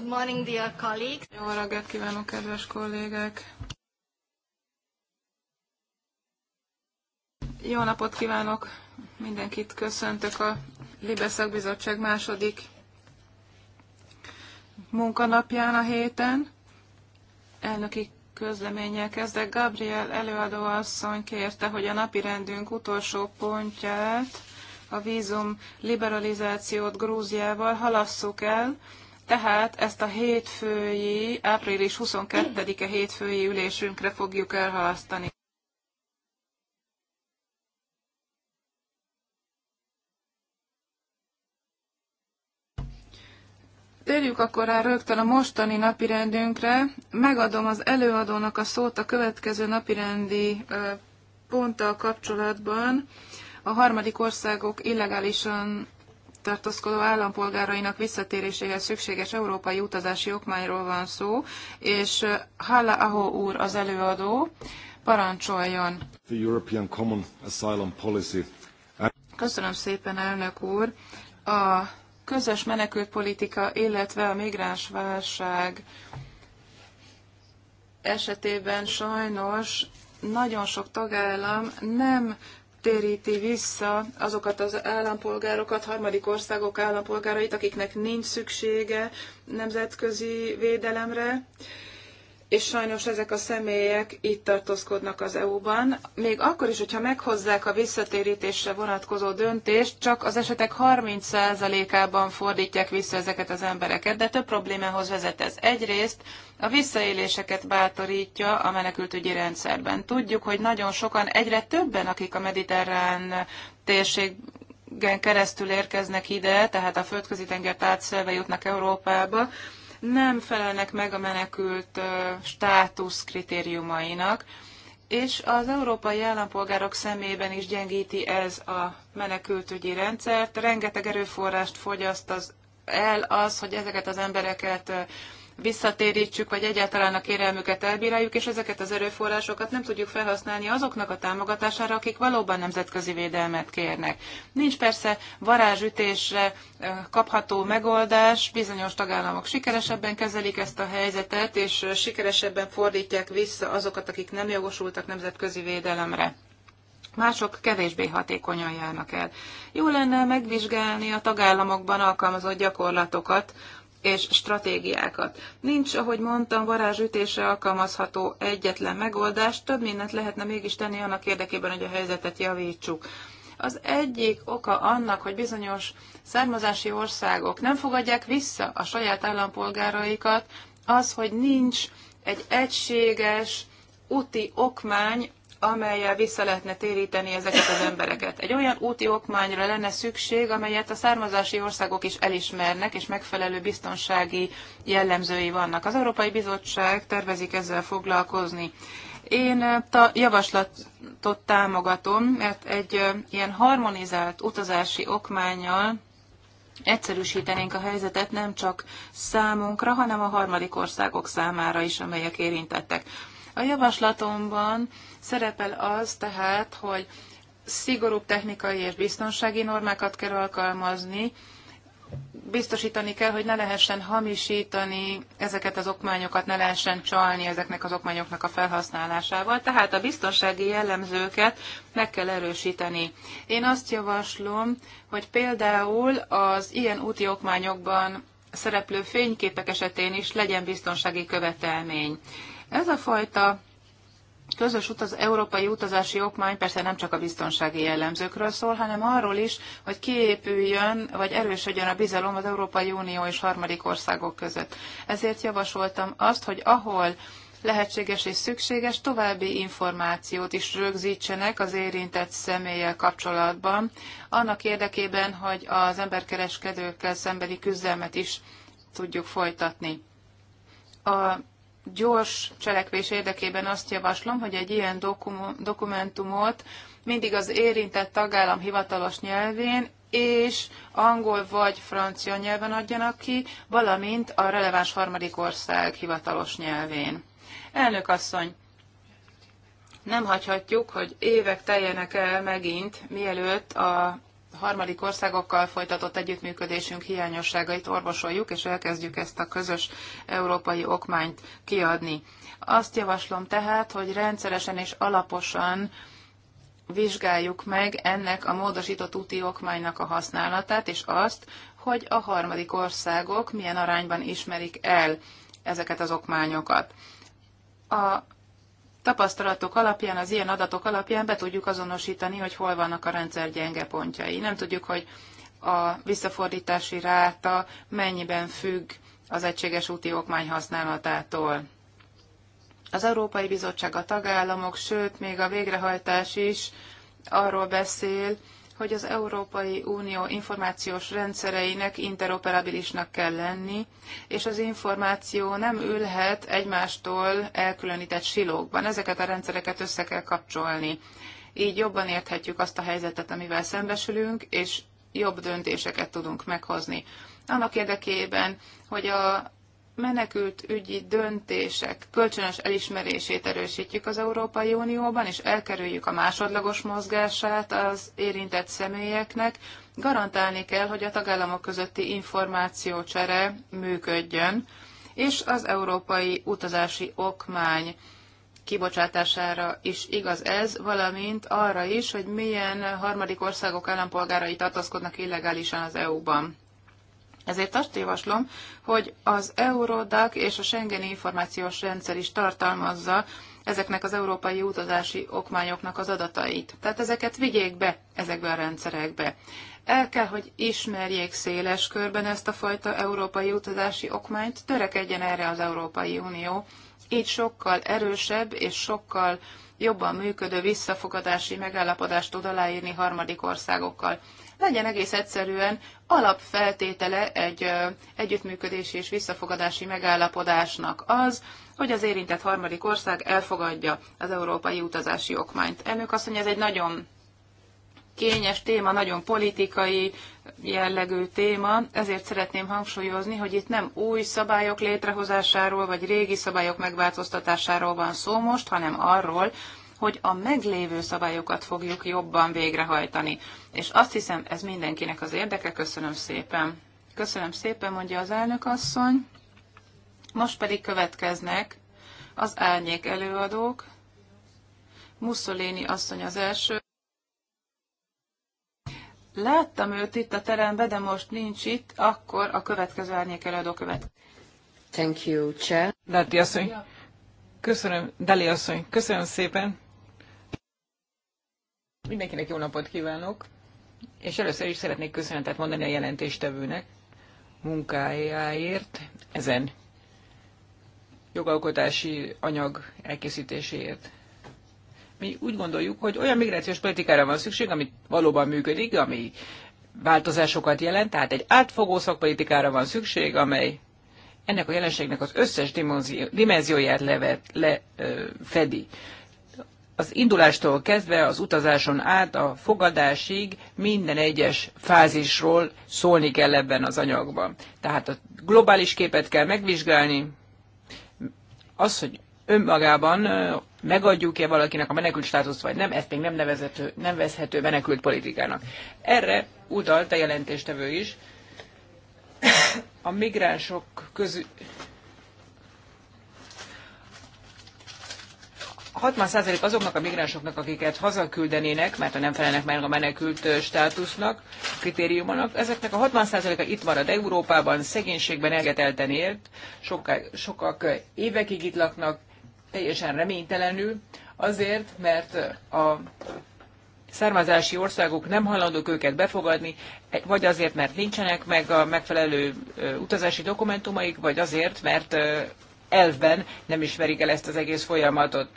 Good morning, dear colleagues. Jó reggelt kívánok, kedves kollégák! Jó napot kívánok! Mindenkit köszöntök a Libeszak Bizottság második munkanapján a héten. Elnöki közleménnyel kezdek. Gabriel asszony kérte, hogy a rendünk utolsó pontját a vízum liberalizációt Grúziával halasszuk el tehát ezt a hétfői, április 22-e hétfői ülésünkre fogjuk elhalasztani. Térjük akkor rá rögtön a mostani napirendünkre. Megadom az előadónak a szót a következő napirendi ponttal kapcsolatban. A harmadik országok illegálisan tartózkodó állampolgárainak visszatéréséhez szükséges európai utazási okmányról van szó, és Halla Aho úr az előadó, parancsoljon. The European Common Asylum Policy. Köszönöm szépen, elnök úr. A közös menekültpolitika, illetve a migránsválság esetében sajnos nagyon sok tagállam nem téríti vissza azokat az állampolgárokat, harmadik országok állampolgárait, akiknek nincs szüksége nemzetközi védelemre, és sajnos ezek a személyek itt tartózkodnak az EU-ban. Még akkor is, hogyha meghozzák a visszatérítésre vonatkozó döntést, csak az esetek 30%-ában fordítják vissza ezeket az embereket, de több problémához vezet ez. Egyrészt a visszaéléseket bátorítja a menekültügyi rendszerben. Tudjuk, hogy nagyon sokan, egyre többen, akik a mediterrán térség keresztül érkeznek ide, tehát a földközi tengert átszelve jutnak Európába, nem felelnek meg a menekült státusz kritériumainak, és az európai állampolgárok szemében is gyengíti ez a menekültügyi rendszert. Rengeteg erőforrást fogyaszt az el az, hogy ezeket az embereket visszatérítsük, vagy egyáltalán a kérelmüket elbíráljuk, és ezeket az erőforrásokat nem tudjuk felhasználni azoknak a támogatására, akik valóban nemzetközi védelmet kérnek. Nincs persze varázsütésre kapható megoldás, bizonyos tagállamok sikeresebben kezelik ezt a helyzetet, és sikeresebben fordítják vissza azokat, akik nem jogosultak nemzetközi védelemre mások kevésbé hatékonyan járnak el. Jó lenne megvizsgálni a tagállamokban alkalmazott gyakorlatokat és stratégiákat. Nincs, ahogy mondtam, varázsütésre alkalmazható egyetlen megoldás, több mindent lehetne mégis tenni annak érdekében, hogy a helyzetet javítsuk. Az egyik oka annak, hogy bizonyos származási országok nem fogadják vissza a saját állampolgáraikat, az, hogy nincs egy egységes úti okmány amelyel vissza lehetne téríteni ezeket az embereket. Egy olyan úti okmányra lenne szükség, amelyet a származási országok is elismernek, és megfelelő biztonsági jellemzői vannak. Az Európai Bizottság tervezik ezzel foglalkozni. Én eh, a javaslatot támogatom, mert egy eh, ilyen harmonizált utazási okmányjal egyszerűsítenénk a helyzetet nem csak számunkra, hanem a harmadik országok számára is, amelyek érintettek. A javaslatomban szerepel az tehát, hogy szigorúbb technikai és biztonsági normákat kell alkalmazni, biztosítani kell, hogy ne lehessen hamisítani ezeket az okmányokat, ne lehessen csalni ezeknek az okmányoknak a felhasználásával, tehát a biztonsági jellemzőket meg kell erősíteni. Én azt javaslom, hogy például az ilyen úti okmányokban szereplő fényképek esetén is legyen biztonsági követelmény. Ez a fajta közös utaz, európai utazási okmány persze nem csak a biztonsági jellemzőkről szól, hanem arról is, hogy kiépüljön vagy erősödjön a bizalom az Európai Unió és harmadik országok között. Ezért javasoltam azt, hogy ahol lehetséges és szükséges további információt is rögzítsenek az érintett személlyel kapcsolatban, annak érdekében, hogy az emberkereskedőkkel szembeni küzdelmet is tudjuk folytatni. A gyors cselekvés érdekében azt javaslom, hogy egy ilyen dokumentumot mindig az érintett tagállam hivatalos nyelvén és angol vagy francia nyelven adjanak ki, valamint a releváns harmadik ország hivatalos nyelvén. Elnök asszony, nem hagyhatjuk, hogy évek teljenek el megint, mielőtt a harmadik országokkal folytatott együttműködésünk hiányosságait orvosoljuk, és elkezdjük ezt a közös európai okmányt kiadni. Azt javaslom tehát, hogy rendszeresen és alaposan vizsgáljuk meg ennek a módosított úti okmánynak a használatát, és azt, hogy a harmadik országok milyen arányban ismerik el ezeket az okmányokat. A tapasztalatok alapján, az ilyen adatok alapján be tudjuk azonosítani, hogy hol vannak a rendszer gyenge pontjai. Nem tudjuk, hogy a visszafordítási ráta mennyiben függ az egységes úti okmány használatától. Az Európai Bizottság, a tagállamok, sőt, még a végrehajtás is arról beszél, hogy az Európai Unió információs rendszereinek interoperabilisnak kell lenni, és az információ nem ülhet egymástól elkülönített silókban. Ezeket a rendszereket össze kell kapcsolni. Így jobban érthetjük azt a helyzetet, amivel szembesülünk, és jobb döntéseket tudunk meghozni. Annak érdekében, hogy a menekült ügyi döntések kölcsönös elismerését erősítjük az Európai Unióban, és elkerüljük a másodlagos mozgását az érintett személyeknek, garantálni kell, hogy a tagállamok közötti információcsere működjön, és az európai utazási okmány kibocsátására is igaz ez, valamint arra is, hogy milyen harmadik országok állampolgárai tartózkodnak illegálisan az EU-ban. Ezért azt javaslom, hogy az Eurodac és a Schengeni információs rendszer is tartalmazza ezeknek az európai utazási okmányoknak az adatait. Tehát ezeket vigyék be ezekbe a rendszerekbe. El kell, hogy ismerjék széles körben ezt a fajta európai utazási okmányt, törekedjen erre az Európai Unió. Így sokkal erősebb és sokkal jobban működő visszafogadási megállapodást tud aláírni harmadik országokkal legyen egész egyszerűen alapfeltétele egy együttműködési és visszafogadási megállapodásnak az, hogy az érintett harmadik ország elfogadja az európai utazási okmányt. Elnök azt mondja, ez egy nagyon kényes téma, nagyon politikai jellegű téma, ezért szeretném hangsúlyozni, hogy itt nem új szabályok létrehozásáról, vagy régi szabályok megváltoztatásáról van szó most, hanem arról, hogy a meglévő szabályokat fogjuk jobban végrehajtani. És azt hiszem, ez mindenkinek az érdeke. Köszönöm szépen. Köszönöm szépen, mondja az elnök asszony. Most pedig következnek az árnyék előadók. Mussolini asszony az első. Láttam őt itt a teremben, de most nincs itt, akkor a következő árnyék előadó követ. Thank you, Chair. Dati asszony. Köszönöm, Dali asszony, köszönöm szépen. Mindenkinek jó napot kívánok, és először is szeretnék köszönetet mondani a jelentéstevőnek munkájáért, ezen jogalkotási anyag elkészítéséért. Mi úgy gondoljuk, hogy olyan migrációs politikára van szükség, ami valóban működik, ami változásokat jelent, tehát egy átfogó szakpolitikára van szükség, amely ennek a jelenségnek az összes dimenzióját levet, le, az indulástól kezdve az utazáson át a fogadásig minden egyes fázisról szólni kell ebben az anyagban. Tehát a globális képet kell megvizsgálni, az, hogy önmagában megadjuk-e valakinek a menekült státuszt, vagy nem, ezt még nem, nevezhető nem vezhető menekült politikának. Erre utalt a jelentéstevő is. A migránsok közül, 60% azoknak a migránsoknak, akiket hazaküldenének, mert ha nem felelnek meg a menekült státusznak, kritériumnak, ezeknek a 60%-a itt marad Európában, szegénységben elgetelten élt, sokak, sokak évekig itt laknak, teljesen reménytelenül, azért, mert a származási országok nem hajlandók őket befogadni, e, vagy azért, mert nincsenek meg a megfelelő utazási dokumentumaik, vagy azért, mert elvben nem ismerik el ezt az egész folyamatot.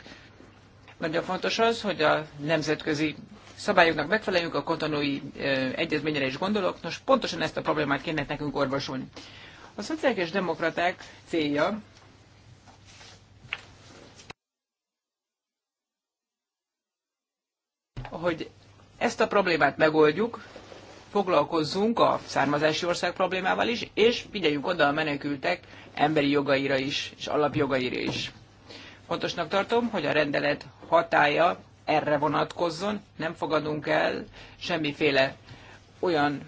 Nagyon fontos az, hogy a nemzetközi szabályoknak megfeleljünk, a kontanói egyezményre is gondolok. Nos, pontosan ezt a problémát kéne nekünk orvosolni. A szociális és demokraták célja, hogy ezt a problémát megoldjuk, foglalkozzunk a származási ország problémával is, és figyeljünk oda a menekültek emberi jogaira is, és alapjogaira is. Fontosnak tartom, hogy a rendelet hatája erre vonatkozzon, nem fogadunk el semmiféle olyan,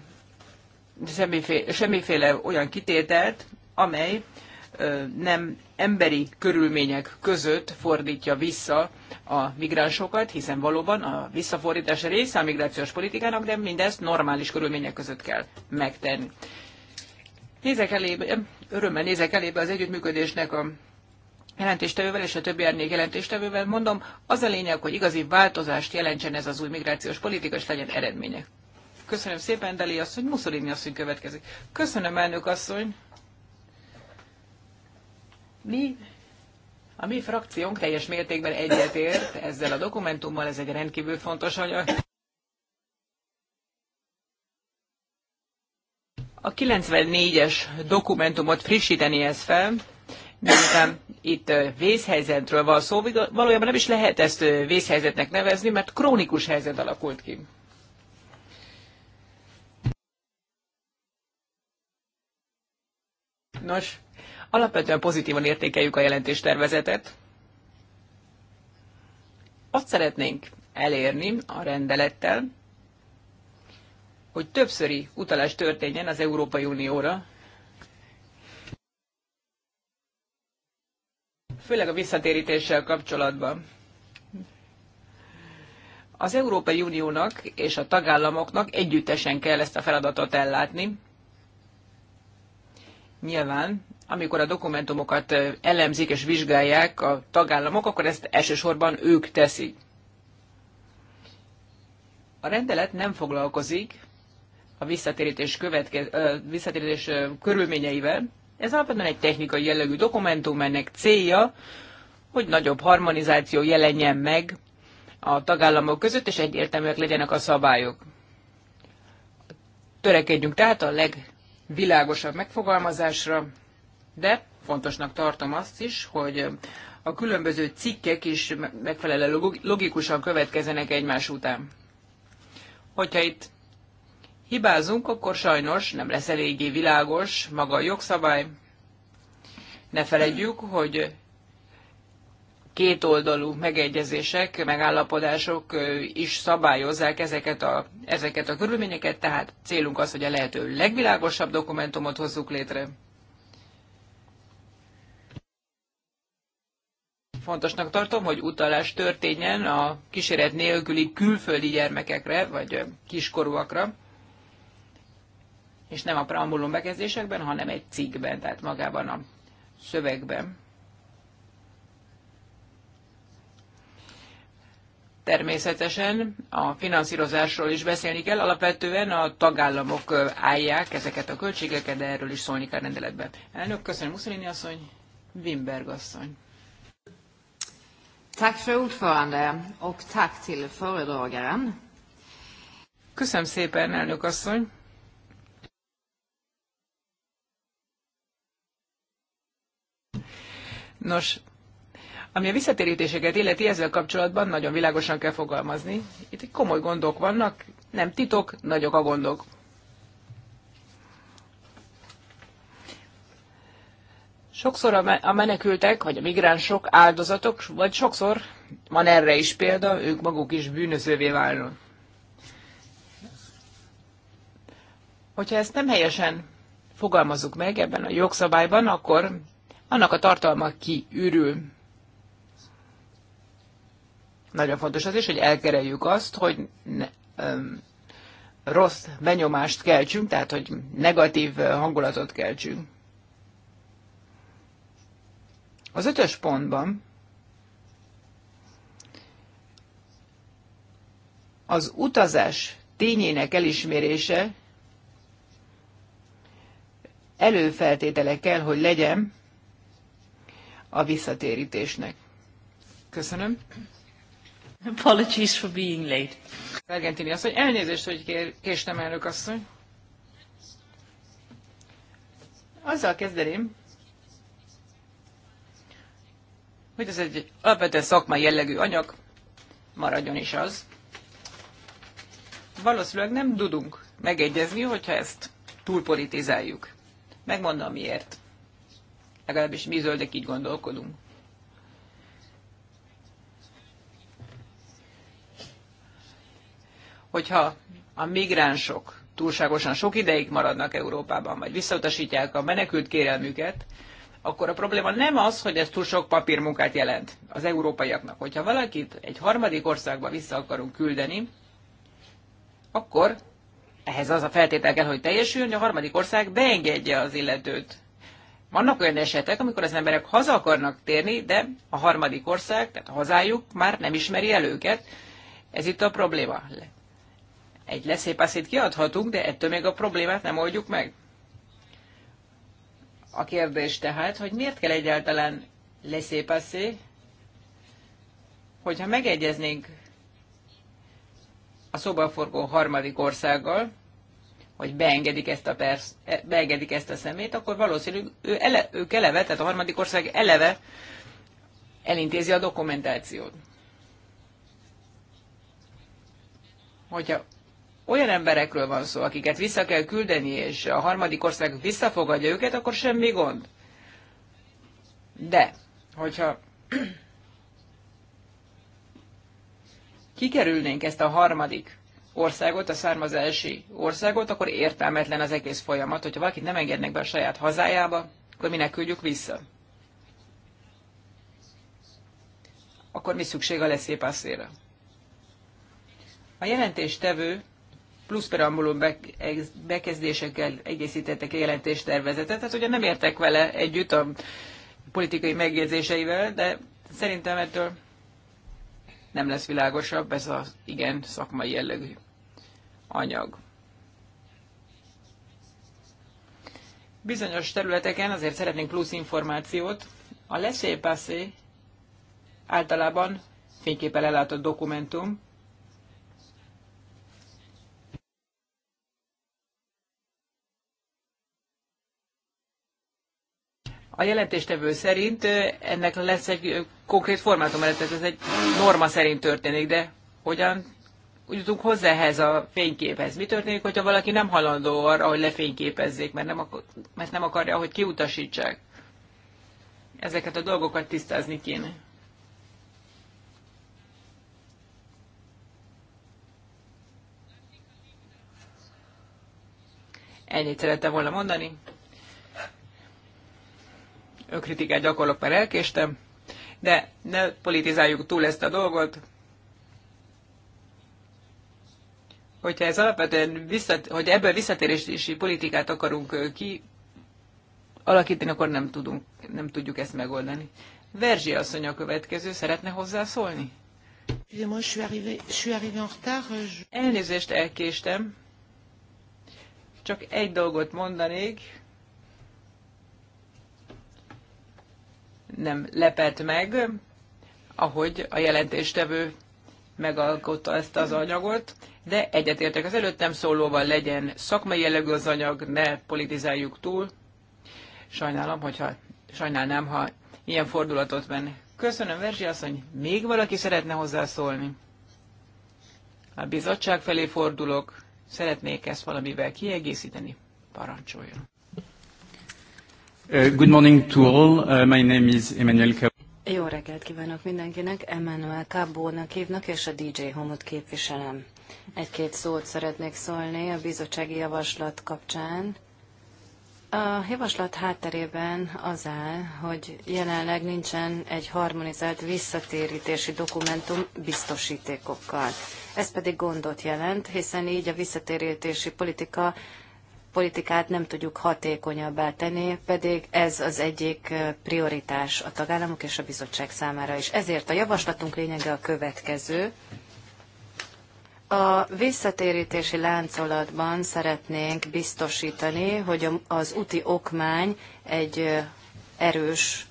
semmiféle, semmiféle olyan kitételt, amely ö, nem emberi körülmények között fordítja vissza a migránsokat, hiszen valóban a visszafordítás része a migrációs politikának, de mindezt normális körülmények között kell megtenni. Nézek elébe, örömmel nézek elébe az együttműködésnek a jelentéstevővel és a többi árnyék jelentéstevővel mondom, az a lényeg, hogy igazi változást jelentsen ez az új migrációs politika, és legyen eredménye. Köszönöm szépen, Deli asszony, Mussolini asszony következik. Köszönöm, elnök asszony. Mi, a mi frakciónk teljes mértékben egyetért ezzel a dokumentummal, ez egy rendkívül fontos anyag. A 94-es dokumentumot frissíteni ez fel, miután itt vészhelyzetről van szó, valójában nem is lehet ezt vészhelyzetnek nevezni, mert krónikus helyzet alakult ki. Nos, alapvetően pozitívan értékeljük a jelentéstervezetet. Azt szeretnénk elérni a rendelettel, hogy többszöri utalás történjen az Európai Unióra, főleg a visszatérítéssel kapcsolatban. Az Európai Uniónak és a tagállamoknak együttesen kell ezt a feladatot ellátni. Nyilván, amikor a dokumentumokat elemzik és vizsgálják a tagállamok, akkor ezt elsősorban ők teszik. A rendelet nem foglalkozik a visszatérítés, következ, visszatérítés körülményeivel, ez alapvetően egy technikai jellegű dokumentum, ennek célja, hogy nagyobb harmonizáció jelenjen meg a tagállamok között, és egyértelműek legyenek a szabályok. Törekedjünk tehát a legvilágosabb megfogalmazásra, de fontosnak tartom azt is, hogy a különböző cikkek is megfelelő logikusan következenek egymás után. Hogyha itt hibázunk, akkor sajnos nem lesz eléggé világos maga a jogszabály. Ne felejtjük, hogy kétoldalú megegyezések, megállapodások is szabályozzák ezeket a, ezeket a körülményeket, tehát célunk az, hogy a lehető legvilágosabb dokumentumot hozzuk létre. Fontosnak tartom, hogy utalás történjen a kíséret nélküli külföldi gyermekekre, vagy kiskorúakra és nem a preambulum bekezdésekben, hanem egy cikkben, tehát magában a szövegben. Természetesen a finanszírozásról is beszélni kell, alapvetően a tagállamok állják ezeket a költségeket, de erről is szólni kell rendeletben. Elnök, köszönöm, Mussolini asszony, Wimberg asszony. Köszönöm szépen, elnök asszony. Nos, ami a visszatérítéseket illeti, ezzel kapcsolatban nagyon világosan kell fogalmazni. Itt komoly gondok vannak, nem titok, nagyok a gondok. Sokszor a menekültek, vagy a migránsok áldozatok, vagy sokszor van erre is példa, ők maguk is bűnözővé válnak. Hogyha ezt nem helyesen fogalmazunk meg ebben a jogszabályban, akkor annak a tartalma kiürül. Nagyon fontos az is, hogy elkereljük azt, hogy ne, öm, rossz benyomást keltsünk, tehát hogy negatív hangulatot keltsünk. Az ötös pontban az utazás tényének elismerése előfeltétele kell, hogy legyen a visszatérítésnek. Köszönöm. Apologies for being late. Argentini asszony, elnézést, hogy késtem elnök asszony. Azzal kezdeném, hogy ez egy alapvetően szakmai jellegű anyag, maradjon is az. Valószínűleg nem tudunk megegyezni, hogyha ezt túlpolitizáljuk. Megmondom miért. Legalábbis mi zöldek így gondolkodunk. Hogyha a migránsok túlságosan sok ideig maradnak Európában, vagy visszautasítják a menekült kérelmüket, akkor a probléma nem az, hogy ez túl sok papírmunkát jelent az európaiaknak. Hogyha valakit egy harmadik országba vissza akarunk küldeni, akkor ehhez az a feltétel kell, hogy teljesüljön, hogy a harmadik ország beengedje az illetőt. Vannak olyan esetek, amikor az emberek haza akarnak térni, de a harmadik ország, tehát a hazájuk már nem ismeri el őket. Ez itt a probléma. Egy leszépászét kiadhatunk, de ettől még a problémát nem oldjuk meg. A kérdés tehát, hogy miért kell egyáltalán leszépászé, hogyha megegyeznénk a szobaforgó harmadik országgal, hogy beengedik ezt a, persz, e, beengedik ezt a szemét, akkor valószínűleg ő ele, ők eleve, tehát a harmadik ország eleve elintézi a dokumentációt. Hogyha olyan emberekről van szó, akiket vissza kell küldeni, és a harmadik ország visszafogadja őket, akkor semmi gond. De, hogyha kikerülnénk ezt a harmadik országot, a származási országot, akkor értelmetlen az egész folyamat. Hogyha valakit nem engednek be a saját hazájába, akkor minek küldjük vissza? Akkor mi szükség a leszépászéra? A jelentéstevő plusz perambulum bekezdésekkel egészítettek a jelentéstervezetet, tehát ugye nem értek vele együtt a politikai megjegyzéseivel, de szerintem ettől nem lesz világosabb ez az igen szakmai jellegű anyag. Bizonyos területeken azért szeretnénk plusz információt. A leszépászé általában fényképpel ellátott dokumentum, A jelentéstevő szerint ennek lesz egy konkrét formátum, mert ez egy norma szerint történik, de hogyan jutunk hozzá ehhez a fényképhez? Mi történik, hogyha valaki nem halandó arra, hogy lefényképezzék, mert nem, akar, mert nem akarja, hogy kiutasítsák? Ezeket a dolgokat tisztázni kéne. Ennyit szerettem volna mondani. Önkritikát gyakorlok, mert elkéstem, de ne politizáljuk túl ezt a dolgot. hogyha ez alapvetően visszat, hogy ebből visszatérési politikát akarunk ki alakítani, akkor nem, tudunk, nem tudjuk ezt megoldani. Verzsi asszony a következő, szeretne hozzászólni? Euh, Elnézést elkéstem. Csak egy dolgot mondanék. Nem lepett meg, ahogy a jelentéstevő megalkotta ezt az anyagot de egyetértek az előttem szólóval, legyen szakmai jellegű az anyag, ne politizáljuk túl. Sajnálom, hogyha, sajnálnám, ha ilyen fordulatot venn. Köszönöm, Verzsi asszony, még valaki szeretne hozzászólni? A bizottság felé fordulok, szeretnék ezt valamivel kiegészíteni. Parancsoljon. Uh, good morning to all. Uh, my name is Emmanuel Cabo. Jó reggelt kívánok mindenkinek. Emmanuel Cabónak hívnak, és a DJ Homot képviselem. Egy-két szót szeretnék szólni a bizottsági javaslat kapcsán. A javaslat hátterében az áll, hogy jelenleg nincsen egy harmonizált visszatérítési dokumentum biztosítékokkal. Ez pedig gondot jelent, hiszen így a visszatérítési politika politikát nem tudjuk hatékonyabbá tenni, pedig ez az egyik prioritás a tagállamok és a bizottság számára is. Ezért a javaslatunk lényege a következő. A visszatérítési láncolatban szeretnénk biztosítani, hogy az úti okmány egy erős,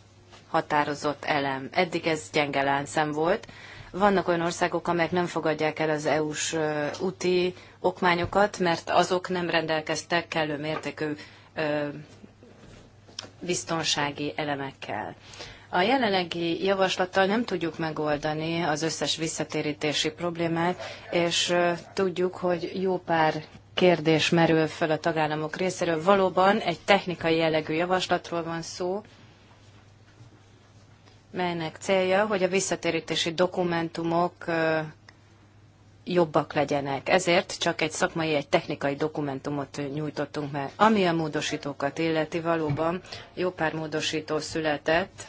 határozott elem. Eddig ez gyenge láncem volt. Vannak olyan országok, amelyek nem fogadják el az EU-s úti okmányokat, mert azok nem rendelkeztek kellő mértékű biztonsági elemekkel. A jelenlegi javaslattal nem tudjuk megoldani az összes visszatérítési problémát, és tudjuk, hogy jó pár kérdés merül fel a tagállamok részéről. Valóban egy technikai jellegű javaslatról van szó, melynek célja, hogy a visszatérítési dokumentumok jobbak legyenek. Ezért csak egy szakmai, egy technikai dokumentumot nyújtottunk meg. Ami a módosítókat illeti, valóban jó pár módosító született,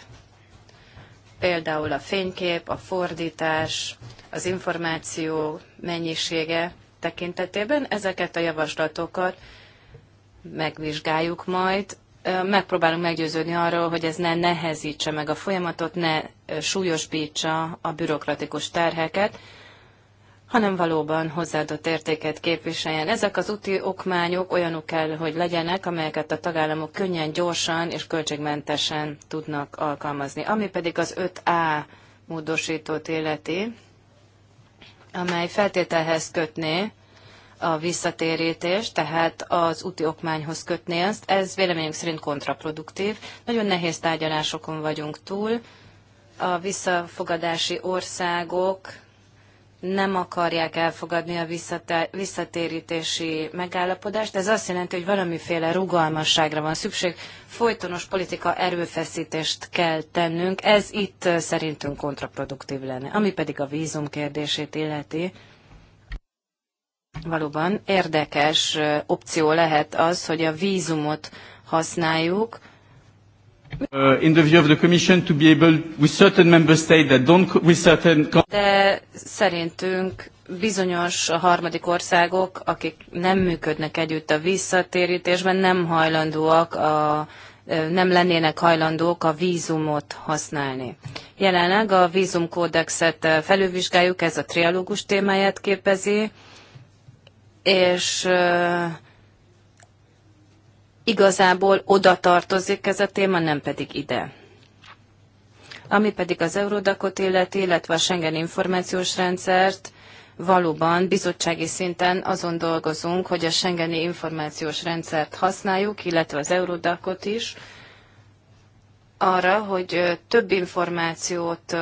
például a fénykép, a fordítás, az információ mennyisége tekintetében. Ezeket a javaslatokat megvizsgáljuk majd. Megpróbálunk meggyőződni arról, hogy ez ne nehezítse meg a folyamatot, ne súlyosbítsa a bürokratikus terheket, hanem valóban hozzáadott értéket képviseljen. Ezek az úti okmányok olyanok kell, hogy legyenek, amelyeket a tagállamok könnyen, gyorsan és költségmentesen tudnak alkalmazni. Ami pedig az 5A módosítót életi, amely feltételhez kötné a visszatérítést, tehát az úti okmányhoz kötné azt, ez véleményünk szerint kontraproduktív. Nagyon nehéz tárgyalásokon vagyunk túl. A visszafogadási országok nem akarják elfogadni a visszatérítési megállapodást. Ez azt jelenti, hogy valamiféle rugalmasságra van szükség, folytonos politika erőfeszítést kell tennünk, ez itt szerintünk kontraproduktív lenne. Ami pedig a vízum kérdését illeti, valóban érdekes opció lehet az, hogy a vízumot használjuk, de szerintünk bizonyos harmadik országok, akik nem működnek együtt a visszatérítésben, nem hajlandóak a nem lennének hajlandók a vízumot használni. Jelenleg a vízumkódexet felülvizsgáljuk, ez a trialógus témáját képezi, és igazából oda tartozik ez a téma, nem pedig ide. Ami pedig az Eurodakot illeti, illetve a Schengen információs rendszert, valóban bizottsági szinten azon dolgozunk, hogy a Schengeni információs rendszert használjuk, illetve az Eurodakot is, arra, hogy több információt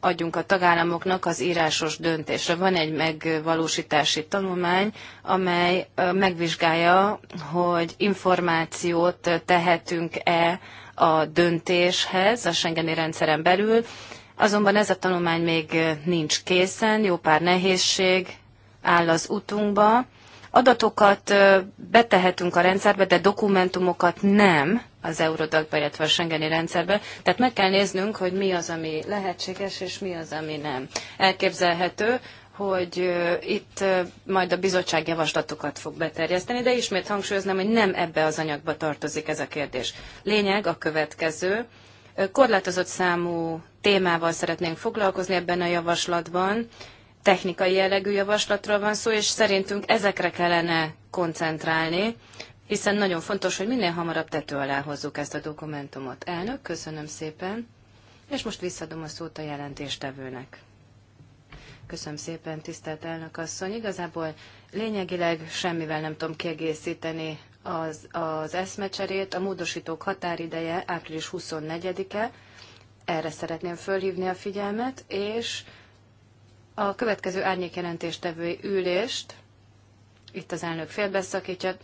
adjunk a tagállamoknak az írásos döntésre. Van egy megvalósítási tanulmány, amely megvizsgálja, hogy információt tehetünk-e a döntéshez a Schengeni rendszeren belül, azonban ez a tanulmány még nincs készen, jó pár nehézség áll az utunkba. Adatokat betehetünk a rendszerbe, de dokumentumokat nem, az Eurodagba, illetve a Schengeni rendszerbe. Tehát meg kell néznünk, hogy mi az, ami lehetséges, és mi az, ami nem. Elképzelhető, hogy itt majd a bizottság javaslatokat fog beterjeszteni, de ismét hangsúlyoznám, hogy nem ebbe az anyagba tartozik ez a kérdés. Lényeg a következő. Korlátozott számú témával szeretnénk foglalkozni ebben a javaslatban. Technikai jellegű javaslatról van szó, és szerintünk ezekre kellene koncentrálni, hiszen nagyon fontos, hogy minél hamarabb tető alá hozzuk ezt a dokumentumot. Elnök, köszönöm szépen, és most visszadom a szót a jelentéstevőnek. Köszönöm szépen, tisztelt elnök asszony. Igazából lényegileg semmivel nem tudom kiegészíteni az, az eszmecserét. A módosítók határideje április 24-e. Erre szeretném fölhívni a figyelmet, és a következő árnyékjelentéstevői ülést itt az elnök félbeszakítja.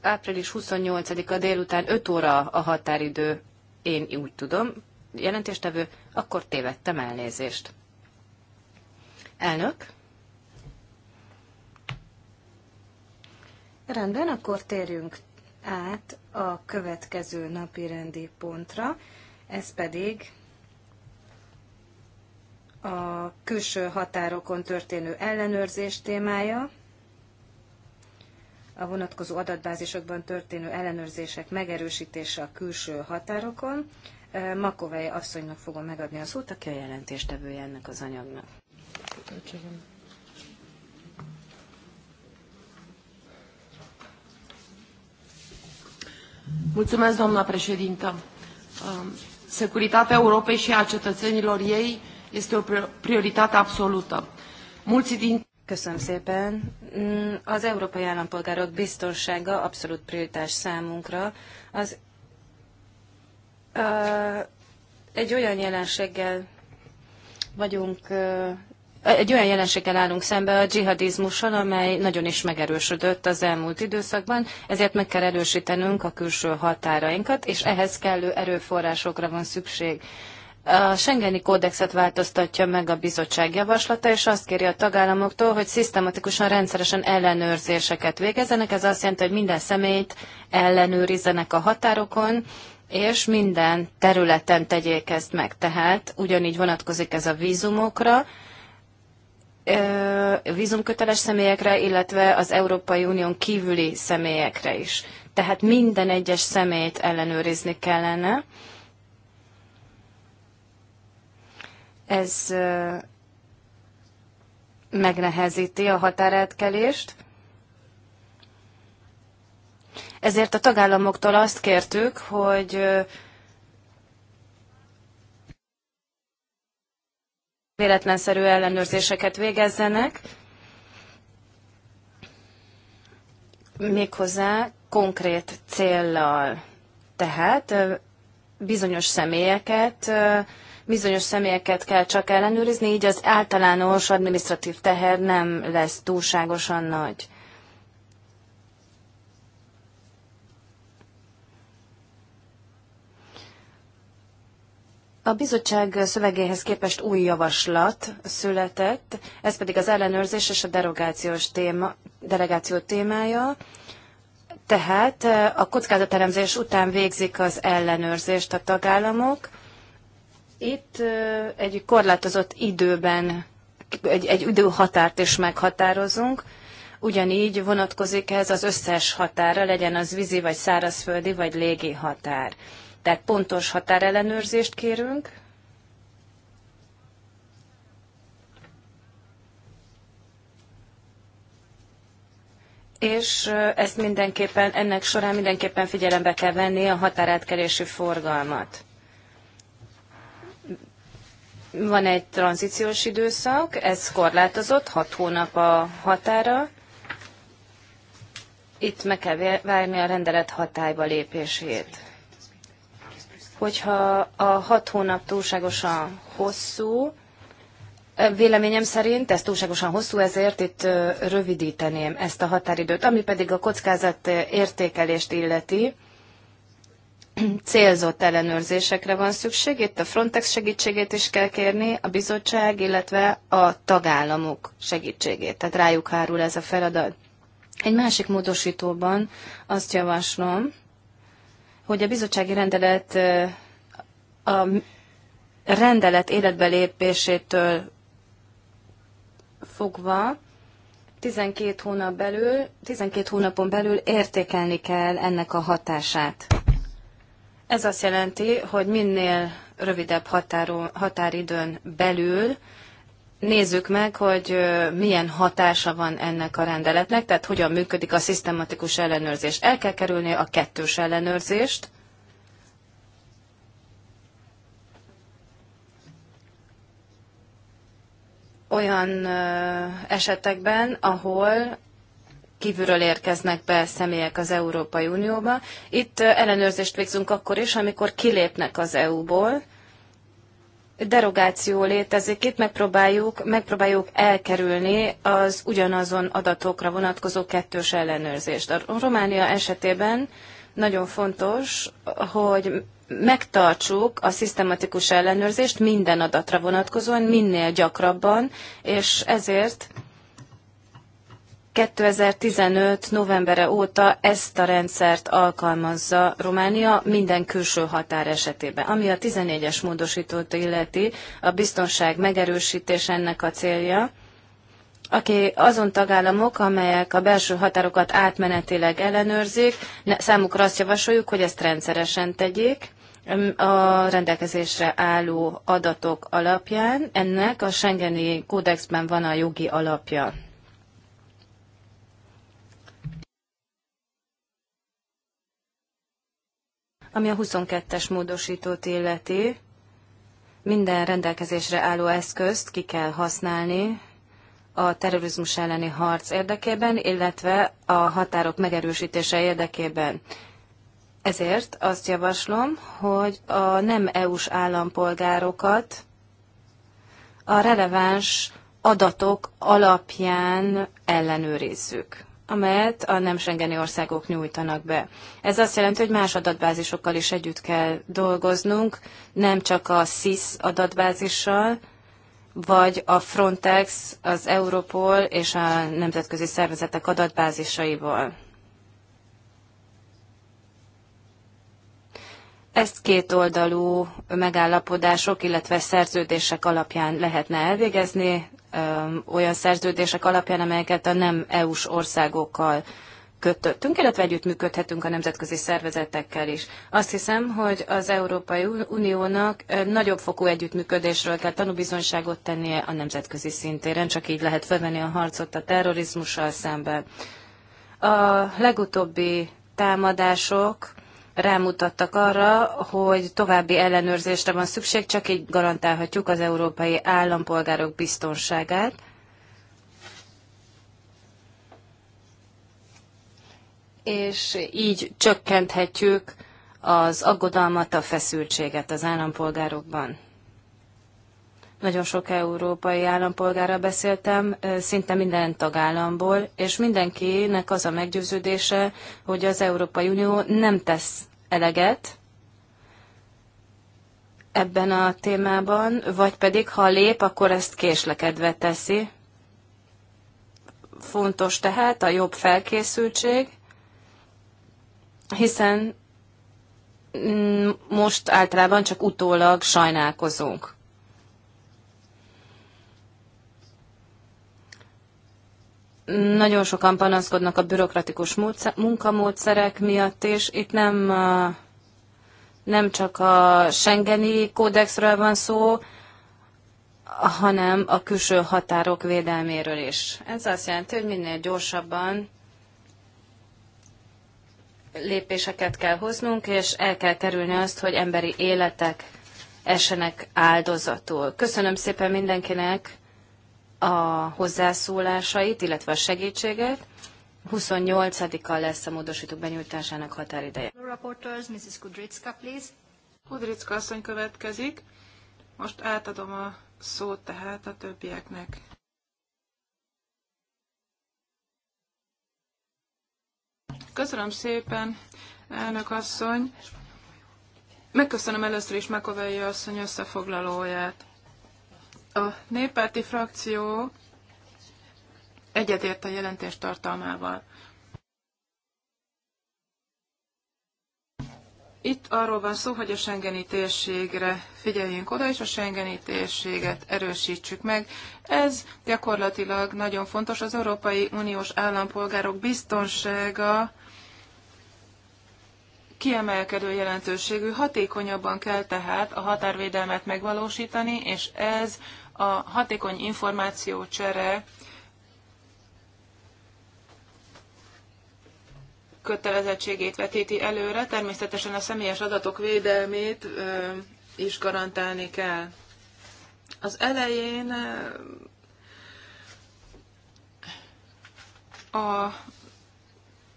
Április 28-a délután 5 óra a határidő, én úgy tudom. Jelentéstevő, akkor tévedtem elnézést. Elnök? Rendben, akkor térjünk át a következő napi rendi pontra, ez pedig a külső határokon történő ellenőrzés témája a vonatkozó adatbázisokban történő ellenőrzések megerősítése a külső határokon. Makovei asszonynak fogom megadni a szót, aki a jelentéstevője ennek az anyagnak. Köszönöm. Mulțumesc, doamna președintă. Um, securitatea Europei și a cetățenilor ei este o prioritate absolută. Mulți din Köszönöm szépen. Mm, az európai állampolgárok biztonsága abszolút prioritás számunkra. Az egy olyan jelenséggel vagyunk, egy olyan jelenséggel állunk szembe a dzsihadizmussal, amely nagyon is megerősödött az elmúlt időszakban, ezért meg kell erősítenünk a külső határainkat, és ehhez kellő erőforrásokra van szükség. A Schengeni kódexet változtatja meg a bizottság javaslata, és azt kéri a tagállamoktól, hogy szisztematikusan, rendszeresen ellenőrzéseket végezzenek. Ez azt jelenti, hogy minden személyt ellenőrizzenek a határokon, és minden területen tegyék ezt meg. Tehát ugyanígy vonatkozik ez a vízumokra, vízumköteles személyekre, illetve az Európai Unión kívüli személyekre is. Tehát minden egyes személyt ellenőrizni kellene. Ez megnehezíti a határátkelést. Ezért a tagállamoktól azt kértük, hogy véletlenszerű ellenőrzéseket végezzenek, méghozzá konkrét céllal. Tehát bizonyos személyeket bizonyos személyeket kell csak ellenőrizni, így az általános administratív teher nem lesz túlságosan nagy. A bizottság szövegéhez képest új javaslat született, ez pedig az ellenőrzés és a derogációs téma, delegáció témája. Tehát a kockázateremzés után végzik az ellenőrzést a tagállamok, itt egy korlátozott időben, egy, egy időhatárt is meghatározunk, ugyanígy vonatkozik ez az összes határa, legyen az vízi, vagy szárazföldi, vagy légi határ. Tehát pontos határellenőrzést kérünk, és ezt mindenképpen, ennek során mindenképpen figyelembe kell venni a határátkelési forgalmat. Van egy tranzíciós időszak, ez korlátozott, hat hónap a határa. Itt meg kell várni a rendelet hatályba lépését. Hogyha a hat hónap túlságosan hosszú, Véleményem szerint ez túlságosan hosszú, ezért itt rövidíteném ezt a határidőt, ami pedig a kockázat értékelést illeti célzott ellenőrzésekre van szükség. Itt a Frontex segítségét is kell kérni, a bizottság, illetve a tagállamok segítségét. Tehát rájuk hárul ez a feladat. Egy másik módosítóban azt javaslom, hogy a bizottsági rendelet a rendelet életbe lépésétől fogva 12 hónap belül, 12 hónapon belül értékelni kell ennek a hatását. Ez azt jelenti, hogy minél rövidebb határon, határidőn belül nézzük meg, hogy milyen hatása van ennek a rendeletnek, tehát hogyan működik a szisztematikus ellenőrzés. El kell kerülni a kettős ellenőrzést, olyan esetekben, ahol kívülről érkeznek be személyek az Európai Unióba. Itt ellenőrzést végzünk akkor is, amikor kilépnek az EU-ból. Derogáció létezik itt, megpróbáljuk, megpróbáljuk elkerülni az ugyanazon adatokra vonatkozó kettős ellenőrzést. A Románia esetében nagyon fontos, hogy megtartsuk a szisztematikus ellenőrzést minden adatra vonatkozóan, minél gyakrabban, és ezért 2015. novembere óta ezt a rendszert alkalmazza Románia minden külső határ esetében. Ami a 14-es módosítót illeti, a biztonság megerősítés ennek a célja, aki azon tagállamok, amelyek a belső határokat átmenetileg ellenőrzik, számukra azt javasoljuk, hogy ezt rendszeresen tegyék a rendelkezésre álló adatok alapján. Ennek a Schengeni kódexben van a jogi alapja. Ami a 22-es módosítót illeti, minden rendelkezésre álló eszközt ki kell használni a terrorizmus elleni harc érdekében, illetve a határok megerősítése érdekében. Ezért azt javaslom, hogy a nem EU-s állampolgárokat a releváns adatok alapján ellenőrizzük amelyet a nem Schengeni országok nyújtanak be. Ez azt jelenti, hogy más adatbázisokkal is együtt kell dolgoznunk, nem csak a SIS adatbázissal, vagy a Frontex, az Europol és a nemzetközi szervezetek adatbázisaiból. Ezt kétoldalú megállapodások, illetve szerződések alapján lehetne elvégezni, olyan szerződések alapján, amelyeket a nem EU-s országokkal kötöttünk, illetve együttműködhetünk a nemzetközi szervezetekkel is. Azt hiszem, hogy az Európai Uniónak nagyobb fokú együttműködésről kell tanúbizonyságot tennie a nemzetközi szintéren, csak így lehet felvenni a harcot a terrorizmussal szemben. A legutóbbi támadások rámutattak arra, hogy további ellenőrzésre van szükség, csak így garantálhatjuk az európai állampolgárok biztonságát. És így csökkenthetjük az aggodalmat, a feszültséget az állampolgárokban. Nagyon sok európai állampolgára beszéltem, szinte minden tagállamból, és mindenkinek az a meggyőződése, hogy az Európai Unió nem tesz eleget ebben a témában, vagy pedig ha lép, akkor ezt késlekedve teszi. Fontos tehát a jobb felkészültség, hiszen most általában csak utólag sajnálkozunk. Nagyon sokan panaszkodnak a bürokratikus munkamódszerek miatt, és itt nem, uh, nem csak a Schengeni kódexről van szó, hanem a külső határok védelméről is. Ez azt jelenti, hogy minél gyorsabban lépéseket kell hoznunk, és el kell kerülni azt, hogy emberi életek esenek áldozatul. Köszönöm szépen mindenkinek a hozzászólásait, illetve a segítséget. 28-a lesz a módosítók benyújtásának határideje. Reporters, Mrs. Kudricka, asszony következik. Most átadom a szót tehát a többieknek. Köszönöm szépen, elnök asszony. Megköszönöm először is Mekovei asszony összefoglalóját. A néppárti frakció egyetért a jelentés tartalmával. Itt arról van szó, hogy a Schengeni térségre figyeljünk oda, és a Schengeni térséget erősítsük meg. Ez gyakorlatilag nagyon fontos. Az Európai Uniós állampolgárok biztonsága kiemelkedő jelentőségű, hatékonyabban kell tehát a határvédelmet megvalósítani, és ez a hatékony információcsere kötelezettségét vetíti előre, természetesen a személyes adatok védelmét ö, is garantálni kell. Az elején a,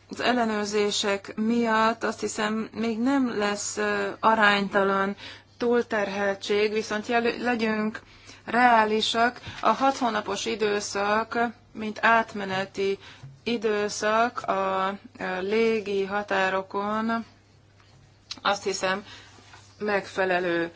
az ellenőrzések miatt azt hiszem még nem lesz aránytalan túlterheltség, viszont jel, legyünk reálisak. A hat hónapos időszak, mint átmeneti időszak a légi határokon, azt hiszem, megfelelő.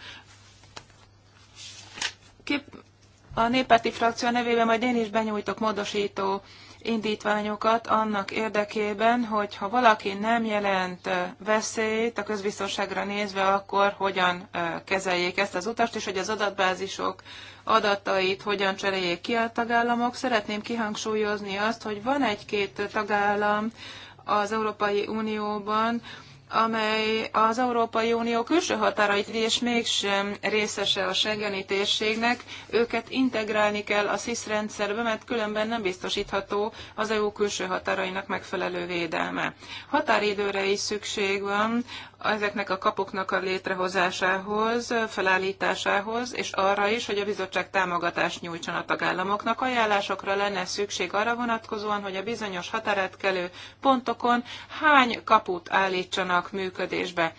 a néppárti frakció nevében majd én is benyújtok módosító indítványokat annak érdekében, hogy ha valaki nem jelent veszélyt a közbiztonságra nézve, akkor hogyan kezeljék ezt az utast, és hogy az adatbázisok adatait hogyan cseréljék ki a tagállamok. Szeretném kihangsúlyozni azt, hogy van egy-két tagállam az Európai Unióban, amely az Európai Unió külső határait és mégsem részese a Schengeni térségnek, őket integrálni kell a SZISZ rendszerbe, mert különben nem biztosítható az EU külső határainak megfelelő védelme. Határidőre is szükség van ezeknek a kapoknak a létrehozásához, felállításához, és arra is, hogy a bizottság támogatást nyújtson a tagállamoknak. Ajánlásokra lenne szükség arra vonatkozóan, hogy a bizonyos határátkelő pontokon hány kaput állítsanak működésbe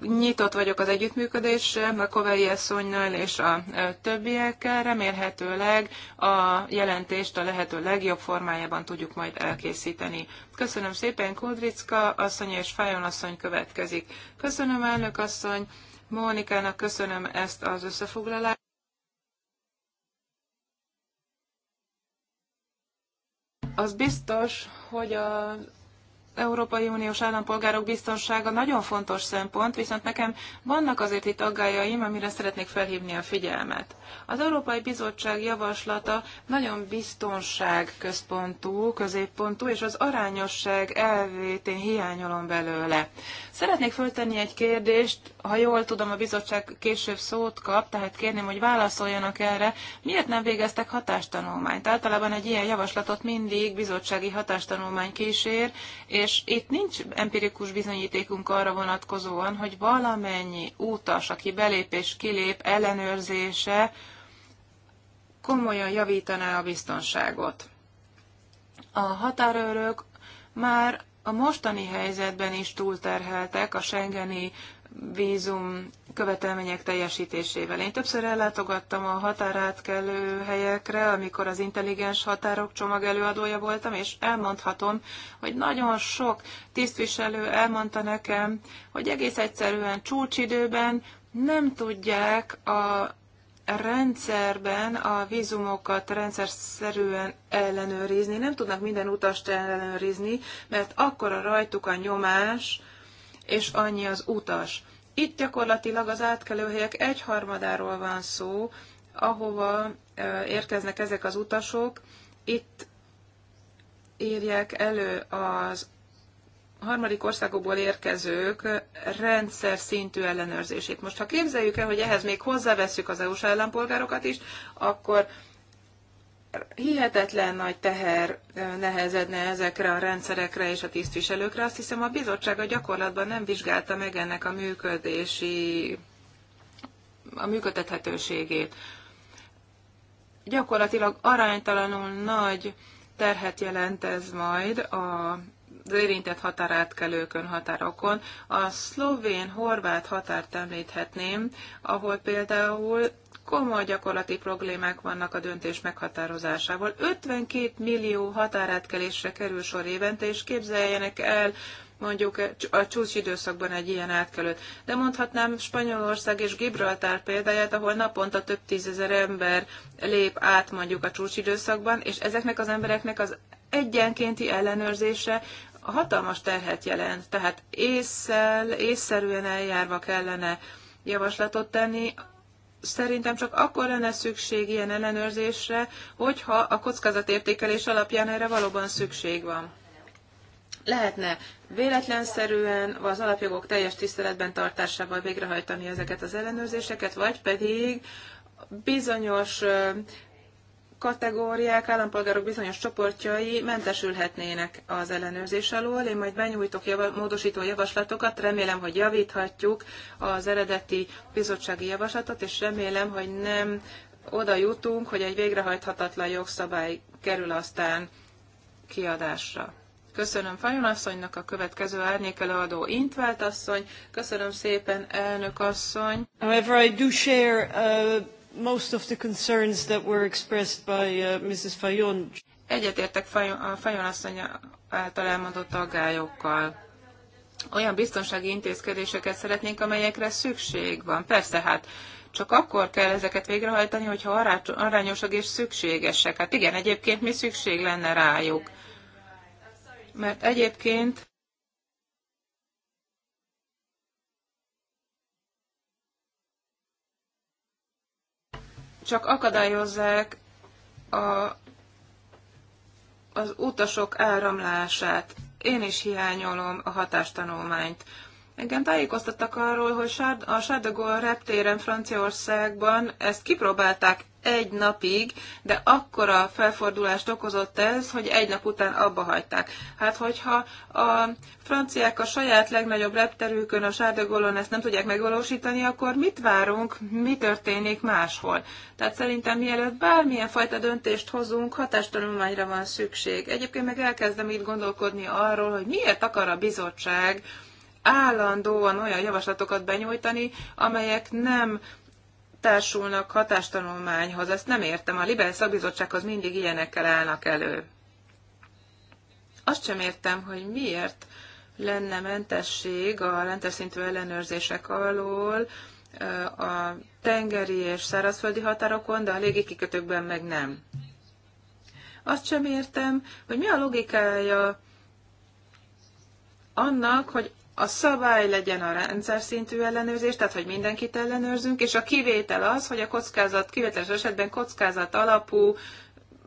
nyitott vagyok az együttműködésre, Makovei Eszonynal és a többiekkel. Remélhetőleg a jelentést a lehető legjobb formájában tudjuk majd elkészíteni. Köszönöm szépen, Kudricka asszony és Fajon asszony következik. Köszönöm, elnök asszony. Mónikának köszönöm ezt az összefoglalást. Az biztos, hogy az Európai Uniós állampolgárok biztonsága nagyon fontos szempont, viszont nekem vannak azért itt aggájaim, amire szeretnék felhívni a figyelmet. Az Európai Bizottság javaslata nagyon biztonságközpontú, középpontú, és az arányosság elvét én hiányolom belőle. Szeretnék föltenni egy kérdést, ha jól tudom, a bizottság később szót kap, tehát kérném, hogy válaszoljanak erre, miért nem végeztek hatástanulmányt? Általában egy ilyen javaslatot mindig bizottsági hatástanulmány kísér, és itt nincs empirikus bizonyítékunk arra vonatkozóan, hogy valamennyi utas, aki belép és kilép ellenőrzése, komolyan javítaná a biztonságot. A határőrök már a mostani helyzetben is túlterheltek a Schengeni vízum követelmények teljesítésével. Én többször ellátogattam a határátkelő helyekre, amikor az intelligens határok csomag előadója voltam, és elmondhatom, hogy nagyon sok tisztviselő elmondta nekem, hogy egész egyszerűen csúcsidőben nem tudják a rendszerben a vízumokat rendszer szerűen ellenőrizni, nem tudnak minden utast ellenőrizni, mert akkor a rajtuk a nyomás, és annyi az utas. Itt gyakorlatilag az átkelőhelyek egyharmadáról van szó, ahova érkeznek ezek az utasok. Itt írják elő az harmadik országokból érkezők rendszer szintű ellenőrzését. Most ha képzeljük el, hogy ehhez még hozzáveszük az EU-s állampolgárokat is, akkor hihetetlen nagy teher nehezedne ezekre a rendszerekre és a tisztviselőkre. Azt hiszem a bizottság a gyakorlatban nem vizsgálta meg ennek a működési, a működtethetőségét. Gyakorlatilag aránytalanul nagy terhet jelent ez majd a az érintett határátkelőkön, határokon. A szlovén-horvát határt említhetném, ahol például komoly gyakorlati problémák vannak a döntés meghatározásával. 52 millió határátkelésre kerül sor évente, és képzeljenek el, mondjuk a csúcsidőszakban egy ilyen átkelőt. De mondhatnám Spanyolország és Gibraltár példáját, ahol naponta több tízezer ember lép át mondjuk a csúcsidőszakban, és ezeknek az embereknek az egyenkénti ellenőrzése hatalmas terhet jelent. Tehát észszel, észszerűen eljárva kellene javaslatot tenni, szerintem csak akkor lenne szükség ilyen ellenőrzésre, hogyha a kockázatértékelés alapján erre valóban szükség van. Lehetne véletlenszerűen az alapjogok teljes tiszteletben tartásával végrehajtani ezeket az ellenőrzéseket, vagy pedig bizonyos kategóriák, állampolgárok bizonyos csoportjai mentesülhetnének az ellenőrzés alól. Én majd benyújtok java, módosító javaslatokat, remélem, hogy javíthatjuk az eredeti bizottsági javaslatot, és remélem, hogy nem oda jutunk, hogy egy végrehajthatatlan jogszabály kerül aztán kiadásra. Köszönöm Fajon asszonynak, a következő adó Intvált asszony. Köszönöm szépen, elnök asszony. However, I do share, uh most of the concerns that were expressed by uh, Mrs. Fajon. Egyetértek Fajon, a Fajon asszony által elmondott aggályokkal. Olyan biztonsági intézkedéseket szeretnénk, amelyekre szükség van. Persze, hát csak akkor kell ezeket végrehajtani, hogyha arányosak és szükségesek. Hát igen, egyébként mi szükség lenne rájuk. Mert egyébként csak akadályozzák a, az utasok áramlását. Én is hiányolom a hatástanulmányt. Engem tájékoztattak arról, hogy a Sardegol reptéren Franciaországban ezt kipróbálták egy napig, de akkora felfordulást okozott ez, hogy egy nap után abba hagyták. Hát hogyha a franciák a saját legnagyobb repterőkön, a Sárdegolon ezt nem tudják megvalósítani, akkor mit várunk, mi történik máshol? Tehát szerintem mielőtt bármilyen fajta döntést hozunk, hatástanulmányra van szükség. Egyébként meg elkezdem itt gondolkodni arról, hogy miért akar a bizottság állandóan olyan javaslatokat benyújtani, amelyek nem társulnak hatástanulmányhoz, ezt nem értem. A Libel szakbizottsághoz mindig ilyenekkel állnak elő. Azt sem értem, hogy miért lenne mentesség a rendes szintű ellenőrzések alól a tengeri és szárazföldi határokon, de a légikikötőkben meg nem. Azt sem értem, hogy mi a logikája annak, hogy a szabály legyen a rendszer szintű ellenőrzés, tehát hogy mindenkit ellenőrzünk, és a kivétel az, hogy a kockázat, kivételes esetben kockázat alapú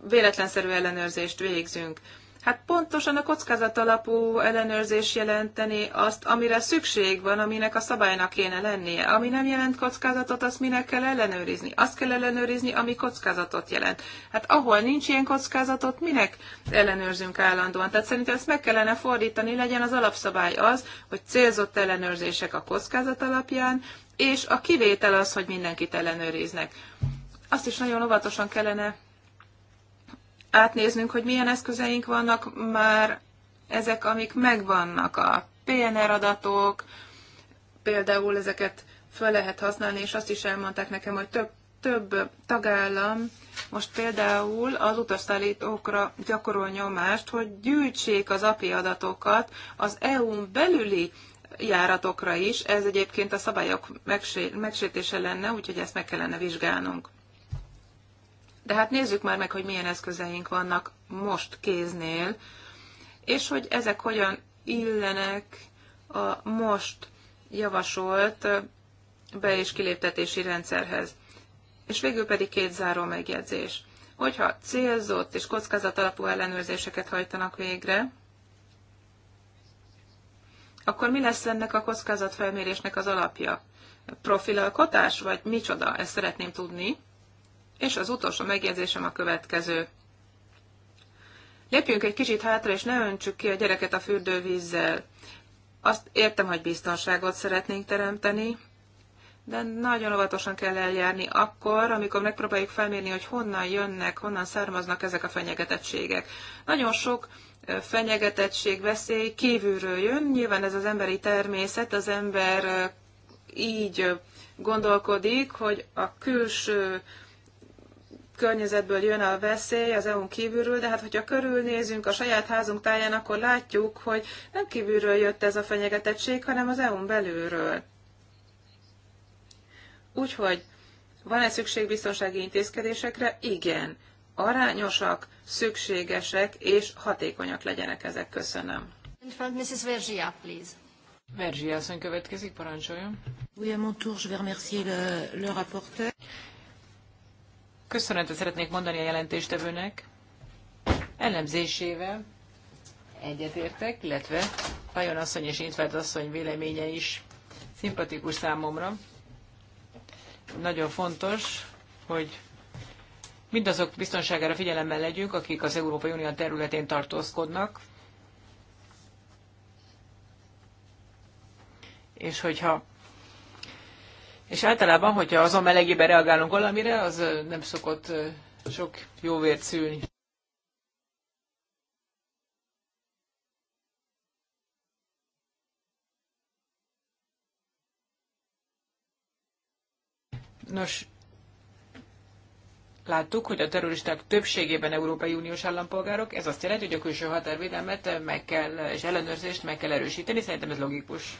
véletlenszerű ellenőrzést végzünk. Hát pontosan a kockázat alapú ellenőrzés jelenteni azt, amire szükség van, aminek a szabálynak kéne lennie. Ami nem jelent kockázatot, azt minek kell ellenőrizni? Azt kell ellenőrizni, ami kockázatot jelent. Hát ahol nincs ilyen kockázatot, minek ellenőrzünk állandóan? Tehát szerintem ezt meg kellene fordítani, legyen az alapszabály az, hogy célzott ellenőrzések a kockázat alapján, és a kivétel az, hogy mindenkit ellenőriznek. Azt is nagyon óvatosan kellene átnéznünk, hogy milyen eszközeink vannak már ezek, amik megvannak, a PNR adatok, például ezeket föl lehet használni, és azt is elmondták nekem, hogy több, több tagállam most például az utasszállítókra gyakorol nyomást, hogy gyűjtsék az API adatokat az EU-n belüli járatokra is. Ez egyébként a szabályok megsértése lenne, úgyhogy ezt meg kellene vizsgálnunk. De hát nézzük már meg, hogy milyen eszközeink vannak most kéznél, és hogy ezek hogyan illenek a most javasolt be- és kiléptetési rendszerhez. És végül pedig két záró megjegyzés. Hogyha célzott és kockázat alapú ellenőrzéseket hajtanak végre, akkor mi lesz ennek a kockázatfelmérésnek az alapja? Profilalkotás, vagy micsoda? Ezt szeretném tudni. És az utolsó megjegyzésem a következő. Lépjünk egy kicsit hátra, és ne öntsük ki a gyereket a fürdővízzel. Azt értem, hogy biztonságot szeretnénk teremteni, de nagyon óvatosan kell eljárni akkor, amikor megpróbáljuk felmérni, hogy honnan jönnek, honnan származnak ezek a fenyegetettségek. Nagyon sok fenyegetettség, veszély kívülről jön. Nyilván ez az emberi természet, az ember így gondolkodik, hogy a külső környezetből jön a veszély az EU-n kívülről, de hát hogyha körülnézünk a saját házunk táján, akkor látjuk, hogy nem kívülről jött ez a fenyegetettség, hanem az EU-n belülről. Úgyhogy van-e szükség biztonsági intézkedésekre? Igen. Arányosak, szükségesek és hatékonyak legyenek ezek. Köszönöm. Mrs. please. Vergia, asszony következik, parancsoljon. Oui, à mon tour, je vais remercier le, le rapporteur köszönetet szeretnék mondani a jelentéstevőnek. Ellenzésével egyetértek, illetve Pajon asszony és Intvert asszony véleménye is szimpatikus számomra. Nagyon fontos, hogy mindazok biztonságára figyelemmel legyünk, akik az Európai Unió területén tartózkodnak, és hogyha és általában, hogyha azon melegébe reagálunk valamire, az nem szokott sok jó vért szülni. Nos, láttuk, hogy a terroristák többségében Európai Uniós állampolgárok, ez azt jelenti, hogy a külső határvédelmet meg kell, és ellenőrzést meg kell erősíteni, szerintem ez logikus.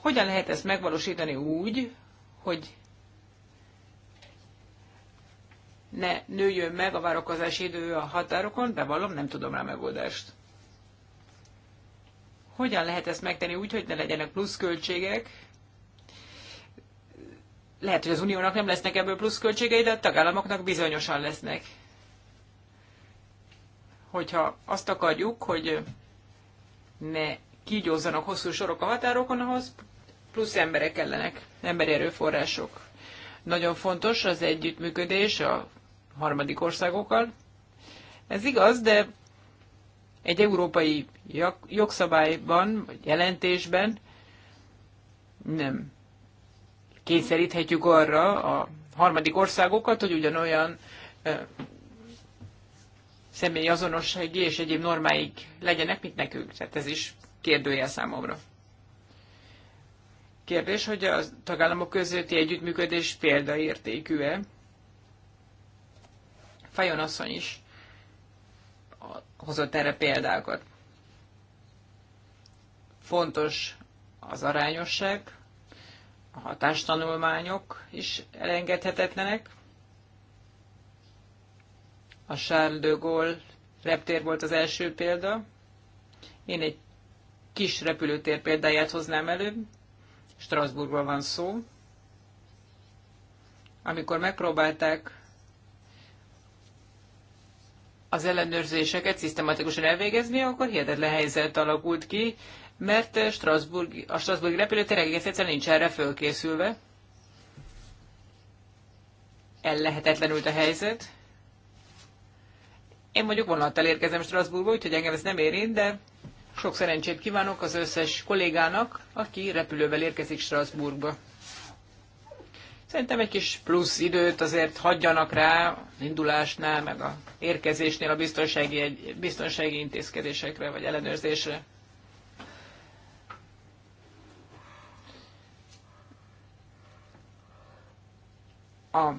Hogyan lehet ezt megvalósítani úgy, hogy ne nőjön meg a várakozási idő a határokon, bevallom, nem tudom rá megoldást. Hogyan lehet ezt megtenni úgy, hogy ne legyenek pluszköltségek? Lehet, hogy az uniónak nem lesznek ebből pluszköltségei, de a tagállamoknak bizonyosan lesznek. Hogyha azt akarjuk, hogy ne kígyózzanak hosszú sorok a határokon, ahhoz plusz emberek kellenek, emberi erőforrások. Nagyon fontos az együttműködés a harmadik országokkal. Ez igaz, de egy európai jogszabályban, vagy jelentésben nem kényszeríthetjük arra a harmadik országokat, hogy ugyanolyan személyi azonossági és egyéb normáik legyenek, mint nekünk. Tehát ez is kérdője számomra. Kérdés, hogy a tagállamok közötti együttműködés példaértékű-e? Fajon asszony is hozott erre példákat. Fontos az arányosság, a hatástanulmányok is elengedhetetlenek. A Charles de Gaulle reptér volt az első példa. Én egy kis repülőtér példáját hoznám elő. Strasbourgban van szó. Amikor megpróbálták az ellenőrzéseket szisztematikusan elvégezni, akkor hihetetlen helyzet alakult ki, mert Strasbourg, a Strasbourg repülőtér egész egyszerűen nincs erre fölkészülve. Ellehetetlenült a helyzet. Én mondjuk vonattal érkezem Strasbourgba, úgyhogy engem ez nem érint, de sok szerencsét kívánok az összes kollégának, aki repülővel érkezik Strasbourgba. Szerintem egy kis plusz időt azért hagyjanak rá indulásnál, meg a érkezésnél a biztonsági, biztonsági intézkedésekre, vagy ellenőrzésre. A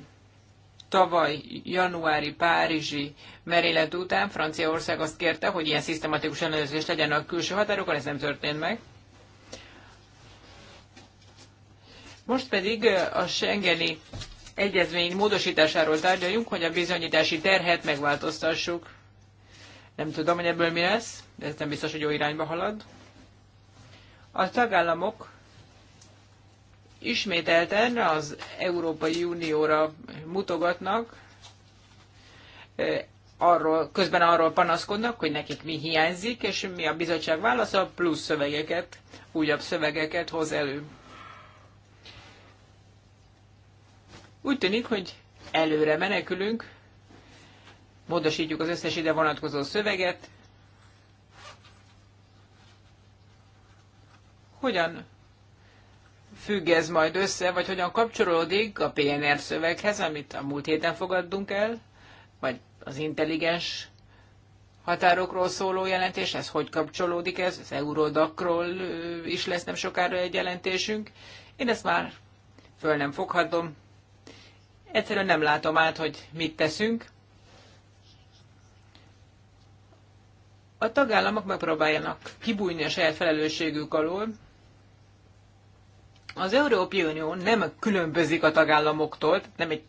tavaly januári párizsi merélet után Franciaország azt kérte, hogy ilyen szisztematikus ellenőrzés legyen a külső határokon, ez nem történt meg. Most pedig a Schengeni egyezmény módosításáról tárgyaljunk, hogy a bizonyítási terhet megváltoztassuk. Nem tudom, hogy ebből mi lesz, de ez nem biztos, hogy jó irányba halad. A tagállamok ismételten az Európai Unióra mutogatnak, arról, közben arról panaszkodnak, hogy nekik mi hiányzik, és mi a bizottság válasza, plusz szövegeket, újabb szövegeket hoz elő. Úgy tűnik, hogy előre menekülünk, módosítjuk az összes ide vonatkozó szöveget. Hogyan függ ez majd össze, vagy hogyan kapcsolódik a PNR szöveghez, amit a múlt héten fogadtunk el, vagy az intelligens határokról szóló jelentés, ez hogy kapcsolódik ez, az eurodakról is lesz nem sokára egy jelentésünk. Én ezt már föl nem foghatom. Egyszerűen nem látom át, hogy mit teszünk. A tagállamok megpróbáljanak kibújni a saját felelősségük alól, az Európai Unió nem különbözik a tagállamoktól, nem, egy,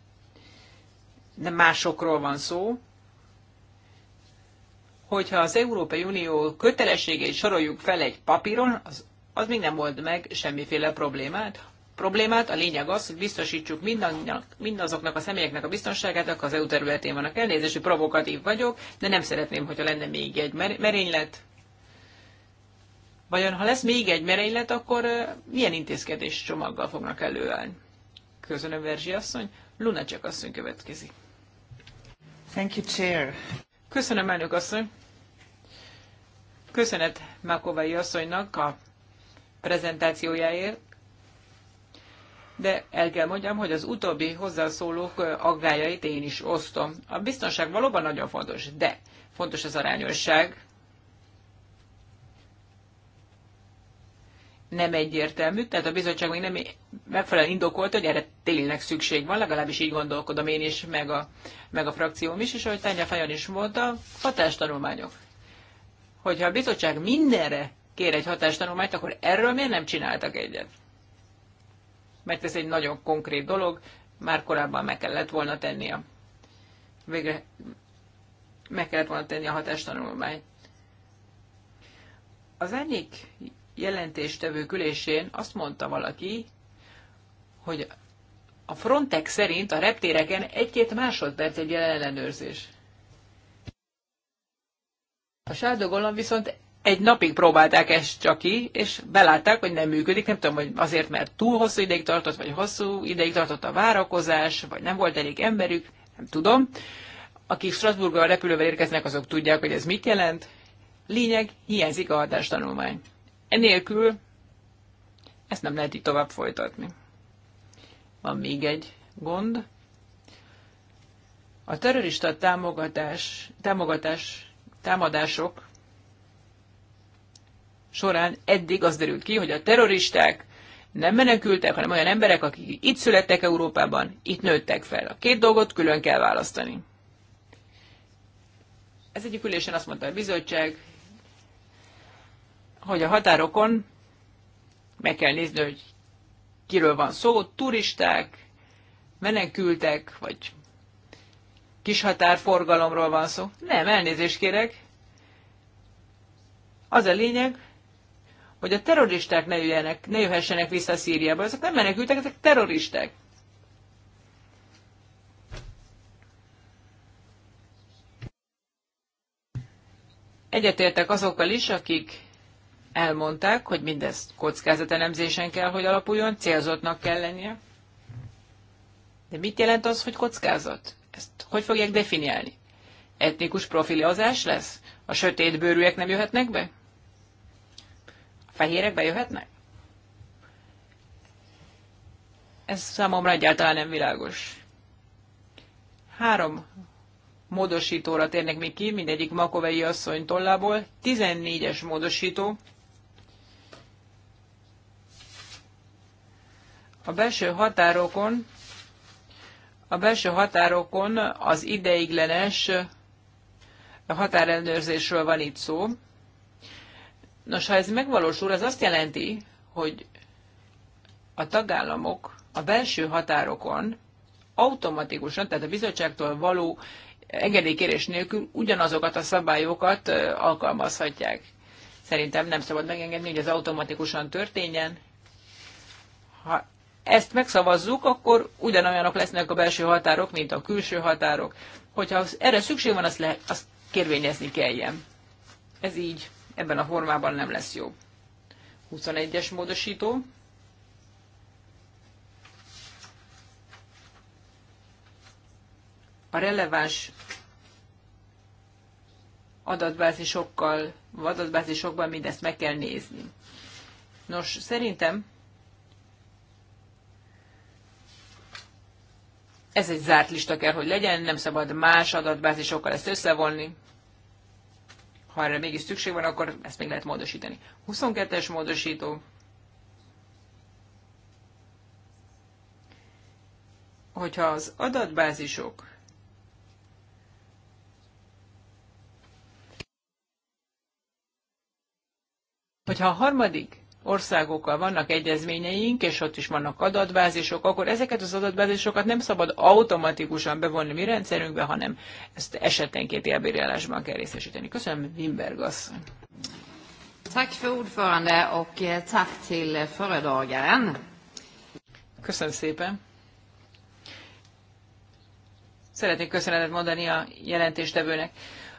nem másokról van szó, hogyha az Európai Unió kötelességét soroljuk fel egy papíron, az, az még nem old meg semmiféle problémát. Problémát a lényeg az, hogy biztosítsuk mindazoknak a személyeknek a biztonságát, akik az EU területén vannak. Elnézést, hogy provokatív vagyok, de nem szeretném, hogyha lenne még egy merénylet. Vajon ha lesz még egy merénylet, akkor milyen intézkedés csomaggal fognak előállni? Köszönöm, Verzsi asszony. Lunacek asszony következik. Thank you, Chair. Köszönöm, elnök asszony. Köszönet Mákovai asszonynak a prezentációjáért, de el kell mondjam, hogy az utóbbi hozzászólók aggájait én is osztom. A biztonság valóban nagyon fontos, de fontos az arányosság. nem egyértelmű, tehát a bizottság még nem megfelelően indokolt, hogy erre tényleg szükség van, legalábbis így gondolkodom én is, meg a, meg a frakcióm is, és ahogy Tanya Fajon is mondta, hatástanulmányok. Hogyha a bizottság mindenre kér egy hatástanulmányt, akkor erről miért nem csináltak egyet? Mert ez egy nagyon konkrét dolog, már korábban meg kellett volna tennie. Végre meg kellett volna tenni a hatástanulmányt. Az egyik jelentéstevő külésén azt mondta valaki, hogy a Frontex szerint a reptéreken egy-két másodperc egy ellenőrzés. A sárdogollon viszont egy napig próbálták ezt csak ki, és belátták, hogy nem működik, nem tudom, hogy azért, mert túl hosszú ideig tartott, vagy hosszú ideig tartott a várakozás, vagy nem volt elég emberük, nem tudom. Akik Strasbourgba a repülővel érkeznek, azok tudják, hogy ez mit jelent. Lényeg, hiányzik a hatástanulmány. Enélkül ezt nem lehet így tovább folytatni. Van még egy gond. A terrorista támogatás, támogatás, támadások során eddig az derült ki, hogy a terroristák nem menekültek, hanem olyan emberek, akik itt születtek Európában, itt nőttek fel. A két dolgot külön kell választani. Ez egyik ülésen azt mondta a bizottság, hogy a határokon meg kell nézni, hogy kiről van szó, turisták, menekültek, vagy kis határforgalomról van szó. Nem, elnézést kérek. Az a lényeg, hogy a terroristák ne, jöjjenek, ne jöhessenek vissza Szíriába. Ezek nem menekültek, ezek terroristák. Egyetértek azokkal is, akik elmondták, hogy mindezt kockázatelemzésen kell, hogy alapuljon, célzottnak kell lennie. De mit jelent az, hogy kockázat? Ezt hogy fogják definiálni? Etnikus profilozás lesz? A sötétbőrűek nem jöhetnek be? A fehérek bejöhetnek? Ez számomra egyáltalán nem világos. Három módosítóra térnek még ki, mindegyik Makovei asszony tollából. 14-es módosító A belső határokon a belső határokon az ideiglenes határellenőrzésről van itt szó. Nos, ha ez megvalósul, az azt jelenti, hogy a tagállamok a belső határokon automatikusan, tehát a bizottságtól való engedélykérés nélkül ugyanazokat a szabályokat alkalmazhatják. Szerintem nem szabad megengedni, hogy ez automatikusan történjen. Ha ezt megszavazzuk, akkor ugyanolyanok lesznek a belső határok, mint a külső határok. Hogyha erre szükség van, azt, le, azt kérvényezni kelljen. Ez így ebben a formában nem lesz jó. 21-es módosító. A releváns adatbázisokkal, adatbázisokban mindezt meg kell nézni. Nos, szerintem Ez egy zárt lista kell, hogy legyen, nem szabad más adatbázisokkal ezt összevonni. Ha erre mégis szükség van, akkor ezt még lehet módosítani. 22-es módosító. Hogyha az adatbázisok hogyha a harmadik országokkal vannak egyezményeink, és ott is vannak adatbázisok, akkor ezeket az adatbázisokat nem szabad automatikusan bevonni mi rendszerünkbe, hanem ezt esetenként elbírálásban kell részesíteni. Köszönöm, Wimberg asszony. Tack för ordförande och eh, tack till eh, föredragaren. Köszönöm szépen. Szeretnék köszönetet mondani a jelentéstevőnek.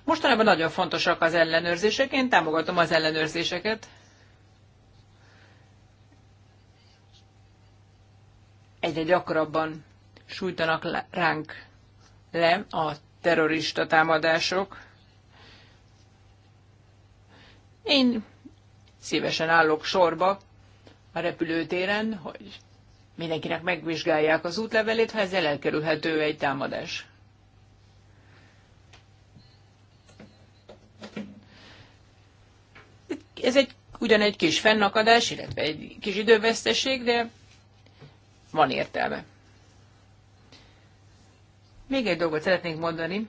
Mostanában nagyon fontosak az ellenőrzések, én támogatom az ellenőrzéseket, egyre gyakrabban sújtanak ránk le a terrorista támadások. Én szívesen állok sorba a repülőtéren, hogy mindenkinek megvizsgálják az útlevelét, ha ezzel elkerülhető egy támadás. Ez egy ugyan egy kis fennakadás, illetve egy kis időveszteség, de van értelme. Még egy dolgot szeretnék mondani.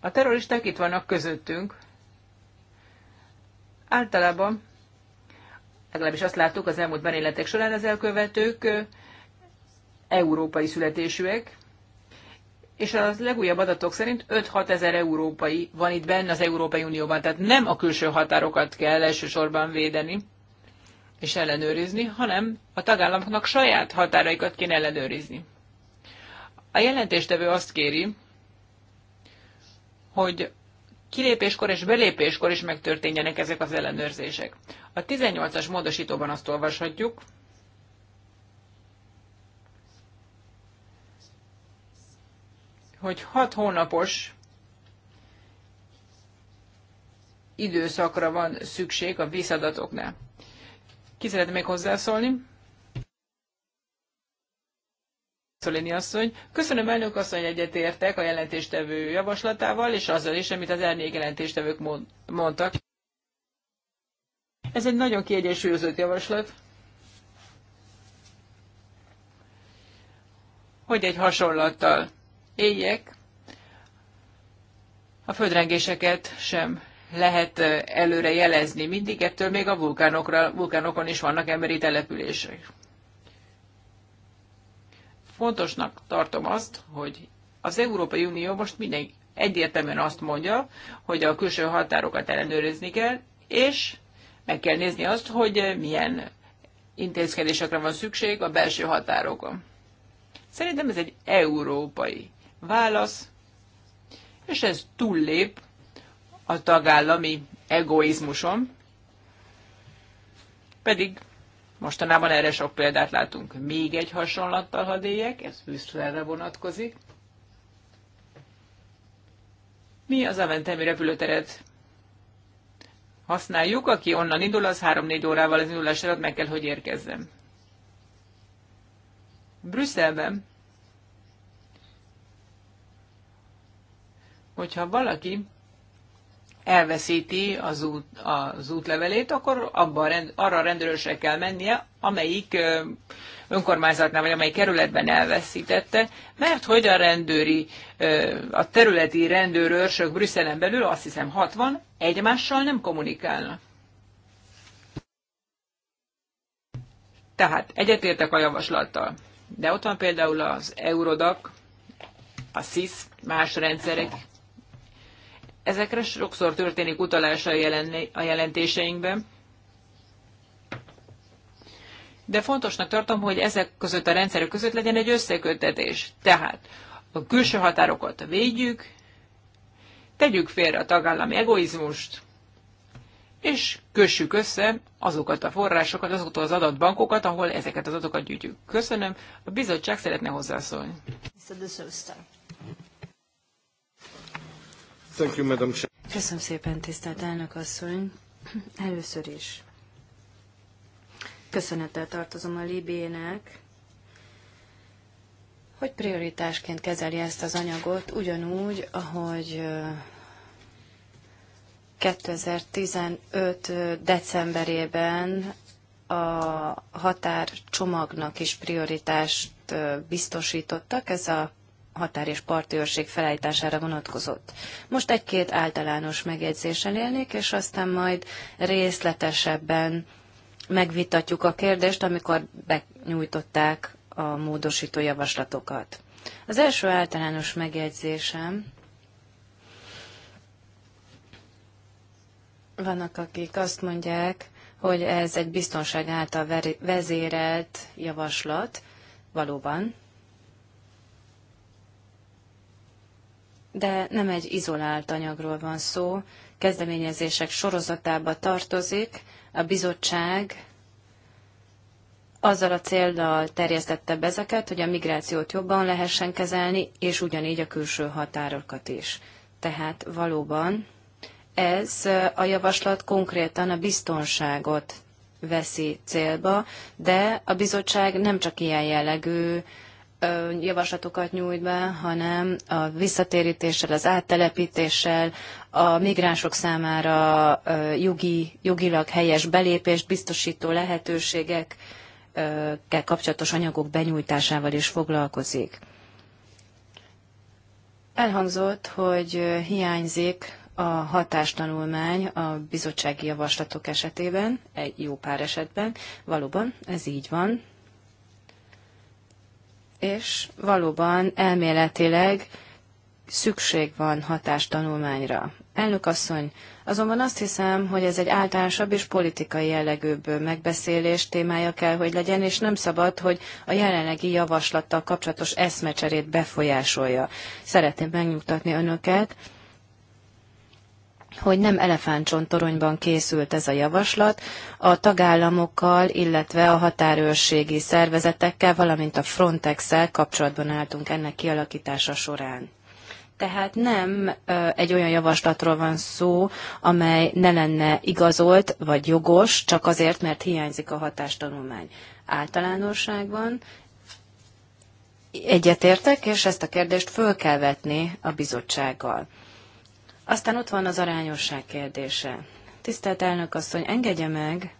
A terroristák itt vannak közöttünk. Általában, legalábbis azt láttuk az elmúlt benéletek során, az elkövetők európai születésűek, és az legújabb adatok szerint 5-6 ezer európai van itt benne az Európai Unióban, tehát nem a külső határokat kell elsősorban védeni, és ellenőrizni, hanem a tagállamoknak saját határaikat kéne ellenőrizni. A jelentéstevő azt kéri, hogy kilépéskor és belépéskor is megtörténjenek ezek az ellenőrzések. A 18-as módosítóban azt olvashatjuk, hogy 6 hónapos időszakra van szükség a vízadatoknál. Ki szeretne még hozzászólni? Szolini asszony. Köszönöm elnök asszony, hogy egyetértek a jelentéstevő javaslatával, és azzal is, amit az elnék jelentéstevők mondtak. Ez egy nagyon kiegyensúlyozott javaslat. Hogy egy hasonlattal éljek, a földrengéseket sem lehet előre jelezni mindig, ettől még a vulkánokra, vulkánokon is vannak emberi települések. Fontosnak tartom azt, hogy az Európai Unió most mindenki egyértelműen azt mondja, hogy a külső határokat ellenőrizni kell, és meg kell nézni azt, hogy milyen intézkedésekre van szükség a belső határokon. Szerintem ez egy európai válasz, és ez túllép a tagállami egoizmusom, pedig mostanában erre sok példát látunk. Még egy hasonlattal hadélyek, ez Brüsszelre vonatkozik. Mi az aventemi repülőteret használjuk, aki onnan indul, az 3-4 órával az indulás előtt meg kell, hogy érkezzem. Brüsszelben, hogyha valaki elveszíti az, út, az útlevelét, akkor abba a rend, arra a rendőrösre kell mennie, amelyik önkormányzatnál vagy amely kerületben elveszítette, mert hogy a rendőri, a területi rendőrőrsök Brüsszelen belül, azt hiszem 60, egymással nem kommunikálnak. Tehát egyetértek a javaslattal. De ott van például az Eurodac, a SIS, más rendszerek, ezekre sokszor történik utalás a, jelen, a jelentéseinkben. De fontosnak tartom, hogy ezek között a rendszerek között legyen egy összeköttetés. Tehát a külső határokat védjük, tegyük félre a tagállami egoizmust, és kössük össze azokat a forrásokat, azokat az adatbankokat, ahol ezeket az adatokat gyűjtjük. Köszönöm. A bizottság szeretne hozzászólni. Thank you, Madam Köszönöm szépen, tisztelt elnök asszony. Először is köszönettel tartozom a Libének, hogy prioritásként kezeli ezt az anyagot, ugyanúgy, ahogy 2015. decemberében a határcsomagnak is prioritást biztosítottak, ez a határ és parti őrség felállítására vonatkozott. Most egy-két általános megjegyzéssel élnék, és aztán majd részletesebben megvitatjuk a kérdést, amikor benyújtották a módosító javaslatokat. Az első általános megjegyzésem, vannak, akik azt mondják, hogy ez egy biztonság által vezérelt javaslat, valóban de nem egy izolált anyagról van szó, kezdeményezések sorozatába tartozik, a bizottság azzal a céldal terjesztette ezeket, hogy a migrációt jobban lehessen kezelni, és ugyanígy a külső határokat is. Tehát valóban ez a javaslat konkrétan a biztonságot veszi célba, de a bizottság nem csak ilyen jellegű javaslatokat nyújt be, hanem a visszatérítéssel, az áttelepítéssel, a migránsok számára jogi, jogilag helyes belépést biztosító lehetőségekkel kapcsolatos anyagok benyújtásával is foglalkozik. Elhangzott, hogy hiányzik a hatástanulmány a bizottsági javaslatok esetében, egy jó pár esetben. Valóban ez így van, és valóban elméletileg szükség van hatástanulmányra. Elnök asszony, azonban azt hiszem, hogy ez egy általánosabb és politikai jellegűbb megbeszélés témája kell, hogy legyen, és nem szabad, hogy a jelenlegi javaslattal kapcsolatos eszmecserét befolyásolja. Szeretném megnyugtatni önöket, hogy nem elefántcsontoronyban készült ez a javaslat, a tagállamokkal, illetve a határőrségi szervezetekkel, valamint a Frontex-el kapcsolatban álltunk ennek kialakítása során. Tehát nem egy olyan javaslatról van szó, amely ne lenne igazolt vagy jogos, csak azért, mert hiányzik a hatástanulmány. Általánosságban egyetértek, és ezt a kérdést föl kell vetni a bizottsággal. Aztán ott van az arányosság kérdése. Tisztelt elnök asszony, engedje meg,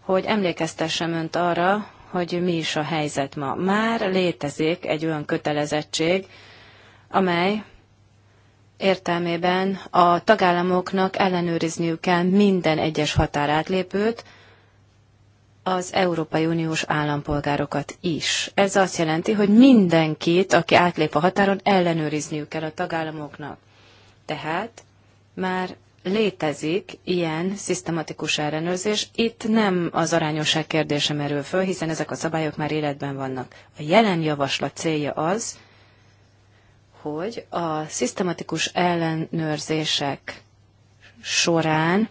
hogy emlékeztessem önt arra, hogy mi is a helyzet ma. Már létezik egy olyan kötelezettség, amely értelmében a tagállamoknak ellenőrizniük kell minden egyes határátlépőt, az Európai Uniós állampolgárokat is. Ez azt jelenti, hogy mindenkit, aki átlép a határon, ellenőrizniük kell a tagállamoknak. Tehát már létezik ilyen szisztematikus ellenőrzés. Itt nem az arányosság kérdése merül föl, hiszen ezek a szabályok már életben vannak. A jelen javaslat célja az, hogy a szisztematikus ellenőrzések során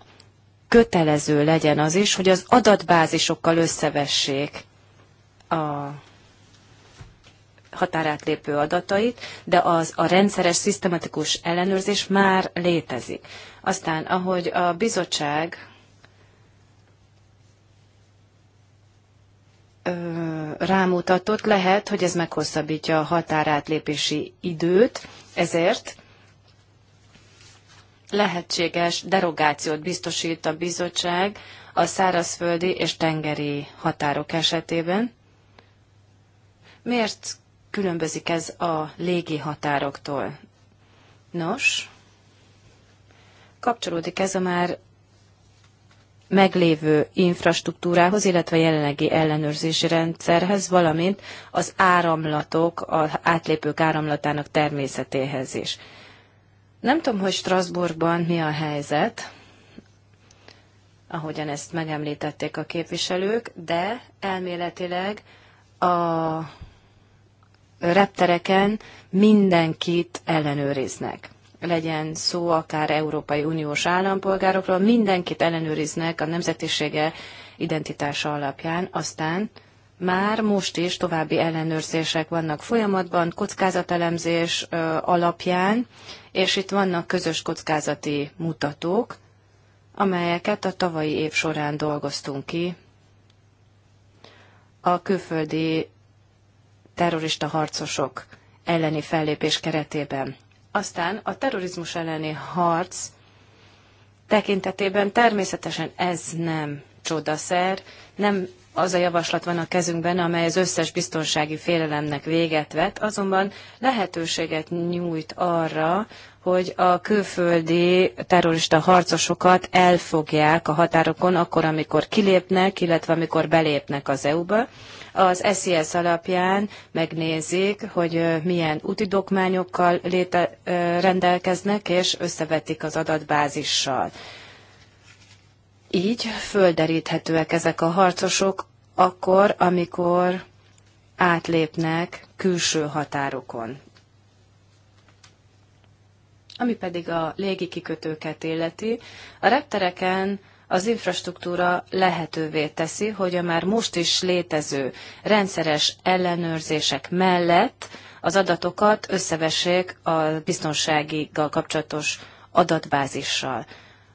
kötelező legyen az is, hogy az adatbázisokkal összevessék a határátlépő adatait, de az a rendszeres, szisztematikus ellenőrzés már létezik. Aztán, ahogy a bizottság rámutatott, lehet, hogy ez meghosszabbítja a határátlépési időt, ezért lehetséges derogációt biztosít a bizottság a szárazföldi és tengeri határok esetében. Miért különbözik ez a légi határoktól. Nos, kapcsolódik ez a már meglévő infrastruktúrához, illetve a jelenlegi ellenőrzési rendszerhez, valamint az áramlatok, az átlépők áramlatának természetéhez is. Nem tudom, hogy Strasbourgban mi a helyzet, ahogyan ezt megemlítették a képviselők, de elméletileg a reptereken mindenkit ellenőriznek. Legyen szó akár Európai Uniós állampolgárokról, mindenkit ellenőriznek a nemzetisége identitása alapján, aztán már most is további ellenőrzések vannak folyamatban, kockázatelemzés alapján, és itt vannak közös kockázati mutatók, amelyeket a tavalyi év során dolgoztunk ki a külföldi terrorista harcosok elleni fellépés keretében. Aztán a terrorizmus elleni harc tekintetében természetesen ez nem csodaszer, nem az a javaslat van a kezünkben, amely az összes biztonsági félelemnek véget vet, azonban lehetőséget nyújt arra, hogy a külföldi terrorista harcosokat elfogják a határokon akkor, amikor kilépnek, illetve amikor belépnek az EU-ba. Az SZSZ alapján megnézik, hogy milyen úti dokmányokkal léte, rendelkeznek, és összevetik az adatbázissal. Így földeríthetőek ezek a harcosok akkor, amikor átlépnek külső határokon. Ami pedig a kikötőket illeti, a reptereken az infrastruktúra lehetővé teszi, hogy a már most is létező rendszeres ellenőrzések mellett az adatokat összevessék a biztonsági kapcsolatos adatbázissal.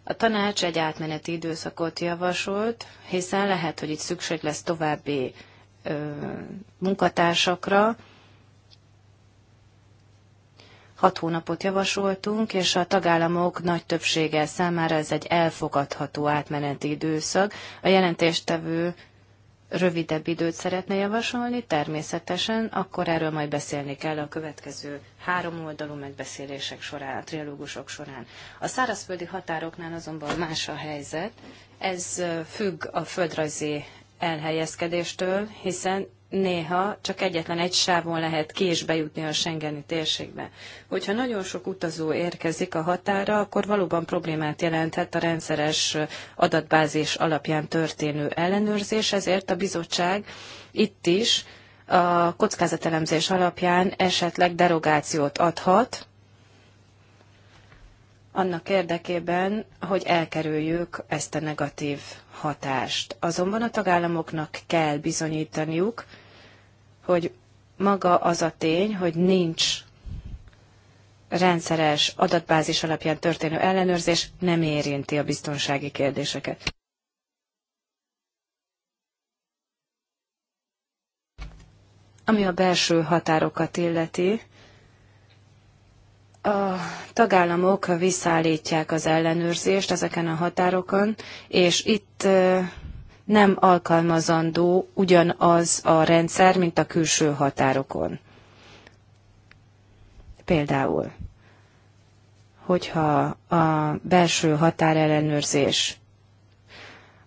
A tanács egy átmeneti időszakot javasolt, hiszen lehet, hogy itt szükség lesz további ö, munkatársakra. Hat hónapot javasoltunk, és a tagállamok nagy többsége számára ez egy elfogadható átmeneti időszak. A jelentéstevő rövidebb időt szeretne javasolni, természetesen, akkor erről majd beszélni kell a következő három oldalú megbeszélések során, trilógusok során. A szárazföldi határoknál azonban más a helyzet, ez függ a földrajzi elhelyezkedéstől, hiszen néha csak egyetlen egy sávon lehet ki és bejutni a Schengeni térségbe. Hogyha nagyon sok utazó érkezik a határa, akkor valóban problémát jelenthet a rendszeres adatbázis alapján történő ellenőrzés, ezért a bizottság itt is a kockázatelemzés alapján esetleg derogációt adhat, annak érdekében, hogy elkerüljük ezt a negatív hatást. Azonban a tagállamoknak kell bizonyítaniuk, hogy maga az a tény, hogy nincs rendszeres adatbázis alapján történő ellenőrzés, nem érinti a biztonsági kérdéseket. Ami a belső határokat illeti, a tagállamok visszaállítják az ellenőrzést ezeken a határokon, és itt nem alkalmazandó ugyanaz a rendszer, mint a külső határokon. Például, hogyha a belső határellenőrzés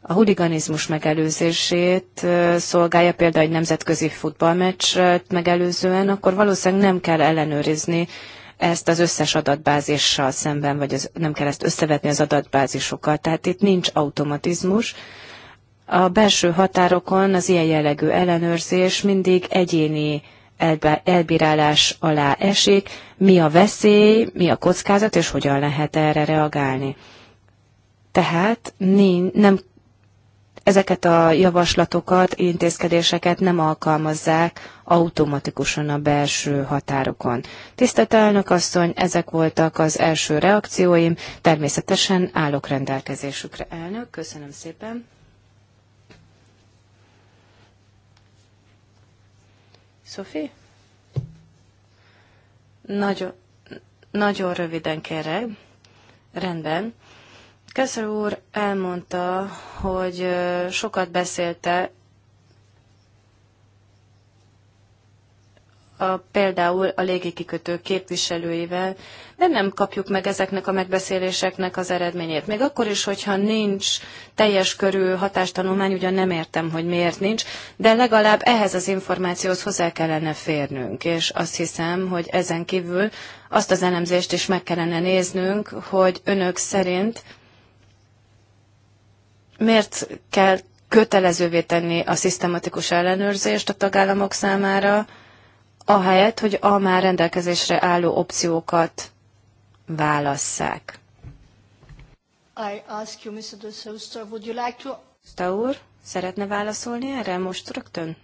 a huliganizmus megelőzését szolgálja például egy nemzetközi futballmeccset megelőzően, akkor valószínűleg nem kell ellenőrizni ezt az összes adatbázissal szemben, vagy az, nem kell ezt összevetni az adatbázisokkal. Tehát itt nincs automatizmus, a belső határokon az ilyen jellegű ellenőrzés mindig egyéni elbírálás alá esik, mi a veszély, mi a kockázat, és hogyan lehet erre reagálni. Tehát nem, ezeket a javaslatokat, intézkedéseket nem alkalmazzák automatikusan a belső határokon. Tisztelt elnök asszony, ezek voltak az első reakcióim, természetesen állok rendelkezésükre. Elnök, köszönöm szépen. Sophie? Nagyon, nagyon röviden kérek. Rendben. Kessler úr elmondta, hogy sokat beszélte a, például a légikikötő képviselőivel de nem kapjuk meg ezeknek a megbeszéléseknek az eredményét. Még akkor is, hogyha nincs teljes körű hatástanulmány, ugyan nem értem, hogy miért nincs, de legalább ehhez az információhoz hozzá kellene férnünk, és azt hiszem, hogy ezen kívül azt az elemzést is meg kellene néznünk, hogy önök szerint miért kell kötelezővé tenni a szisztematikus ellenőrzést a tagállamok számára, ahelyett, hogy a már rendelkezésre álló opciókat válasszák. I ask you, Mr. De Sousa, would you like to... Sousa úr, szeretne válaszolni erre most rögtön?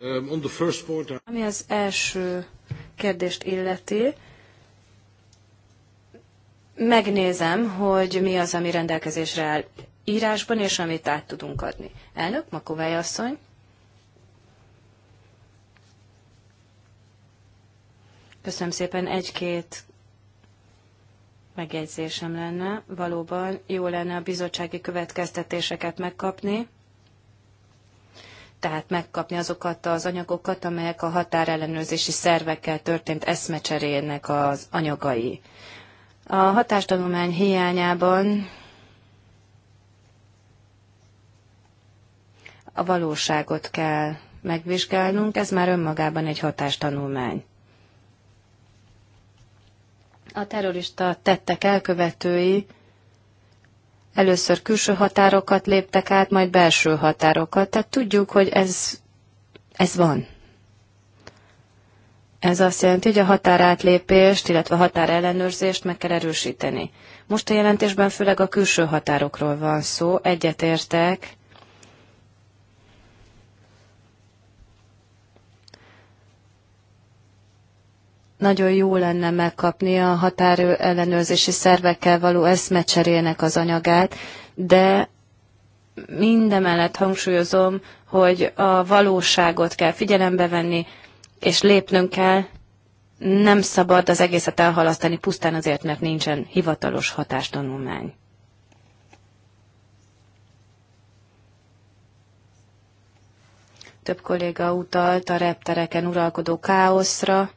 Um, on the first point, I... Ami az első kérdést illeti, megnézem, hogy mi az, ami rendelkezésre áll írásban, és amit át tudunk adni. Elnök, Makovály asszony. Köszönöm szépen, egy-két megjegyzésem lenne. Valóban jó lenne a bizottsági következtetéseket megkapni, tehát megkapni azokat az anyagokat, amelyek a határellenőrzési szervekkel történt eszmecserének az anyagai. A hatástanulmány hiányában a valóságot kell megvizsgálnunk, ez már önmagában egy hatástanulmány a terrorista tettek elkövetői először külső határokat léptek át, majd belső határokat. Tehát tudjuk, hogy ez, ez van. Ez azt jelenti, hogy a határátlépést, illetve a határellenőrzést meg kell erősíteni. Most a jelentésben főleg a külső határokról van szó, egyetértek nagyon jó lenne megkapni a határő ellenőrzési szervekkel való eszmecserének az anyagát, de mindemellett hangsúlyozom, hogy a valóságot kell figyelembe venni, és lépnünk kell, nem szabad az egészet elhalasztani pusztán azért, mert nincsen hivatalos hatástanulmány. Több kolléga utalt a reptereken uralkodó káoszra,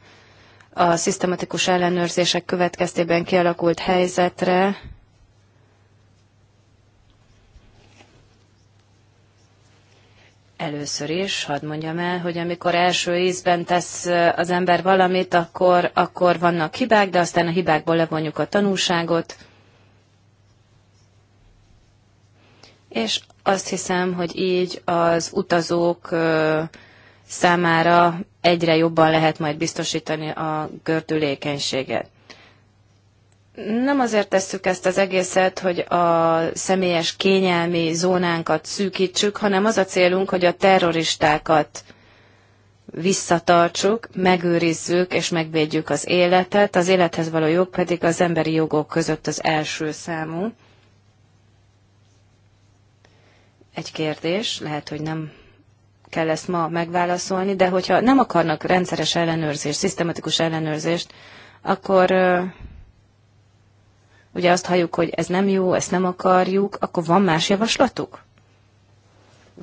a szisztematikus ellenőrzések következtében kialakult helyzetre, Először is, hadd mondjam el, hogy amikor első ízben tesz az ember valamit, akkor, akkor vannak hibák, de aztán a hibákból levonjuk a tanulságot. És azt hiszem, hogy így az utazók számára egyre jobban lehet majd biztosítani a gördülékenységet. Nem azért tesszük ezt az egészet, hogy a személyes kényelmi zónánkat szűkítsük, hanem az a célunk, hogy a terroristákat visszatartsuk, megőrizzük és megvédjük az életet. Az élethez való jog pedig az emberi jogok között az első számú. Egy kérdés, lehet, hogy nem kell ezt ma megválaszolni, de hogyha nem akarnak rendszeres ellenőrzést, szisztematikus ellenőrzést, akkor ugye azt halljuk, hogy ez nem jó, ezt nem akarjuk, akkor van más javaslatuk?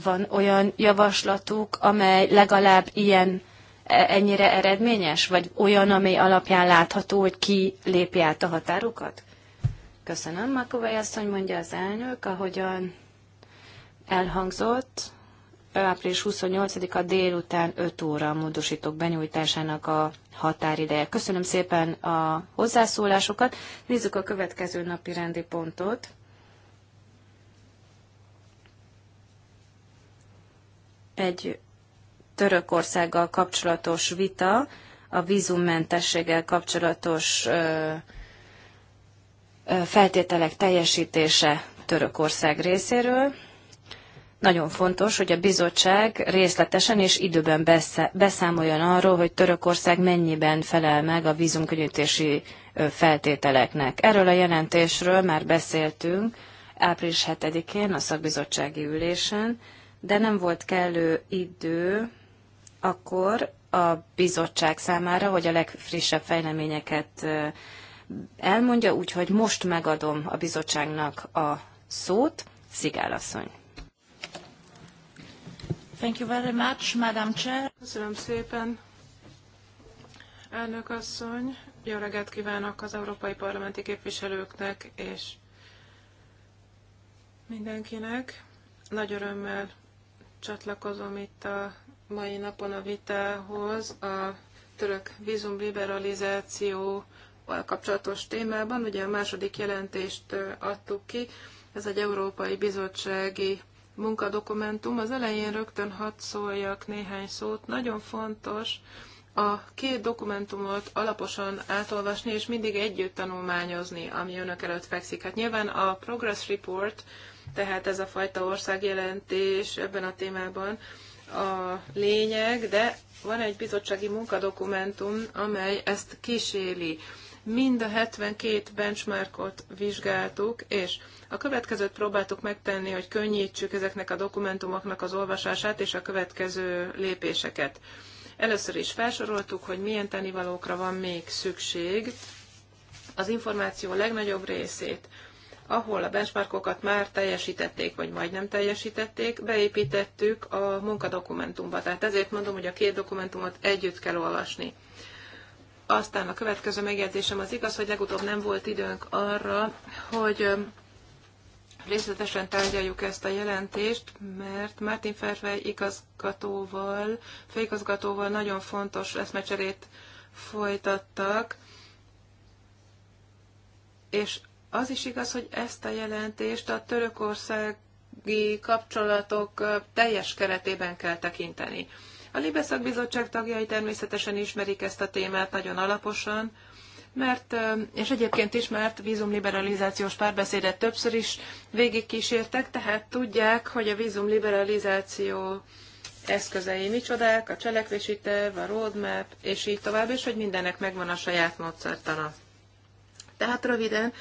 Van olyan javaslatuk, amely legalább ilyen e, ennyire eredményes, vagy olyan, amely alapján látható, hogy ki lépi át a határokat? Köszönöm, Makovai asszony, mondja az elnök, ahogyan elhangzott április 28-a délután 5 óra a módosítók benyújtásának a határideje. Köszönöm szépen a hozzászólásokat. Nézzük a következő napi rendi pontot. Egy Törökországgal kapcsolatos vita, a vízummentességgel kapcsolatos feltételek teljesítése Törökország részéről. Nagyon fontos, hogy a bizottság részletesen és időben beszámoljon arról, hogy Törökország mennyiben felel meg a vízumkönnyítési feltételeknek. Erről a jelentésről már beszéltünk április 7-én a szakbizottsági ülésen, de nem volt kellő idő akkor a bizottság számára, hogy a legfrissebb fejleményeket elmondja, úgyhogy most megadom a bizottságnak a szót, Szigálasszony. asszony. Thank you very much, Madam Chair. Köszönöm szépen. Elnök asszony, jó reggelt kívánok az európai parlamenti képviselőknek és mindenkinek. Nagy örömmel csatlakozom itt a mai napon a vitához a török vízumliberalizációval kapcsolatos témában. Ugye a második jelentést adtuk ki, ez egy Európai Bizottsági munkadokumentum. Az elején rögtön hadd szóljak néhány szót. Nagyon fontos a két dokumentumot alaposan átolvasni, és mindig együtt tanulmányozni, ami önök előtt fekszik. Hát nyilván a Progress Report, tehát ez a fajta országjelentés ebben a témában a lényeg, de van egy bizottsági munkadokumentum, amely ezt kíséri mind a 72 benchmarkot vizsgáltuk, és a következőt próbáltuk megtenni, hogy könnyítsük ezeknek a dokumentumoknak az olvasását és a következő lépéseket. Először is felsoroltuk, hogy milyen tennivalókra van még szükség. Az információ legnagyobb részét ahol a benchmarkokat már teljesítették, vagy majdnem teljesítették, beépítettük a munkadokumentumba. Tehát ezért mondom, hogy a két dokumentumot együtt kell olvasni. Aztán a következő megjegyzésem az igaz, hogy legutóbb nem volt időnk arra, hogy részletesen tárgyaljuk ezt a jelentést, mert Martin Ferfej igazgatóval, főigazgatóval nagyon fontos eszmecserét folytattak, és az is igaz, hogy ezt a jelentést a törökországi kapcsolatok teljes keretében kell tekinteni. A Libe szakbizottság tagjai természetesen ismerik ezt a témát nagyon alaposan, mert, és egyébként is, mert vízumliberalizációs párbeszédet többször is végigkísértek, tehát tudják, hogy a vízumliberalizáció eszközei micsodák, a cselekvési terv, a roadmap, és így tovább, és hogy mindennek megvan a saját módszertana. Tehát röviden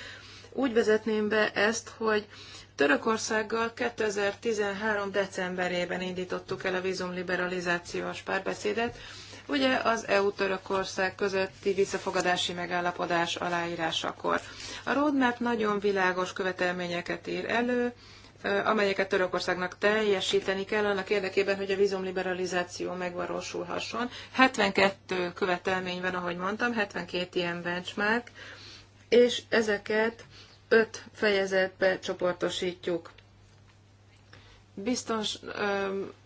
úgy vezetném be ezt, hogy Törökországgal 2013. decemberében indítottuk el a vízumliberalizációs párbeszédet, ugye az EU-Törökország közötti visszafogadási megállapodás aláírásakor. A roadmap nagyon világos követelményeket ír elő, amelyeket Törökországnak teljesíteni kell annak érdekében, hogy a vízumliberalizáció megvalósulhasson. 72 követelmény van, ahogy mondtam, 72 ilyen benchmark, és ezeket öt fejezetbe csoportosítjuk. Biztons,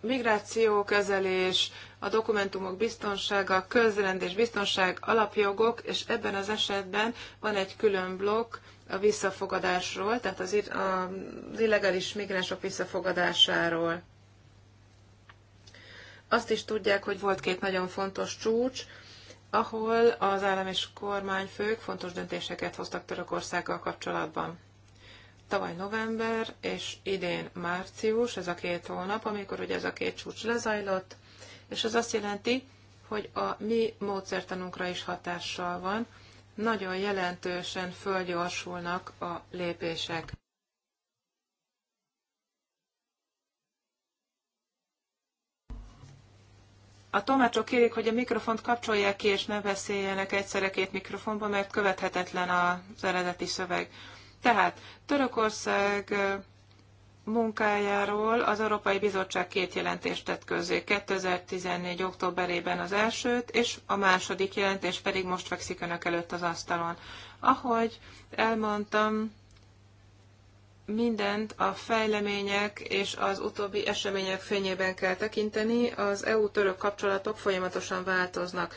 migráció, kezelés, a dokumentumok biztonsága, közrendés, biztonság, alapjogok, és ebben az esetben van egy külön blokk a visszafogadásról, tehát az, az illegális migránsok visszafogadásáról. Azt is tudják, hogy volt két nagyon fontos csúcs, ahol az állam és kormányfők fontos döntéseket hoztak Törökországgal kapcsolatban. Tavaly november és idén március, ez a két hónap, amikor ugye ez a két csúcs lezajlott, és ez azt jelenti, hogy a mi módszertanunkra is hatással van, nagyon jelentősen fölgyorsulnak a lépések. A tolmácsok kérik, hogy a mikrofont kapcsolják ki, és ne beszéljenek egyszerre két mikrofonba, mert követhetetlen az eredeti szöveg. Tehát Törökország munkájáról az Európai Bizottság két jelentést tett közzé. 2014. októberében az elsőt, és a második jelentés pedig most fekszik önök előtt az asztalon. Ahogy elmondtam, mindent a fejlemények és az utóbbi események fényében kell tekinteni, az EU-török kapcsolatok folyamatosan változnak.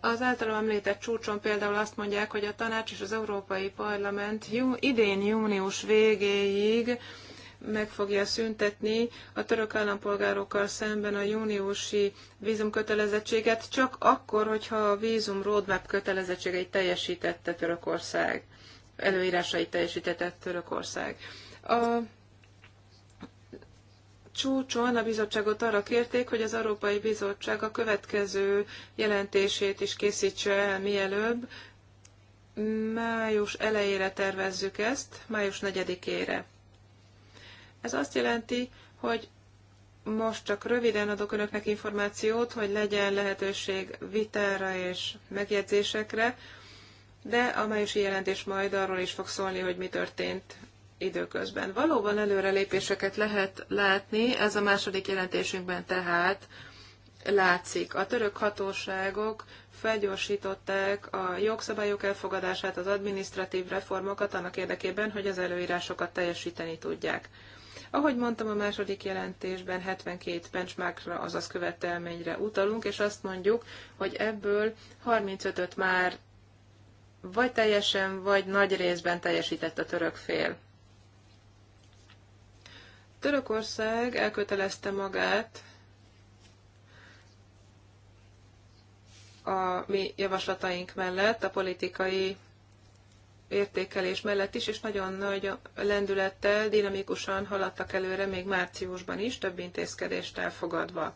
Az általam említett csúcson például azt mondják, hogy a tanács és az Európai Parlament jú, idén június végéig meg fogja szüntetni a török állampolgárokkal szemben a júniusi vízumkötelezettséget, csak akkor, hogyha a vízum roadmap kötelezettségeit teljesítette Törökország, előírásait teljesítette Törökország. A csúcson a bizottságot arra kérték, hogy az Európai Bizottság a következő jelentését is készítse el mielőbb. Május elejére tervezzük ezt, május 4-ére. Ez azt jelenti, hogy most csak röviden adok önöknek információt, hogy legyen lehetőség vitára és megjegyzésekre, de a májusi jelentés majd arról is fog szólni, hogy mi történt időközben. Valóban előrelépéseket lehet látni, ez a második jelentésünkben tehát látszik. A török hatóságok felgyorsították a jogszabályok elfogadását, az adminisztratív reformokat annak érdekében, hogy az előírásokat teljesíteni tudják. Ahogy mondtam, a második jelentésben 72 benchmarkra, azaz követelményre utalunk, és azt mondjuk, hogy ebből 35-öt már vagy teljesen, vagy nagy részben teljesített a török fél. Törökország elkötelezte magát a mi javaslataink mellett, a politikai értékelés mellett is, és nagyon nagy lendülettel, dinamikusan haladtak előre még márciusban is, több intézkedést elfogadva.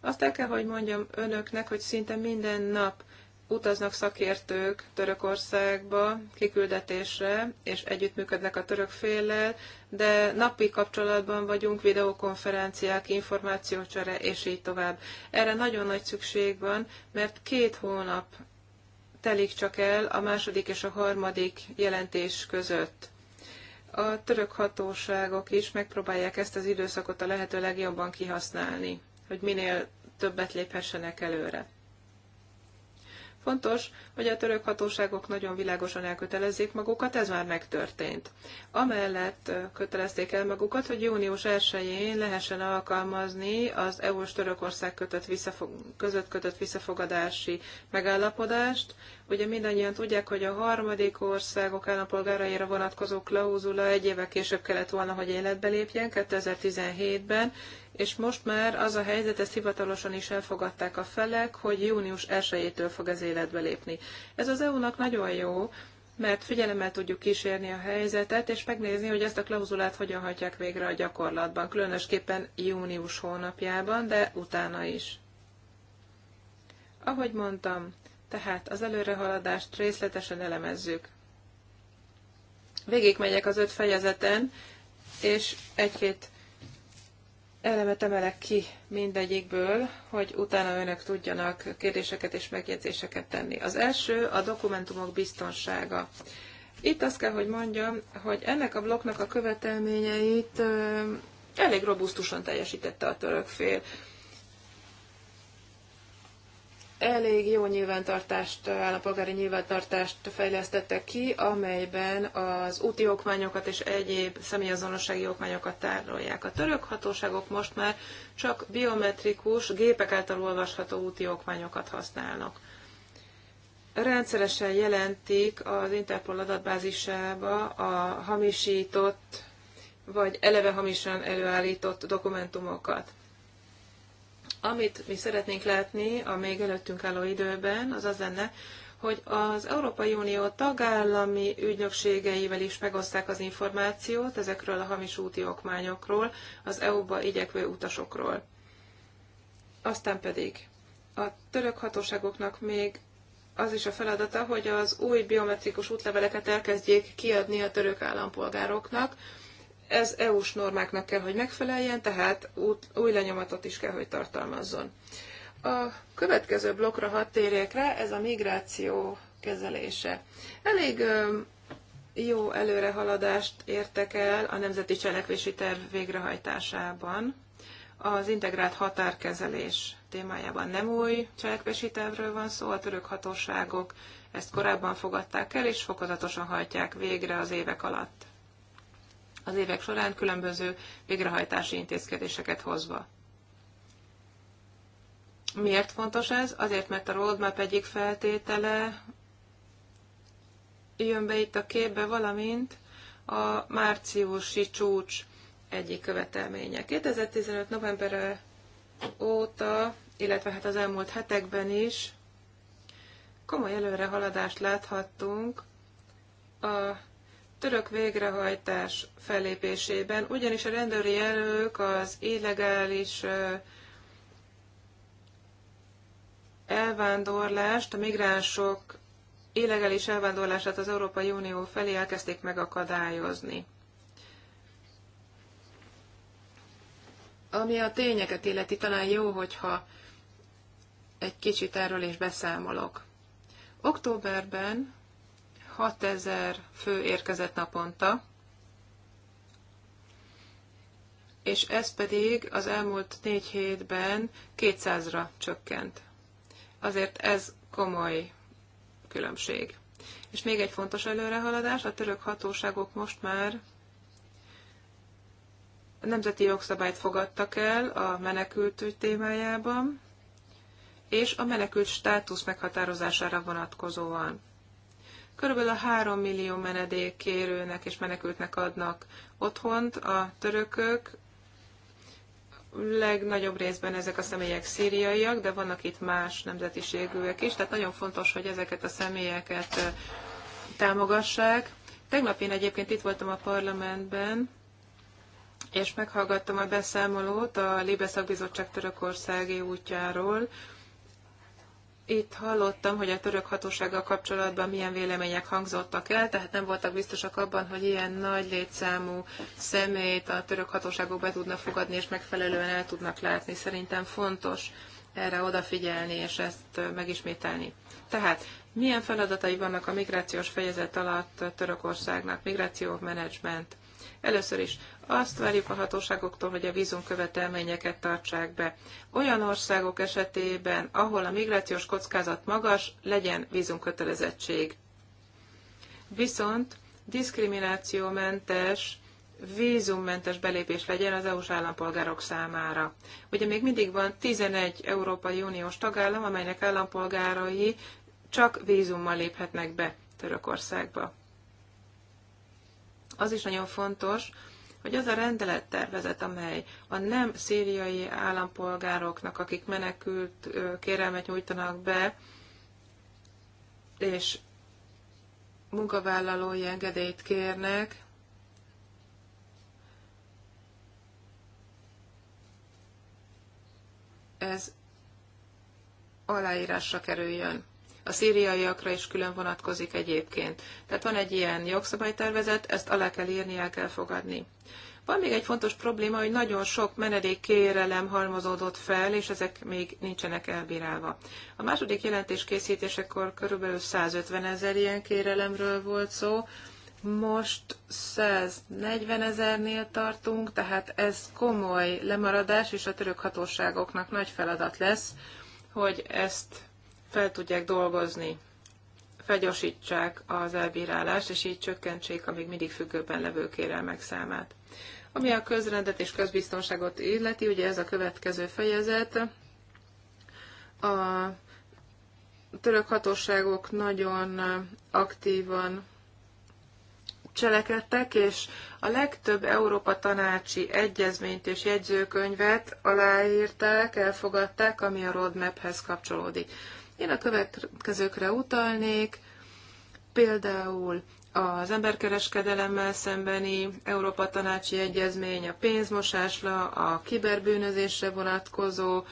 Azt el kell, hogy mondjam önöknek, hogy szinte minden nap utaznak szakértők Törökországba kiküldetésre, és együttműködnek a török féllel, de napi kapcsolatban vagyunk, videokonferenciák, információcsere, és így tovább. Erre nagyon nagy szükség van, mert két hónap telik csak el a második és a harmadik jelentés között. A török hatóságok is megpróbálják ezt az időszakot a lehető legjobban kihasználni, hogy minél többet léphessenek előre. Fontos, hogy a török hatóságok nagyon világosan elkötelezzék magukat, ez már megtörtént. Amellett kötelezték el magukat, hogy június 1-én lehessen alkalmazni az EU-s Törökország kötött visszafog, között kötött visszafogadási megállapodást, Ugye mindannyian tudják, hogy a harmadik országok állampolgáraira vonatkozó klauzula egy évvel később kellett volna, hogy életbe lépjen, 2017-ben, és most már az a helyzet, ezt hivatalosan is elfogadták a felek, hogy június 1-től fog ez életbe lépni. Ez az EU-nak nagyon jó, mert figyelemmel tudjuk kísérni a helyzetet, és megnézni, hogy ezt a klauzulát hogyan hagyják végre a gyakorlatban, különösképpen június hónapjában, de utána is. Ahogy mondtam, tehát az előrehaladást részletesen elemezzük. Végigmegyek az öt fejezeten, és egy-két elemet emelek ki mindegyikből, hogy utána önök tudjanak kérdéseket és megjegyzéseket tenni. Az első a dokumentumok biztonsága. Itt azt kell, hogy mondjam, hogy ennek a blokknak a követelményeit elég robusztusan teljesítette a török fél elég jó nyilvántartást, állampolgári nyilvántartást fejlesztettek ki, amelyben az úti okmányokat és egyéb személyazonossági okmányokat tárolják. A török hatóságok most már csak biometrikus, gépek által olvasható úti okmányokat használnak. Rendszeresen jelentik az Interpol adatbázisába a hamisított vagy eleve hamisan előállított dokumentumokat amit mi szeretnénk látni a még előttünk álló időben, az az lenne, hogy az Európai Unió tagállami ügynökségeivel is megoszták az információt ezekről a hamis úti okmányokról, az EU-ba igyekvő utasokról. Aztán pedig a török hatóságoknak még az is a feladata, hogy az új biometrikus útleveleket elkezdjék kiadni a török állampolgároknak, ez EU-s normáknak kell, hogy megfeleljen, tehát új lenyomatot is kell, hogy tartalmazzon. A következő blokkra hat térjek rá, ez a migráció kezelése. Elég jó előrehaladást értek el a Nemzeti Cselekvési Terv végrehajtásában. Az integrált határkezelés témájában nem új cselekvési tervről van szó, a török hatóságok ezt korábban fogadták el, és fokozatosan hajtják végre az évek alatt az évek során különböző végrehajtási intézkedéseket hozva. Miért fontos ez? Azért, mert a roadmap egyik feltétele jön be itt a képbe, valamint a márciusi csúcs egyik követelménye. 2015. november óta, illetve hát az elmúlt hetekben is komoly előrehaladást láthattunk a török végrehajtás fellépésében, ugyanis a rendőri erők az illegális elvándorlást, a migránsok illegális elvándorlását az Európai Unió felé elkezdték megakadályozni. Ami a tényeket illeti, talán jó, hogyha egy kicsit erről is beszámolok. Októberben 6000 fő érkezett naponta, és ez pedig az elmúlt négy hétben 200-ra csökkent. Azért ez komoly különbség. És még egy fontos előrehaladás, a török hatóságok most már a nemzeti jogszabályt fogadtak el a ügy témájában, és a menekült státusz meghatározására vonatkozóan. Körülbelül a három millió menedékkérőnek és menekültnek adnak otthont a törökök, legnagyobb részben ezek a személyek szíriaiak, de vannak itt más nemzetiségűek is, tehát nagyon fontos, hogy ezeket a személyeket támogassák. Tegnap én egyébként itt voltam a parlamentben, és meghallgattam a beszámolót a Libeszakbizottság törökországi útjáról, itt hallottam, hogy a török hatósággal kapcsolatban milyen vélemények hangzottak el, tehát nem voltak biztosak abban, hogy ilyen nagy létszámú szemét a török hatóságok be tudnak fogadni, és megfelelően el tudnak látni. Szerintem fontos erre odafigyelni, és ezt megismételni. Tehát milyen feladatai vannak a migrációs fejezet alatt Törökországnak? Migráció menedzsment. Először is azt várjuk a hatóságoktól, hogy a vízum követelményeket tartsák be. Olyan országok esetében, ahol a migrációs kockázat magas, legyen vízumkötelezettség. Viszont diszkriminációmentes vízummentes belépés legyen az EU-s állampolgárok számára. Ugye még mindig van 11 Európai Uniós tagállam, amelynek állampolgárai csak vízummal léphetnek be Törökországba. Az is nagyon fontos, hogy az a rendelettervezet, amely a nem szíriai állampolgároknak, akik menekült kérelmet nyújtanak be, és munkavállalói engedélyt kérnek, ez aláírásra kerüljön a szíriaiakra is külön vonatkozik egyébként. Tehát van egy ilyen jogszabálytervezet, ezt alá kell írni, el kell fogadni. Van még egy fontos probléma, hogy nagyon sok menedékkérelem halmozódott fel, és ezek még nincsenek elbírálva. A második jelentés készítésekor körülbelül 150 ezer ilyen kérelemről volt szó, most 140 ezernél tartunk, tehát ez komoly lemaradás, és a török hatóságoknak nagy feladat lesz, hogy ezt fel tudják dolgozni, felgyorsítsák az elbírálást, és így csökkentsék a még mindig függőben levő kérelmek számát. Ami a közrendet és közbiztonságot illeti, ugye ez a következő fejezet. A török hatóságok nagyon aktívan cselekedtek, és a legtöbb Európa tanácsi egyezményt és jegyzőkönyvet aláírták, elfogadták, ami a roadmaphez kapcsolódik. Én a következőkre utalnék, például az emberkereskedelemmel szembeni Európa Tanácsi Egyezmény, a pénzmosásra, a kiberbűnözésre vonatkozó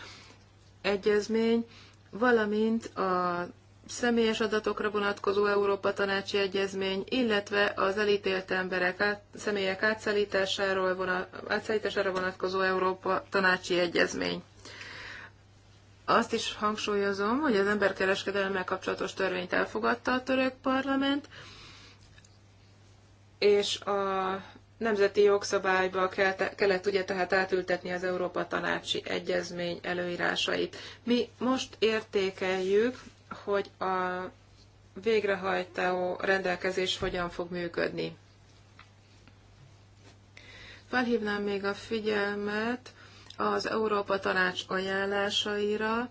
egyezmény, valamint a személyes adatokra vonatkozó Európa Tanácsi Egyezmény, illetve az elítélt emberek át, személyek átszállításáról vonat, átszállítására vonatkozó Európa Tanácsi Egyezmény azt is hangsúlyozom, hogy az emberkereskedelemmel kapcsolatos törvényt elfogadta a török parlament, és a nemzeti jogszabályba kellett ugye tehát átültetni az Európa Tanácsi Egyezmény előírásait. Mi most értékeljük, hogy a végrehajtó rendelkezés hogyan fog működni. Felhívnám még a figyelmet az Európa Tanács ajánlásaira,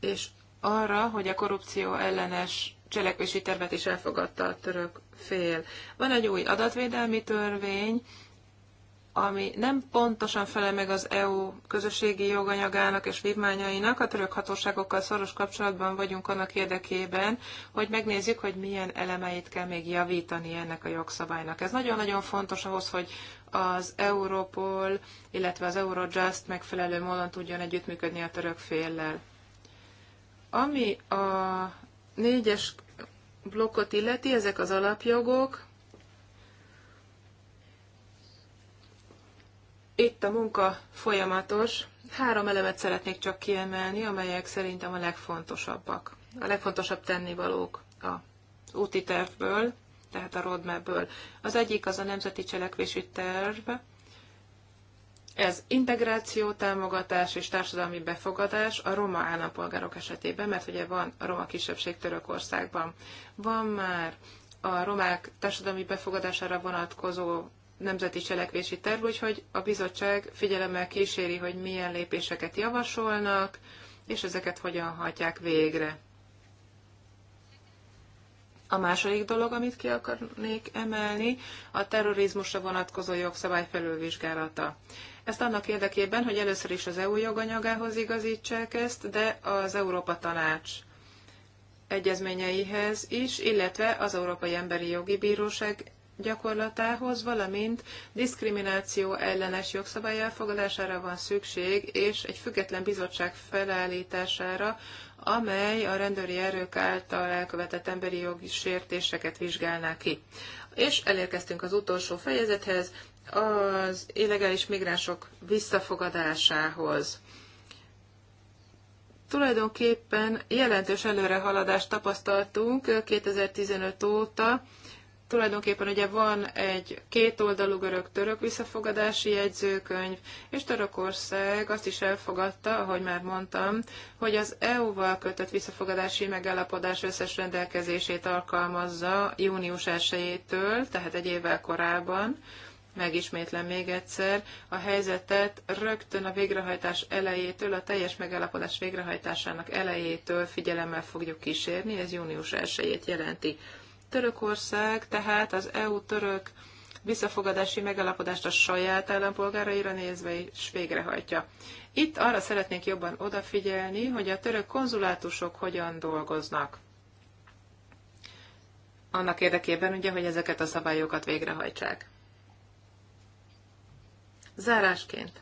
és arra, hogy a korrupció ellenes cselekvési tervet is elfogadta a török fél. Van egy új adatvédelmi törvény, ami nem pontosan felel meg az EU közösségi joganyagának és vívmányainak, a török hatóságokkal szoros kapcsolatban vagyunk annak érdekében, hogy megnézzük, hogy milyen elemeit kell még javítani ennek a jogszabálynak. Ez nagyon-nagyon fontos ahhoz, hogy az Europol, illetve az Eurojust megfelelő módon tudjon együttműködni a török féllel. Ami a négyes blokkot illeti, ezek az alapjogok, Itt a munka folyamatos. Három elemet szeretnék csak kiemelni, amelyek szerintem a legfontosabbak. A legfontosabb tennivalók a úti tervből, tehát a roadmapből. Az egyik az a nemzeti cselekvési terv, ez integráció, támogatás és társadalmi befogadás a roma állampolgárok esetében, mert ugye van a roma kisebbség Törökországban. Van már a romák társadalmi befogadására vonatkozó nemzeti cselekvési terv, úgyhogy a bizottság figyelemmel kíséri, hogy milyen lépéseket javasolnak, és ezeket hogyan hajtják végre. A második dolog, amit ki akarnék emelni, a terrorizmusra vonatkozó jogszabály felülvizsgálata. Ezt annak érdekében, hogy először is az EU joganyagához igazítsák ezt, de az Európa Tanács egyezményeihez is, illetve az Európai Emberi Jogi Bíróság gyakorlatához, valamint diszkrimináció ellenes jogszabály elfogadására van szükség, és egy független bizottság felállítására, amely a rendőri erők által elkövetett emberi jogi sértéseket vizsgálná ki. És elérkeztünk az utolsó fejezethez, az illegális migránsok visszafogadásához tulajdonképpen jelentős előrehaladást tapasztaltunk 2015 óta, tulajdonképpen ugye van egy kétoldalú görög-török visszafogadási jegyzőkönyv, és Törökország azt is elfogadta, ahogy már mondtam, hogy az EU-val kötött visszafogadási megállapodás összes rendelkezését alkalmazza június 1-től, tehát egy évvel korábban, megismétlem még egyszer, a helyzetet rögtön a végrehajtás elejétől, a teljes megállapodás végrehajtásának elejétől figyelemmel fogjuk kísérni, ez június 1 jelenti. Törökország tehát az EU-török visszafogadási megalapodást a saját állampolgáraira nézve is végrehajtja. Itt arra szeretnék jobban odafigyelni, hogy a török konzulátusok hogyan dolgoznak. Annak érdekében ugye, hogy ezeket a szabályokat végrehajtsák. Zárásként.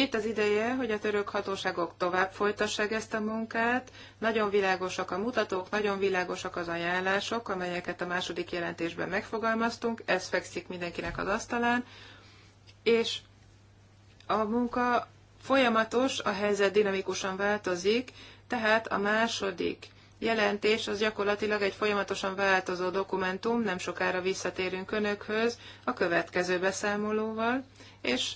Itt az ideje, hogy a török hatóságok tovább folytassák ezt a munkát. Nagyon világosak a mutatók, nagyon világosak az ajánlások, amelyeket a második jelentésben megfogalmaztunk. Ez fekszik mindenkinek az asztalán. És a munka folyamatos, a helyzet dinamikusan változik, tehát a második jelentés az gyakorlatilag egy folyamatosan változó dokumentum, nem sokára visszatérünk Önökhöz a következő beszámolóval, és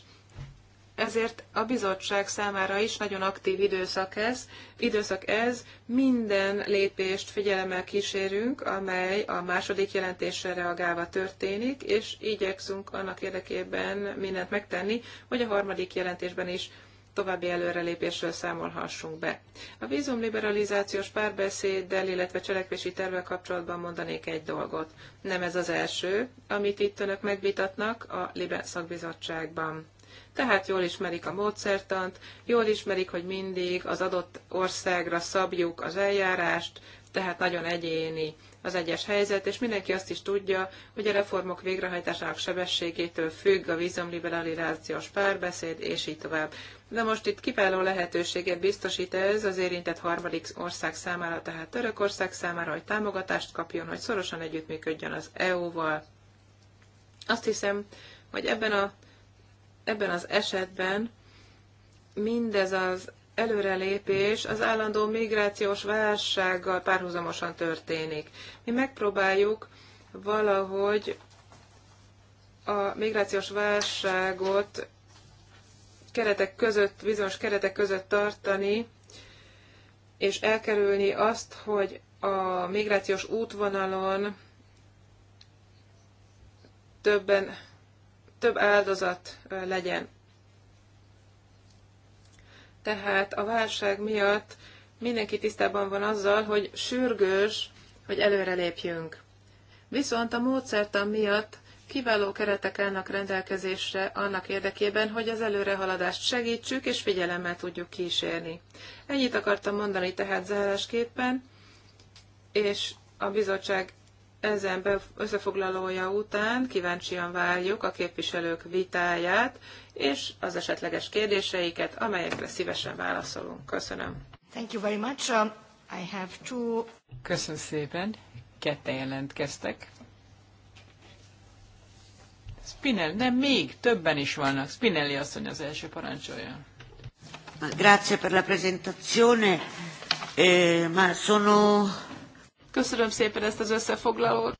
ezért a bizottság számára is nagyon aktív időszak ez. Időszak ez, minden lépést figyelemmel kísérünk, amely a második jelentésre reagálva történik, és igyekszünk annak érdekében mindent megtenni, hogy a harmadik jelentésben is további előrelépésről számolhassunk be. A vízumliberalizációs párbeszéddel, illetve cselekvési tervvel kapcsolatban mondanék egy dolgot. Nem ez az első, amit itt önök megvitatnak a Libe szakbizottságban tehát jól ismerik a módszertant, jól ismerik, hogy mindig az adott országra szabjuk az eljárást, tehát nagyon egyéni az egyes helyzet, és mindenki azt is tudja, hogy a reformok végrehajtásának sebességétől függ a vízumliberalizációs párbeszéd, és így tovább. De most itt kiváló lehetőséget biztosít ez az érintett harmadik ország számára, tehát Törökország számára, hogy támogatást kapjon, hogy szorosan együttműködjön az EU-val. Azt hiszem, hogy ebben a ebben az esetben mindez az előrelépés az állandó migrációs válsággal párhuzamosan történik. Mi megpróbáljuk valahogy a migrációs válságot keretek között, bizonyos keretek között tartani, és elkerülni azt, hogy a migrációs útvonalon többen több áldozat legyen. Tehát a válság miatt mindenki tisztában van azzal, hogy sürgős, hogy előrelépjünk. Viszont a módszertan miatt kiváló keretek állnak rendelkezésre annak érdekében, hogy az előrehaladást segítsük és figyelemmel tudjuk kísérni. Ennyit akartam mondani tehát zárásképpen, és a bizottság ezen összefoglalója után kíváncsian várjuk a képviselők vitáját és az esetleges kérdéseiket, amelyekre szívesen válaszolunk. Köszönöm. Thank you very much. Um, I have two... Köszönöm szépen. Kette jelentkeztek. Spinel, nem még többen is vannak. Spinelli asszony az első parancsolja. Grazie per la presentazione, eh, ma sono Köszönöm szépen ezt az összefoglalót.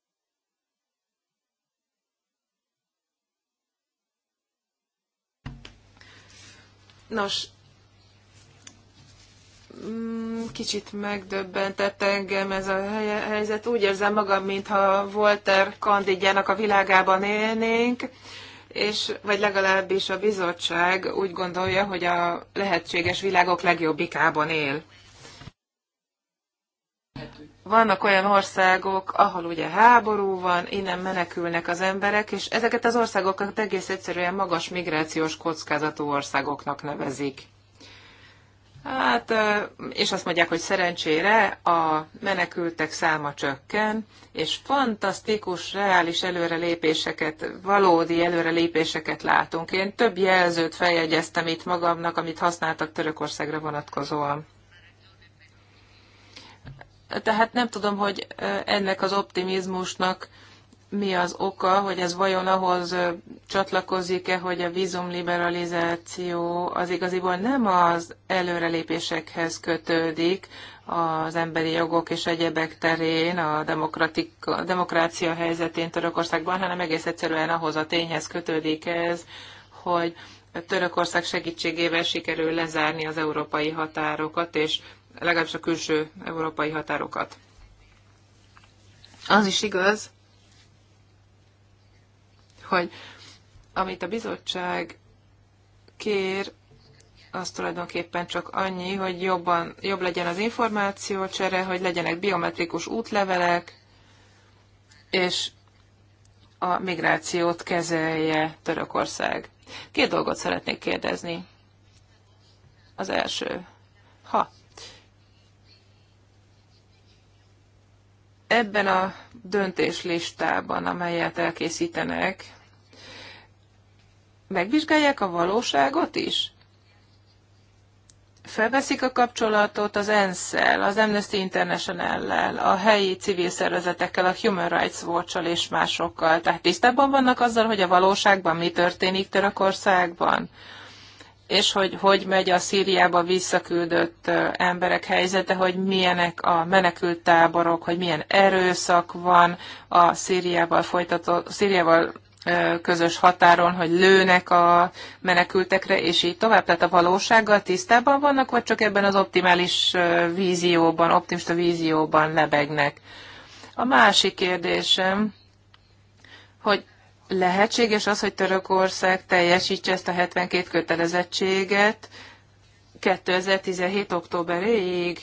Nos, mm, kicsit megdöbbentett engem ez a helyzet. Úgy érzem magam, mintha Walter Kandidjának a világában élnénk, és vagy legalábbis a bizottság úgy gondolja, hogy a lehetséges világok legjobbikában él vannak olyan országok, ahol ugye háború van, innen menekülnek az emberek, és ezeket az országokat egész egyszerűen magas migrációs kockázatú országoknak nevezik. Hát, és azt mondják, hogy szerencsére a menekültek száma csökken, és fantasztikus, reális előrelépéseket, valódi előrelépéseket látunk. Én több jelzőt feljegyeztem itt magamnak, amit használtak Törökországra vonatkozóan. Tehát nem tudom, hogy ennek az optimizmusnak mi az oka, hogy ez vajon ahhoz csatlakozik-e, hogy a vízumliberalizáció az igaziból nem az előrelépésekhez kötődik az emberi jogok és egyebek terén, a, a demokrácia helyzetén Törökországban, hanem egész egyszerűen ahhoz a tényhez kötődik ez, hogy Törökország segítségével sikerül lezárni az európai határokat, és legalábbis a külső európai határokat. Az is igaz, hogy amit a bizottság kér, az tulajdonképpen csak annyi, hogy jobban, jobb legyen az információcsere, hogy legyenek biometrikus útlevelek, és a migrációt kezelje Törökország. Két dolgot szeretnék kérdezni. Az első. Ha Ebben a döntéslistában, amelyet elkészítenek, megvizsgálják a valóságot is? Felveszik a kapcsolatot az ENSZ-el, az Amnesty International-lel, a helyi civil szervezetekkel, a Human Rights Watch-al és másokkal. Tehát tisztában vannak azzal, hogy a valóságban mi történik Törökországban? és hogy hogy megy a Szíriába visszaküldött emberek helyzete, hogy milyenek a menekült táborok, hogy milyen erőszak van a Szíriával folytatott, Szíriával közös határon, hogy lőnek a menekültekre, és így tovább. Tehát a valósággal tisztában vannak, vagy csak ebben az optimális vízióban, optimista vízióban lebegnek. A másik kérdésem, hogy lehetséges az, hogy Törökország teljesítse ezt a 72 kötelezettséget 2017. októberéig?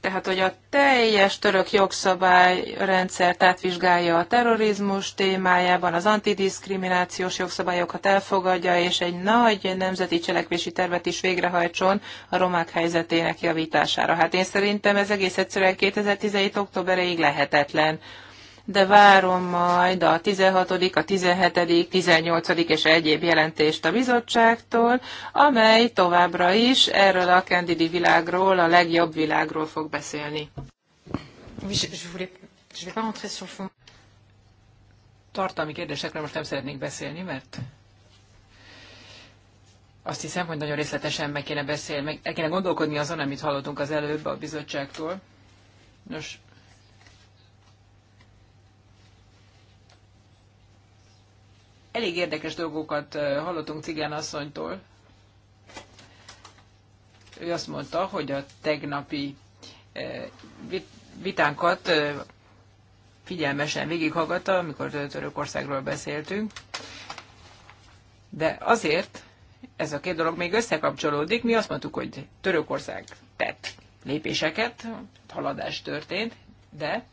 Tehát, hogy a teljes török jogszabályrendszert átvizsgálja a terrorizmus témájában, az antidiszkriminációs jogszabályokat elfogadja, és egy nagy nemzeti cselekvési tervet is végrehajtson a romák helyzetének javítására. Hát én szerintem ez egész egyszerűen 2017. októberéig lehetetlen de várom majd a 16., a 17., 18. és egyéb jelentést a bizottságtól, amely továbbra is erről a Candidi világról, a legjobb világról fog beszélni. Tartalmi kérdésekről most nem szeretnék beszélni, mert azt hiszem, hogy nagyon részletesen meg kéne beszélni, meg kéne gondolkodni azon, amit hallottunk az előbb a bizottságtól. Nos, Elég érdekes dolgokat hallottunk Cigán asszonytól. Ő azt mondta, hogy a tegnapi vitánkat figyelmesen végighallgatta, amikor Törökországról beszéltünk. De azért ez a két dolog még összekapcsolódik. Mi azt mondtuk, hogy Törökország tett lépéseket, haladás történt, de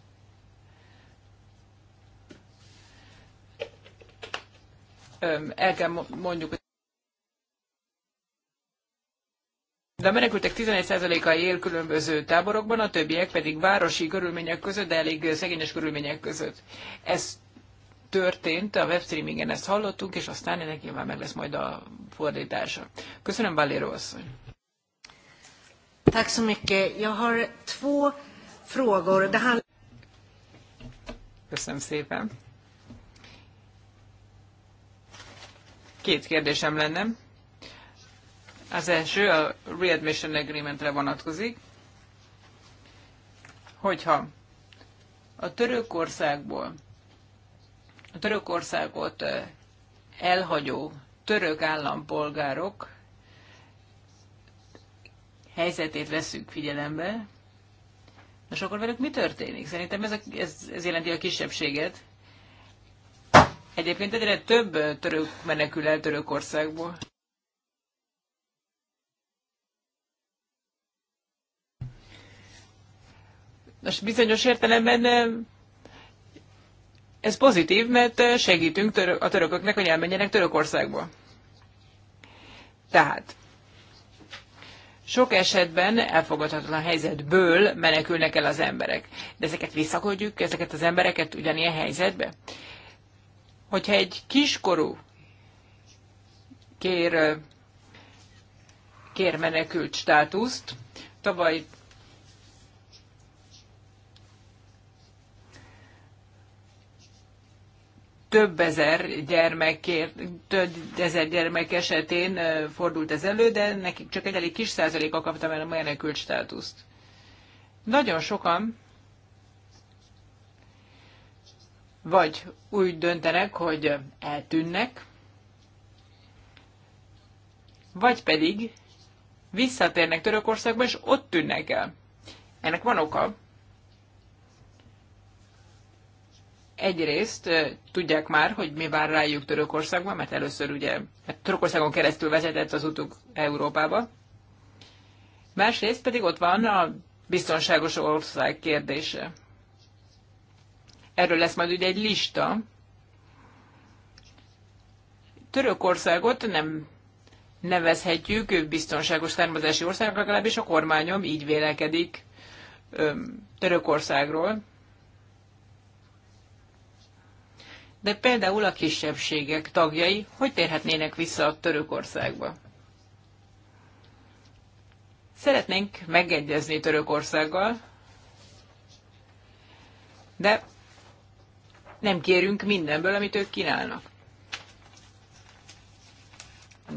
el kell mondjuk, de a menekültek 11%-a él különböző táborokban, a többiek pedig városi körülmények között, de elég szegényes körülmények között. Ez történt, a webstreamingen ezt hallottunk, és aztán ennek nyilván meg lesz majd a fordítása. Köszönöm, Valéro asszony. Köszönöm szépen. Két kérdésem lenne. Az első a readmission agreementre vonatkozik. Hogyha a Törökországból, a Törökországot elhagyó török állampolgárok helyzetét veszük figyelembe, és akkor velük mi történik? Szerintem ez, a, ez, ez jelenti a kisebbséget. Egyébként egyre több török menekül el Törökországból. Most bizonyos értelemben ez pozitív, mert segítünk a törököknek, hogy elmenjenek Törökországba. Tehát sok esetben elfogadhatatlan helyzetből menekülnek el az emberek. De ezeket visszakodjuk, ezeket az embereket ugyanilyen helyzetbe? hogyha egy kiskorú kér, kér menekült státuszt, tavaly több ezer, kér több ezer gyermek esetén fordult ez elő, de nekik csak egy elég kis százaléka kaptam el a menekült státuszt. Nagyon sokan Vagy úgy döntenek, hogy eltűnnek, vagy pedig visszatérnek Törökországba, és ott tűnnek el. Ennek van oka. Egyrészt tudják már, hogy mi vár rájuk Törökországban, mert először ugye mert Törökországon keresztül vezetett az utuk Európába. Másrészt pedig ott van a biztonságos ország kérdése erről lesz majd ugye egy lista. Törökországot nem nevezhetjük biztonságos származási országnak, legalábbis a kormányom így vélekedik Törökországról. De például a kisebbségek tagjai hogy térhetnének vissza a Törökországba? Szeretnénk megegyezni Törökországgal, de nem kérünk mindenből, amit ők kínálnak.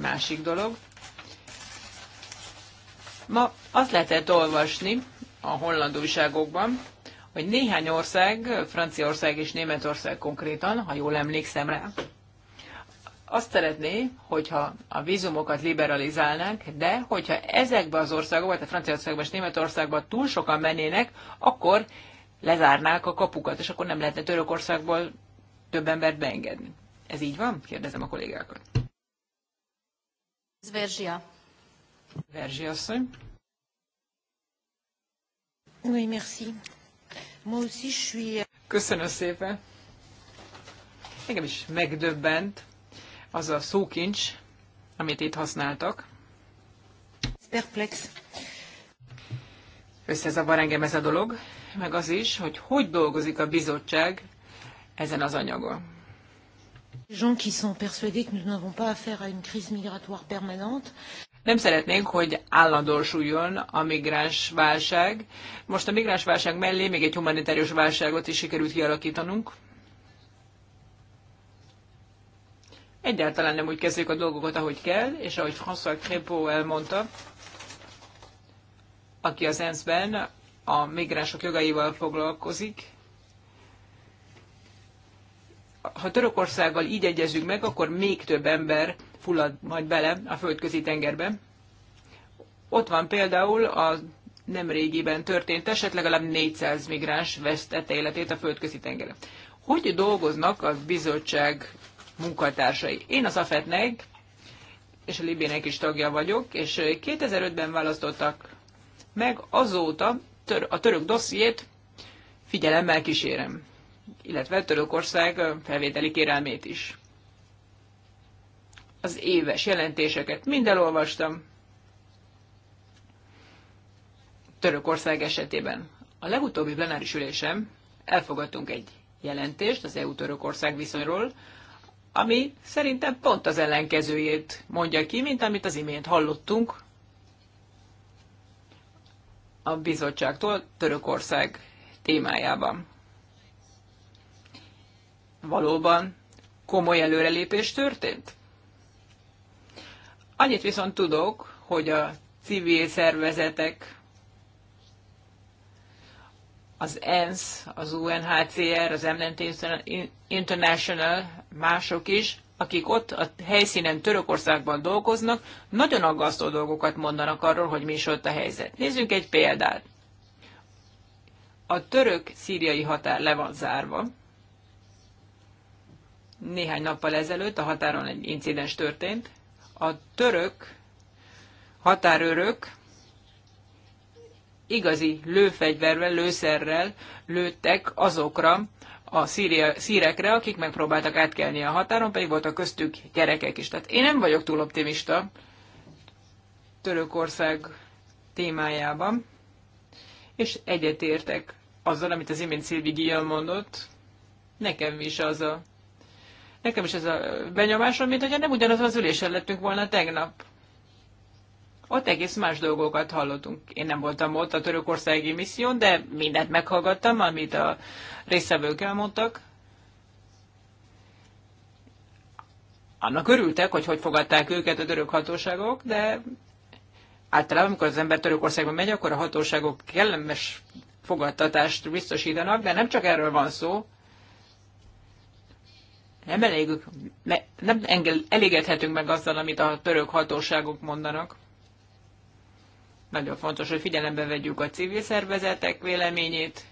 Másik dolog. Ma azt lehetett olvasni a holland újságokban, hogy néhány ország, Franciaország és Németország konkrétan, ha jól emlékszem rá, azt szeretné, hogyha a vízumokat liberalizálnánk, de hogyha ezekbe az országokba, tehát Franciaországba és Németországba túl sokan mennének, akkor lezárnák a kapukat, és akkor nem lehetne Törökországból több embert beengedni. Ez így van? Kérdezem a kollégákat. Ez Verzsia. Verzsia asszony. Oui, merci. Moi aussi, je suis... Euh, Köszönöm szépen. Engem is megdöbbent az a szókincs, amit itt használtak. Perplex. Összezavar engem ez a dolog meg az is, hogy hogy dolgozik a bizottság ezen az anyagon. Nem szeretnénk, hogy állandósuljon a migráns válság. Most a migráns válság mellé még egy humanitárius válságot is sikerült kialakítanunk. Egyáltalán nem úgy kezdjük a dolgokat, ahogy kell, és ahogy François Crépeau elmondta, aki az ENSZ-ben a migránsok jogaival foglalkozik. Ha Törökországgal így egyezünk meg, akkor még több ember fullad majd bele a földközi tengerbe. Ott van például a nemrégiben történt eset, legalább 400 migráns vesztette életét a földközi tengeren. Hogy dolgoznak a bizottság munkatársai? Én az AFET-nek és a Libének is tagja vagyok, és 2005-ben választottak meg, azóta tör, a török dossziét figyelemmel kísérem, illetve Törökország felvételi kérelmét is. Az éves jelentéseket mind elolvastam, Törökország esetében. A legutóbbi plenáris ülésem elfogadtunk egy jelentést az EU-Törökország viszonyról, ami szerintem pont az ellenkezőjét mondja ki, mint amit az imént hallottunk a bizottságtól Törökország témájában. Valóban komoly előrelépés történt? Annyit viszont tudok, hogy a civil szervezetek, az ENSZ, az UNHCR, az Amnesty International, mások is akik ott a helyszínen Törökországban dolgoznak, nagyon aggasztó dolgokat mondanak arról, hogy mi is ott a helyzet. Nézzünk egy példát. A török-szíriai határ le van zárva. Néhány nappal ezelőtt a határon egy incidens történt. A török határőrök igazi lőfegyverrel, lőszerrel lőttek azokra, a szíria, szírekre, akik megpróbáltak átkelni a határon, pedig voltak köztük gyerekek is. Tehát én nem vagyok túl optimista Törökország témájában, és egyetértek azzal, amit az imént Szilvi Gijal mondott, nekem is az a nekem is ez a benyomásom, mint hogyha nem ugyanaz az ülésen lettünk volna tegnap. Ott egész más dolgokat hallottunk. Én nem voltam ott a törökországi misszión, de mindent meghallgattam, amit a részvevők elmondtak. Annak örültek, hogy hogy fogadták őket a török hatóságok, de általában, amikor az ember Törökországba megy, akkor a hatóságok kellemes fogadtatást biztosítanak, de nem csak erről van szó, nem, elég, nem engel, elégedhetünk meg azzal, amit a török hatóságok mondanak. Nagyon fontos, hogy figyelembe vegyük a civil szervezetek véleményét.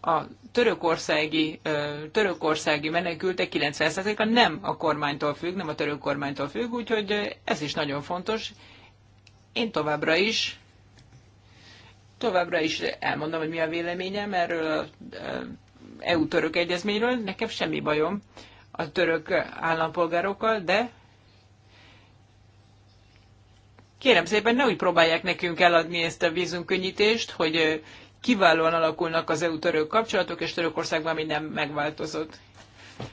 A törökországi, törökországi menekültek 90%-a nem a kormánytól függ, nem a török kormánytól függ, úgyhogy ez is nagyon fontos. Én továbbra is továbbra is elmondom, hogy mi a véleményem erről az EU-török egyezményről. Nekem semmi bajom a török állampolgárokkal, de Kérem szépen, ne úgy próbálják nekünk eladni ezt a vízumkönnyítést, hogy kiválóan alakulnak az EU-török kapcsolatok, és Törökországban minden megváltozott.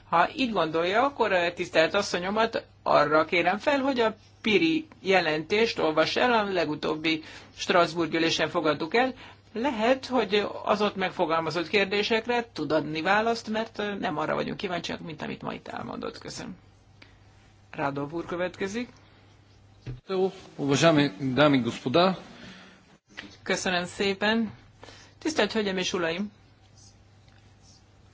Ha így gondolja, akkor tisztelt asszonyomat arra kérem fel, hogy a Piri jelentést olvas el, a legutóbbi Strasbourg ülésen fogadtuk el. Lehet, hogy az ott megfogalmazott kérdésekre tud adni választ, mert nem arra vagyunk kíváncsiak, mint amit ma itt elmondott. Köszönöm. Rádov úr következik. Köszönöm szépen. Tisztelt Hölgyeim és Uraim!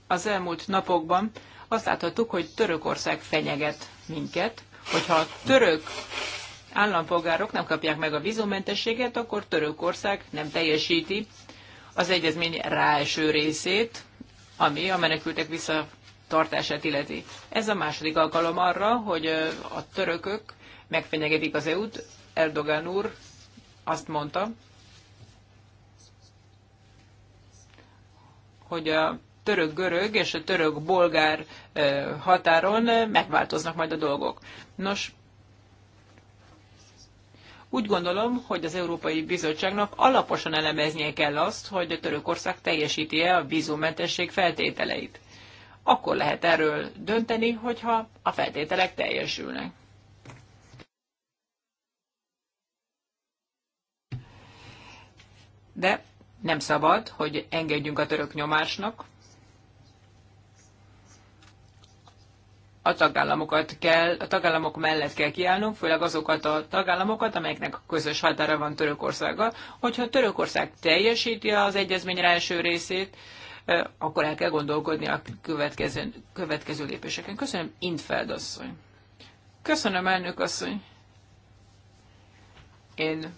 Az elmúlt napokban azt láthattuk, hogy Törökország fenyeget minket, hogyha a török állampolgárok nem kapják meg a vízummentességet, akkor Törökország nem teljesíti az egyezmény ráeső részét, ami a menekültek visszatartását illeti. Ez a második alkalom arra, hogy a törökök megfenyegetik az EU-t. Erdogan úr azt mondta, hogy a török-görög és a török-bolgár határon megváltoznak majd a dolgok. Nos, úgy gondolom, hogy az Európai Bizottságnak alaposan elemeznie kell azt, hogy a Törökország teljesíti-e a vízumentesség feltételeit. Akkor lehet erről dönteni, hogyha a feltételek teljesülnek. de nem szabad, hogy engedjünk a török nyomásnak. A tagállamokat kell, a tagállamok mellett kell kiállnunk, főleg azokat a tagállamokat, amelyeknek közös határa van Törökországgal. Hogyha Törökország teljesíti az egyezmény első részét, akkor el kell gondolkodni a következő, következő lépéseken. Köszönöm, Intfeld asszony. Köszönöm, elnök asszony. Én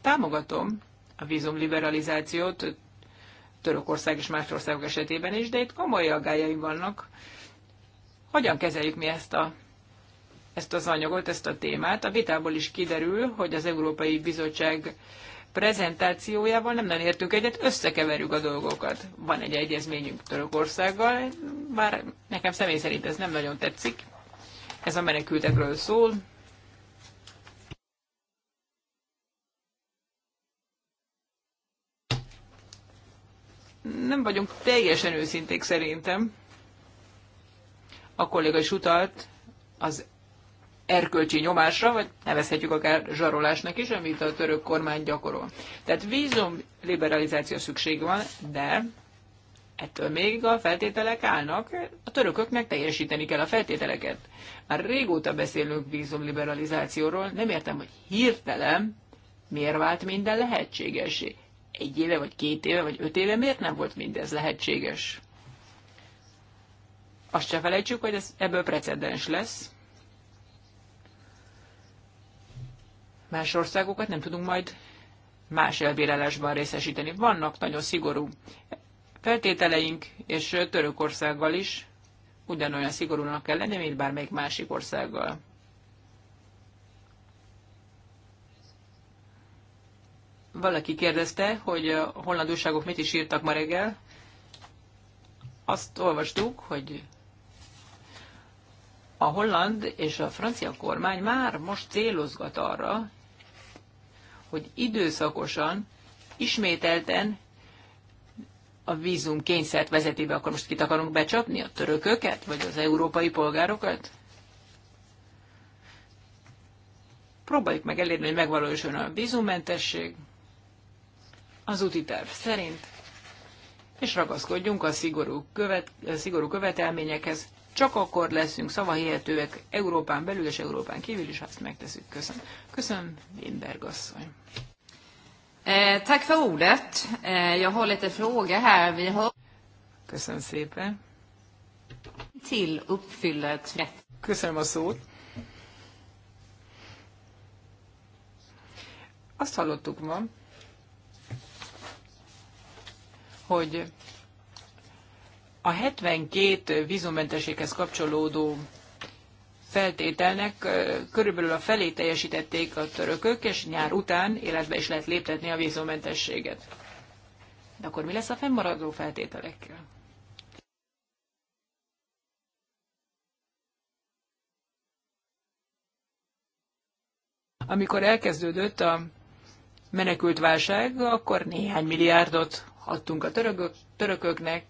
támogatom a vízumliberalizációt, Törökország és más országok esetében is, de itt komoly aggájaim vannak. Hogyan kezeljük mi ezt a ezt az anyagot, ezt a témát. A vitából is kiderül, hogy az Európai Bizottság prezentációjával nem nagyon értünk egyet, összekeverjük a dolgokat. Van egy egyezményünk Törökországgal, bár nekem személy szerint ez nem nagyon tetszik. Ez a menekültekről szól, nem vagyunk teljesen őszinték szerintem. A kolléga is utalt az erkölcsi nyomásra, vagy nevezhetjük akár zsarolásnak is, amit a török kormány gyakorol. Tehát vízum liberalizáció szükség van, de ettől még a feltételek állnak, a törököknek teljesíteni kell a feltételeket. Már régóta beszélünk vízum liberalizációról, nem értem, hogy hirtelen miért vált minden lehetségesé egy éve, vagy két éve, vagy öt éve miért nem volt mindez lehetséges? Azt se felejtsük, hogy ez, ebből precedens lesz. Más országokat nem tudunk majd más elbírálásban részesíteni. Vannak nagyon szigorú feltételeink, és Törökországgal is ugyanolyan szigorúnak kell lenni, mint bármelyik másik országgal. Valaki kérdezte, hogy a holland újságok mit is írtak ma reggel. Azt olvastuk, hogy a holland és a francia kormány már most célozgat arra, hogy időszakosan, ismételten a vízum kényszert vezeti be, akkor most kit akarunk becsapni? A törököket? Vagy az európai polgárokat? Próbáljuk meg elérni, hogy megvalósuljon a vízummentesség az úti terv szerint, és ragaszkodjunk a szigorú, követ, szigorú követelményekhez. Csak akkor leszünk szavahihetőek Európán belül és Európán kívül is, ha ezt megteszünk. Köszönöm. Köszönöm, Winberg asszony. Eh, tack för ordet. Eh, jag har lite fråga här. Vi har... Köszönöm szépen. Till uppfyllet. Köszönöm a szót. Azt hallottuk ma, hogy a 72 vízumentességhez kapcsolódó feltételnek körülbelül a felé teljesítették a törökök, és nyár után életbe is lehet léptetni a vízumentességet. De akkor mi lesz a fennmaradó feltételekkel? Amikor elkezdődött a menekült válság, akkor néhány milliárdot adtunk a törökök, törököknek,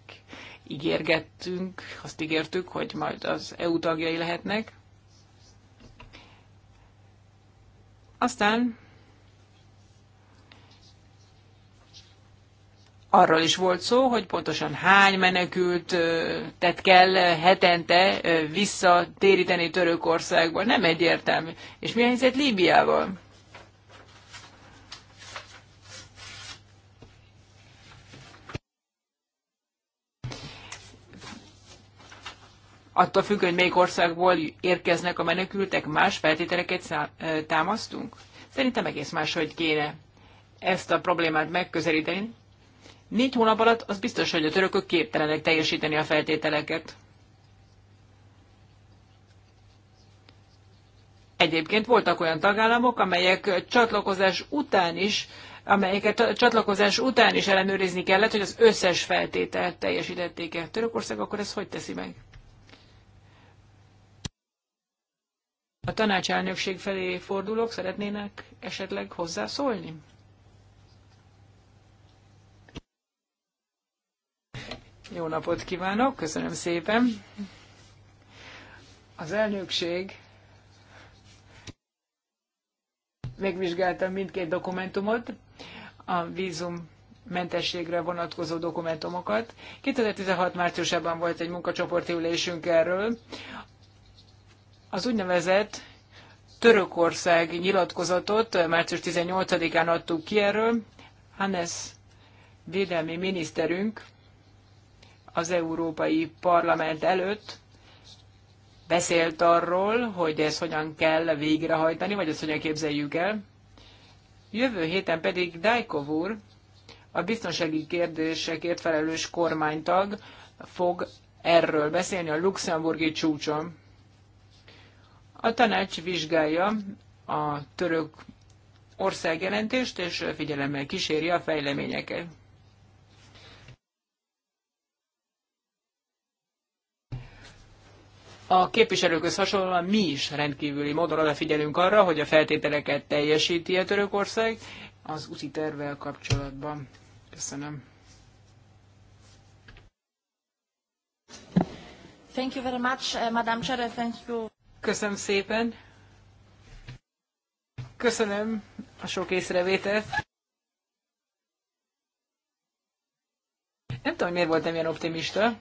ígérgettünk, azt ígértük, hogy majd az EU tagjai lehetnek. Aztán arról is volt szó, hogy pontosan hány menekült tett kell hetente visszatéríteni Törökországból. Nem egyértelmű. És mi a helyzet Líbiával? attól függ, hogy melyik országból érkeznek a menekültek, más feltételeket támasztunk? Szerintem egész más hogy kéne ezt a problémát megközelíteni. Négy hónap alatt az biztos, hogy a törökök képtelenek teljesíteni a feltételeket. Egyébként voltak olyan tagállamok, amelyek csatlakozás után is, amelyeket a csatlakozás után is ellenőrizni kellett, hogy az összes feltételt teljesítették-e. Törökország akkor ezt hogy teszi meg? A tanácselnökség felé fordulok, szeretnének esetleg hozzászólni? Jó napot kívánok, köszönöm szépen. Az elnökség megvizsgálta mindkét dokumentumot, a vízum mentességre vonatkozó dokumentumokat. 2016 márciusában volt egy munkacsoporti ülésünk erről. Az úgynevezett Törökország nyilatkozatot március 18-án adtuk ki erről. Hannes védelmi miniszterünk az Európai Parlament előtt beszélt arról, hogy ezt hogyan kell végrehajtani, vagy ezt hogyan képzeljük el. Jövő héten pedig Dajkov úr, a biztonsági kérdésekért felelős kormánytag fog erről beszélni a luxemburgi csúcson. A tanács vizsgálja a török országjelentést, és figyelemmel kíséri a fejleményeket. A képviselőköz hasonlóan mi is rendkívüli módon odafigyelünk arra, hogy a feltételeket teljesíti a Törökország az úti tervvel kapcsolatban. Köszönöm. Thank you very much, uh, Madam Chair. Thank you. Köszönöm szépen. Köszönöm a sok észrevételt. Nem tudom, hogy miért voltam ilyen optimista.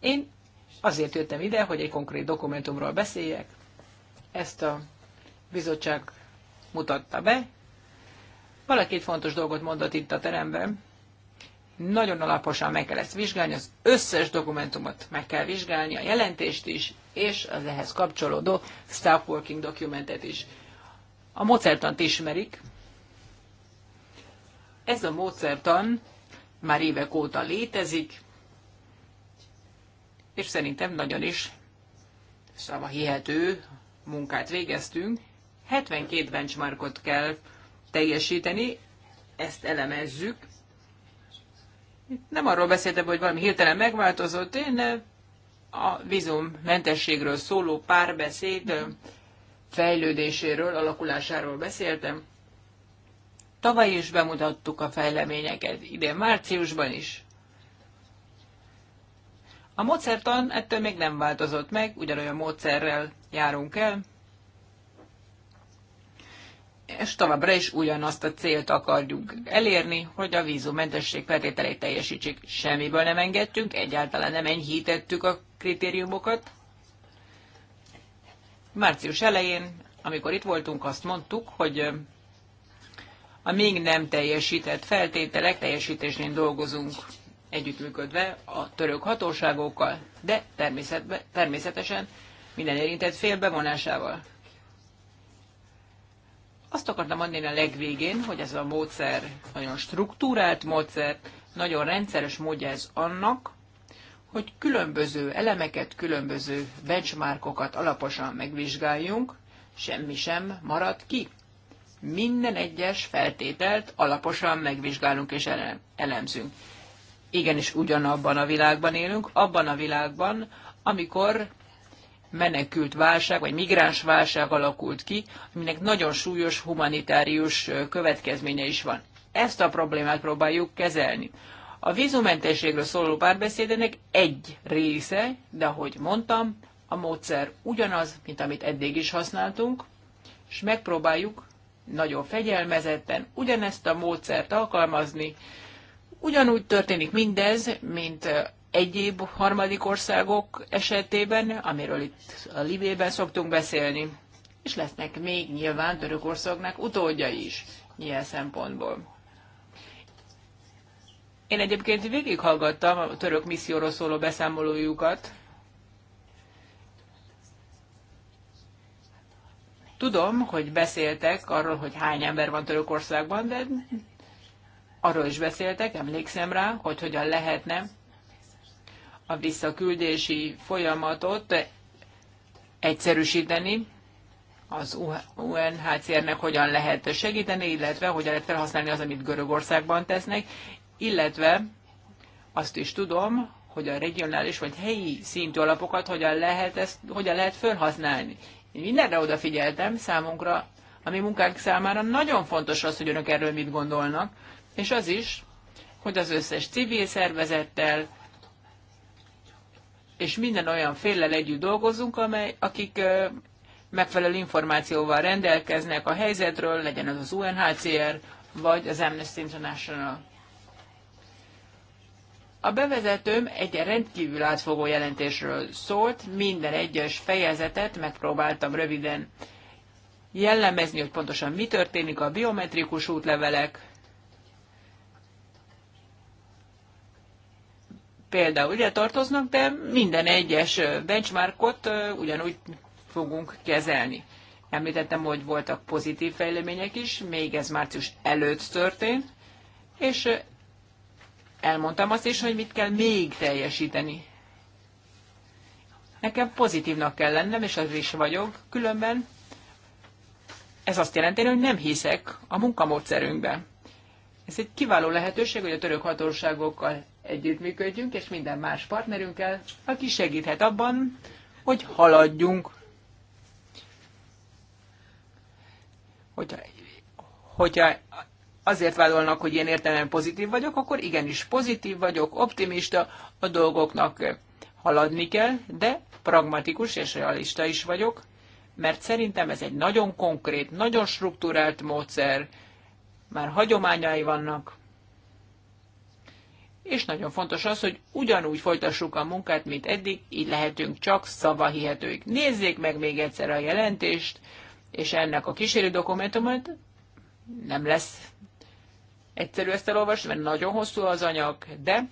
Én azért jöttem ide, hogy egy konkrét dokumentumról beszéljek. Ezt a bizottság mutatta be. Valaki egy fontos dolgot mondott itt a teremben nagyon alaposan meg kell ezt vizsgálni, az összes dokumentumot meg kell vizsgálni, a jelentést is, és az ehhez kapcsolódó staff working dokumentet is. A módszertant ismerik. Ez a módszertan már évek óta létezik, és szerintem nagyon is szava hihető munkát végeztünk. 72 benchmarkot kell teljesíteni, ezt elemezzük, nem arról beszéltem, hogy valami hirtelen megváltozott, én eh, a vízummentességről szóló párbeszéd eh, fejlődéséről, alakulásáról beszéltem. Tavaly is bemutattuk a fejleményeket, idén márciusban is. A módszertan ettől még nem változott meg, ugyanolyan módszerrel járunk el, és továbbra is ugyanazt a célt akarjuk elérni, hogy a vízumentesség feltételeit teljesítsük. Semmiből nem engedtünk, egyáltalán nem enyhítettük a kritériumokat. Március elején, amikor itt voltunk, azt mondtuk, hogy a még nem teljesített feltételek teljesítésén dolgozunk együttműködve a török hatóságokkal, de természetesen minden érintett félbevonásával. Azt akartam mondani a legvégén, hogy ez a módszer nagyon struktúrált módszer, nagyon rendszeres módja ez annak, hogy különböző elemeket, különböző benchmarkokat alaposan megvizsgáljunk, semmi sem marad ki. Minden egyes feltételt alaposan megvizsgálunk és elemzünk. Igenis ugyanabban a világban élünk, abban a világban, amikor menekült válság, vagy migráns válság alakult ki, aminek nagyon súlyos humanitárius következménye is van. Ezt a problémát próbáljuk kezelni. A vízumentességről szóló párbeszédenek egy része, de ahogy mondtam, a módszer ugyanaz, mint amit eddig is használtunk, és megpróbáljuk nagyon fegyelmezetten ugyanezt a módszert alkalmazni. Ugyanúgy történik mindez, mint egyéb harmadik országok esetében, amiről itt a Libében szoktunk beszélni. És lesznek még nyilván Törökországnak utódja is ilyen szempontból. Én egyébként végighallgattam a török misszióról szóló beszámolójukat. Tudom, hogy beszéltek arról, hogy hány ember van Törökországban, de arról is beszéltek, emlékszem rá, hogy hogyan lehetne a visszaküldési folyamatot egyszerűsíteni, az UNHCR-nek hogyan lehet segíteni, illetve hogyan lehet felhasználni az, amit Görögországban tesznek, illetve azt is tudom, hogy a regionális vagy helyi szintű alapokat hogyan lehet, ezt, hogyan lehet felhasználni. Én mindenre odafigyeltem számunkra, a mi munkánk számára nagyon fontos az, hogy önök erről mit gondolnak, és az is, hogy az összes civil szervezettel, és minden olyan féllel együtt dolgozunk, amely, akik megfelelő információval rendelkeznek a helyzetről, legyen az az UNHCR, vagy az Amnesty International. A bevezetőm egy rendkívül átfogó jelentésről szólt, minden egyes fejezetet megpróbáltam röviden jellemezni, hogy pontosan mi történik a biometrikus útlevelek például ide tartoznak, de minden egyes benchmarkot ugyanúgy fogunk kezelni. Említettem, hogy voltak pozitív fejlemények is, még ez március előtt történt, és elmondtam azt is, hogy mit kell még teljesíteni. Nekem pozitívnak kell lennem, és az is vagyok, különben ez azt jelenti, hogy nem hiszek a munkamódszerünkben. Ez egy kiváló lehetőség, hogy a török hatóságokkal együttműködjünk, és minden más partnerünkkel, aki segíthet abban, hogy haladjunk. Hogyha, hogyha azért vádolnak, hogy én értelemben pozitív vagyok, akkor igenis pozitív vagyok, optimista, a dolgoknak haladni kell, de pragmatikus és realista is vagyok, mert szerintem ez egy nagyon konkrét, nagyon struktúrált módszer, már hagyományai vannak, és nagyon fontos az, hogy ugyanúgy folytassuk a munkát, mint eddig, így lehetünk csak szavahihetőik. Nézzék meg még egyszer a jelentést, és ennek a kísérő dokumentumot nem lesz egyszerű ezt elolvasni, mert nagyon hosszú az anyag, de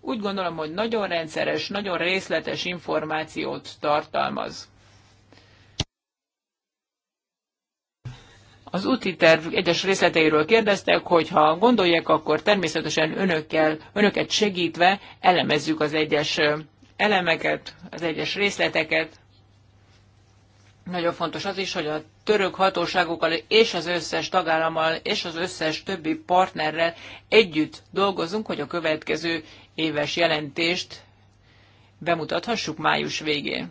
úgy gondolom, hogy nagyon rendszeres, nagyon részletes információt tartalmaz. Az úti terv egyes részleteiről kérdeztek, ha gondolják, akkor természetesen önökkel, önöket segítve elemezzük az egyes elemeket, az egyes részleteket. Nagyon fontos az is, hogy a török hatóságokkal és az összes tagállammal és az összes többi partnerrel együtt dolgozunk, hogy a következő éves jelentést bemutathassuk május végén.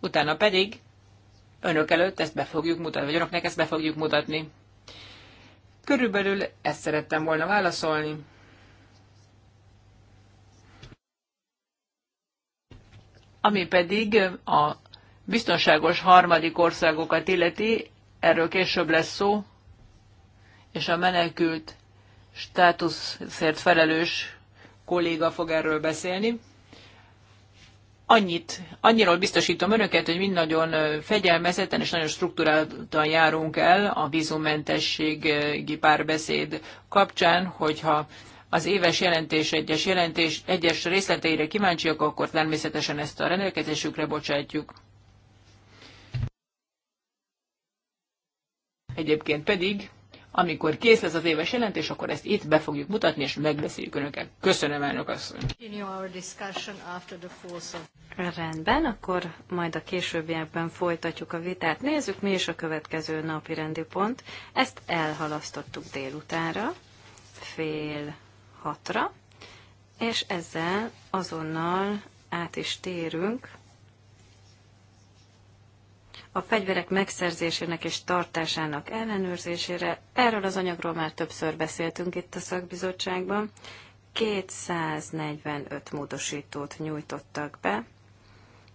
Utána pedig önök előtt ezt be fogjuk mutatni, vagy önöknek ezt be fogjuk mutatni. Körülbelül ezt szerettem volna válaszolni. Ami pedig a biztonságos harmadik országokat illeti, erről később lesz szó, és a menekült státuszért felelős kolléga fog erről beszélni annyit, annyiról biztosítom önöket, hogy mind nagyon fegyelmezetten és nagyon struktúráltan járunk el a vízumentességi párbeszéd kapcsán, hogyha az éves jelentés egyes, jelentés egyes részleteire kíváncsiak, akkor természetesen ezt a rendelkezésükre bocsátjuk. Egyébként pedig amikor kész lesz az éves jelentés, akkor ezt itt be fogjuk mutatni, és megbeszéljük önöket. Köszönöm, elnök asszony! Rendben, akkor majd a későbbiekben folytatjuk a vitát. Nézzük, mi is a következő napi rendi pont. Ezt elhalasztottuk délutánra, fél hatra, és ezzel azonnal át is térünk a fegyverek megszerzésének és tartásának ellenőrzésére. Erről az anyagról már többször beszéltünk itt a szakbizottságban. 245 módosítót nyújtottak be,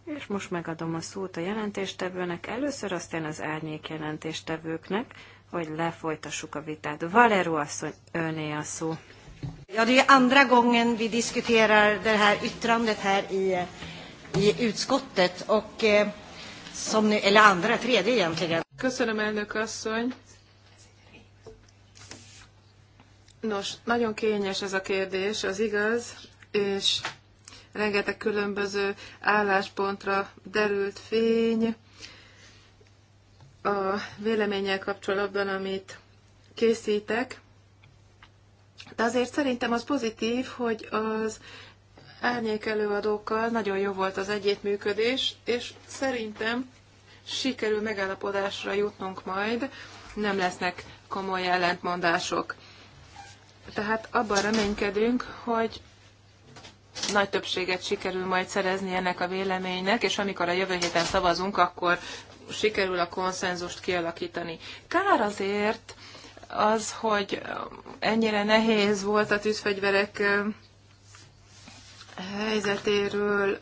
és most megadom a szót a jelentéstevőnek, először aztán az árnyék jelentéstevőknek, hogy lefolytassuk a vitát. Valero asszony, öné a szó. Ja, det är andra gången vi diskuterar det här yttrandet här i, i utskottet och eh, som nu, eller andra, tredje egentligen. Köszönöm, elnök asszony. Nos, nagyon kényes ez a kérdés, az igaz, és rengeteg különböző álláspontra derült fény a véleménnyel kapcsolatban, amit készítek. De azért szerintem az pozitív, hogy az árnyék előadókkal nagyon jó volt az együttműködés, és szerintem sikerül megállapodásra jutnunk majd, nem lesznek komoly ellentmondások. Tehát abban reménykedünk, hogy nagy többséget sikerül majd szerezni ennek a véleménynek, és amikor a jövő héten szavazunk, akkor sikerül a konszenzust kialakítani. Kár azért az, hogy ennyire nehéz volt a tűzfegyverek helyzetéről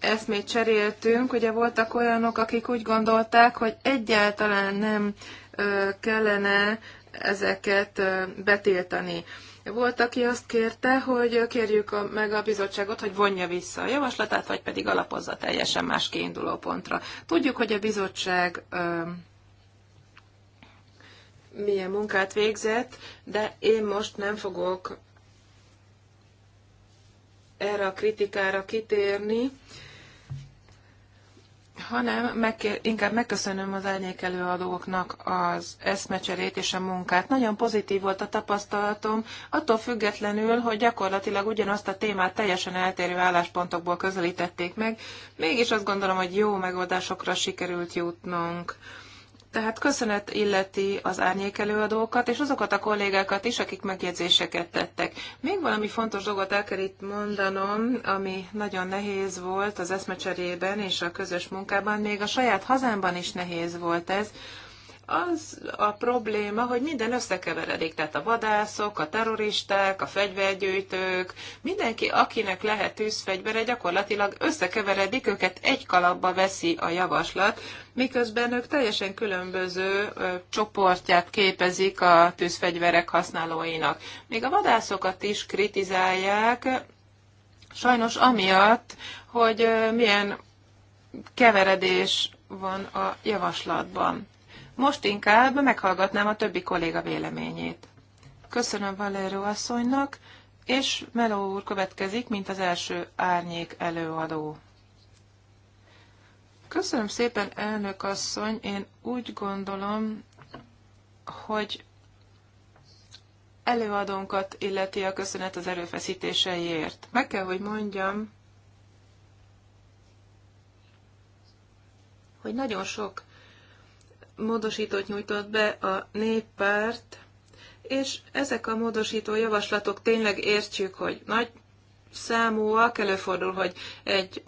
eszmét cseréltünk, ugye voltak olyanok, akik úgy gondolták, hogy egyáltalán nem kellene ezeket betiltani. Volt, aki azt kérte, hogy kérjük a, meg a bizottságot, hogy vonja vissza a javaslatát, vagy pedig alapozza teljesen más kiinduló pontra. Tudjuk, hogy a bizottság ö, milyen munkát végzett, de én most nem fogok erre a kritikára kitérni, hanem megkér, inkább megköszönöm az árnyék előadóknak az eszmecserét és a munkát. Nagyon pozitív volt a tapasztalatom, attól függetlenül, hogy gyakorlatilag ugyanazt a témát teljesen eltérő álláspontokból közelítették meg, mégis azt gondolom, hogy jó megoldásokra sikerült jutnunk. Tehát köszönet illeti az árnyék előadókat, és azokat a kollégákat is, akik megjegyzéseket tettek. Még valami fontos dolgot el kell itt mondanom, ami nagyon nehéz volt az eszmecserében és a közös munkában, még a saját hazámban is nehéz volt ez, az a probléma, hogy minden összekeveredik, tehát a vadászok, a terroristák, a fegyvergyűjtők, mindenki, akinek lehet tűzfegyvere, gyakorlatilag összekeveredik, őket egy kalapba veszi a javaslat, miközben ők teljesen különböző ö, csoportját képezik a tűzfegyverek használóinak. Még a vadászokat is kritizálják, sajnos amiatt, hogy ö, milyen keveredés van a javaslatban. Most inkább meghallgatnám a többi kolléga véleményét. Köszönöm Valero asszonynak, és Meló úr következik, mint az első árnyék előadó. Köszönöm szépen, elnök asszony. Én úgy gondolom, hogy előadónkat illeti a köszönet az erőfeszítéseiért. Meg kell, hogy mondjam, hogy nagyon sok módosítót nyújtott be a néppárt, és ezek a módosító javaslatok tényleg értjük, hogy nagy számúak, előfordul, hogy egy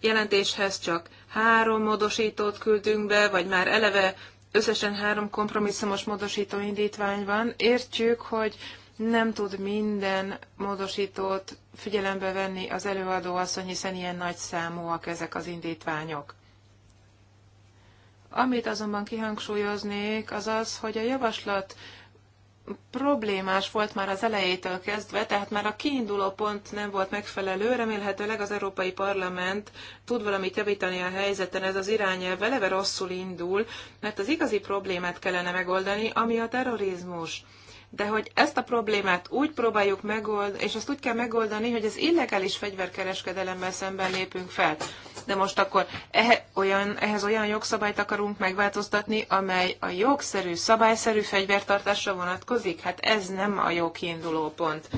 jelentéshez csak három módosítót küldünk be, vagy már eleve összesen három kompromisszumos módosító indítvány van. Értjük, hogy nem tud minden módosítót figyelembe venni az előadó asszony, hiszen ilyen nagy számúak ezek az indítványok. Amit azonban kihangsúlyoznék, az az, hogy a javaslat problémás volt már az elejétől kezdve, tehát már a kiinduló pont nem volt megfelelő, remélhetőleg az Európai Parlament tud valamit javítani a helyzeten, ez az irányelv eleve rosszul indul, mert az igazi problémát kellene megoldani, ami a terrorizmus de hogy ezt a problémát úgy próbáljuk megoldani, és azt úgy kell megoldani, hogy az illegális fegyverkereskedelemmel szemben lépünk fel. De most akkor ehhez olyan, ehhez olyan jogszabályt akarunk megváltoztatni, amely a jogszerű, szabályszerű fegyvertartásra vonatkozik? Hát ez nem a jó kiinduló pont.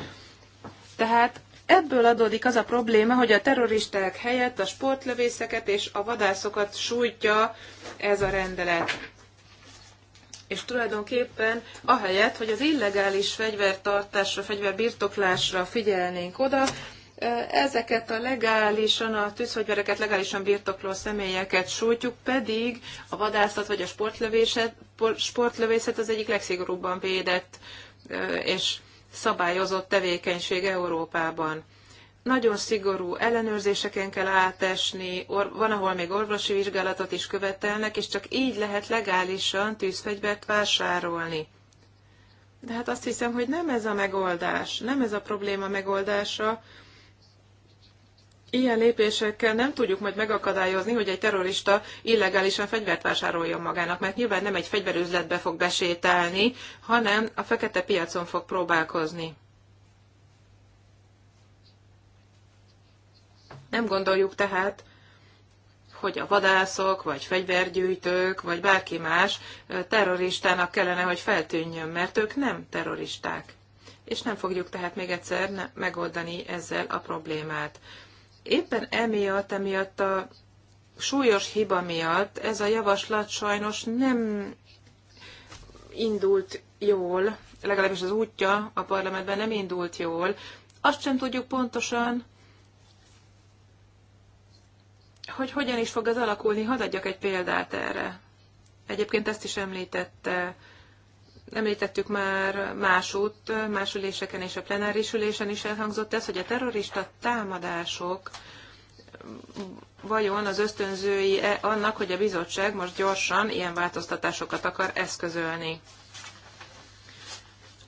Tehát ebből adódik az a probléma, hogy a terroristák helyett a sportlövészeket és a vadászokat sújtja ez a rendelet és tulajdonképpen ahelyett, hogy az illegális fegyvertartásra, fegyverbirtoklásra figyelnénk oda, ezeket a legálisan, a tűzfegyvereket legálisan birtokló személyeket sújtjuk, pedig a vadászat vagy a sportlövészet, sportlövészet az egyik legszigorúbban védett és szabályozott tevékenység Európában nagyon szigorú ellenőrzéseken kell átesni, or- van, ahol még orvosi vizsgálatot is követelnek, és csak így lehet legálisan tűzfegyvert vásárolni. De hát azt hiszem, hogy nem ez a megoldás, nem ez a probléma megoldása. Ilyen lépésekkel nem tudjuk majd megakadályozni, hogy egy terrorista illegálisan fegyvert vásároljon magának, mert nyilván nem egy fegyverüzletbe fog besétálni, hanem a fekete piacon fog próbálkozni. Nem gondoljuk tehát, hogy a vadászok, vagy fegyvergyűjtők, vagy bárki más terroristának kellene, hogy feltűnjön, mert ők nem terroristák. És nem fogjuk tehát még egyszer megoldani ezzel a problémát. Éppen emiatt, emiatt a súlyos hiba miatt ez a javaslat sajnos nem indult jól, legalábbis az útja a parlamentben nem indult jól. Azt sem tudjuk pontosan, hogy hogyan is fog az alakulni, hadd adjak egy példát erre. Egyébként ezt is említette, említettük már másút, másüléseken és a plenáris ülésen is elhangzott ez, hogy a terrorista támadások vajon az ösztönzői -e annak, hogy a bizottság most gyorsan ilyen változtatásokat akar eszközölni.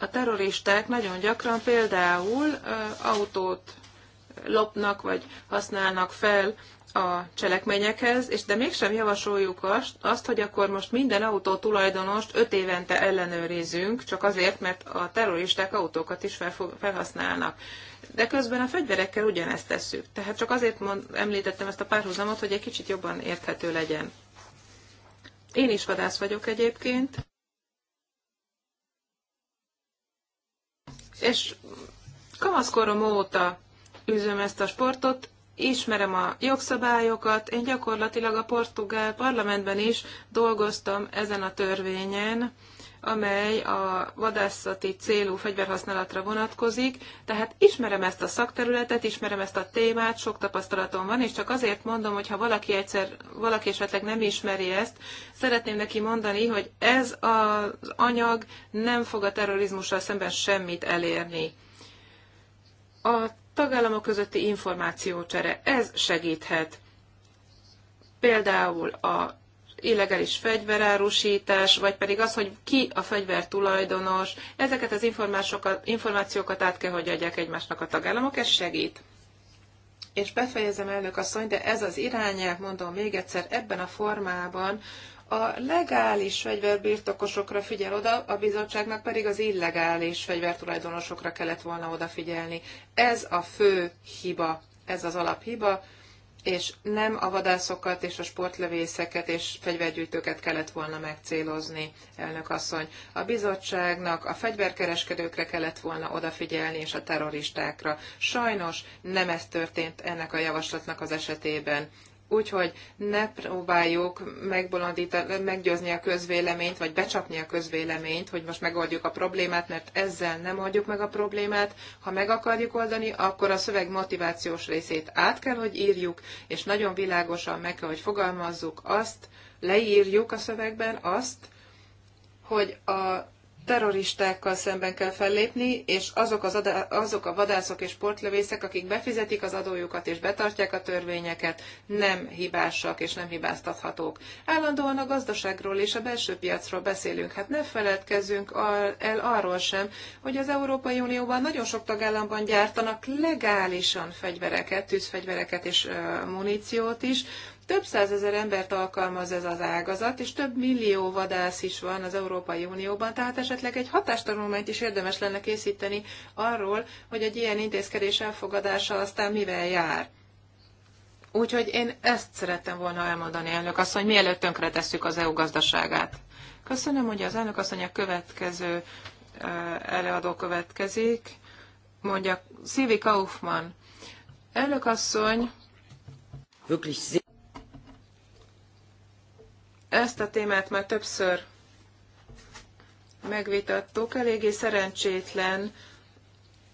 A terroristák nagyon gyakran például autót lopnak, vagy használnak fel a cselekményekhez, és de mégsem javasoljuk azt, azt, hogy akkor most minden autó tulajdonost öt évente ellenőrizzünk, csak azért, mert a terroristák autókat is felhasználnak. De közben a fegyverekkel ugyanezt tesszük. Tehát csak azért mond, említettem ezt a párhuzamot, hogy egy kicsit jobban érthető legyen. Én is vadász vagyok egyébként. És kamaszkorom óta üzöm ezt a sportot, ismerem a jogszabályokat, én gyakorlatilag a portugál parlamentben is dolgoztam ezen a törvényen, amely a vadászati célú fegyverhasználatra vonatkozik, tehát ismerem ezt a szakterületet, ismerem ezt a témát, sok tapasztalatom van, és csak azért mondom, hogy ha valaki egyszer, valaki esetleg nem ismeri ezt, szeretném neki mondani, hogy ez az anyag nem fog a terrorizmussal szemben semmit elérni. A tagállamok közötti információcsere, ez segíthet. Például a illegális fegyverárusítás, vagy pedig az, hogy ki a fegyvertulajdonos, ezeket az információkat át kell, hogy adják egymásnak a tagállamok, ez segít. És befejezem, elnök asszony, de ez az irányelv, mondom még egyszer, ebben a formában a legális fegyverbirtokosokra figyel oda, a bizottságnak pedig az illegális fegyvertulajdonosokra kellett volna odafigyelni. Ez a fő hiba, ez az alaphiba, és nem a vadászokat és a sportlövészeket és fegyvergyűjtőket kellett volna megcélozni, elnök asszony. A bizottságnak a fegyverkereskedőkre kellett volna odafigyelni, és a terroristákra. Sajnos nem ez történt ennek a javaslatnak az esetében. Úgyhogy ne próbáljuk meggyőzni a közvéleményt, vagy becsapni a közvéleményt, hogy most megoldjuk a problémát, mert ezzel nem oldjuk meg a problémát. Ha meg akarjuk oldani, akkor a szöveg motivációs részét át kell, hogy írjuk, és nagyon világosan meg kell, hogy fogalmazzuk azt, leírjuk a szövegben azt, hogy a terroristákkal szemben kell fellépni, és azok, az adá- azok a vadászok és sportlövészek, akik befizetik az adójukat és betartják a törvényeket, nem hibásak és nem hibáztathatók. Állandóan a gazdaságról és a belső piacról beszélünk. Hát ne feledkezzünk el arról sem, hogy az Európai Unióban nagyon sok tagállamban gyártanak legálisan fegyvereket, tűzfegyvereket és muníciót is, több százezer embert alkalmaz ez az ágazat, és több millió vadász is van az Európai Unióban, tehát esetleg egy hatástanulmányt is érdemes lenne készíteni arról, hogy egy ilyen intézkedés elfogadása aztán mivel jár. Úgyhogy én ezt szerettem volna elmondani, elnök asszony, mielőtt tönkretesszük az EU gazdaságát. Köszönöm, hogy az elnök asszony a következő előadó következik. Mondja, Szilvi Kaufmann. Elnök asszony, ezt a témát már többször megvitattuk. Eléggé szerencsétlen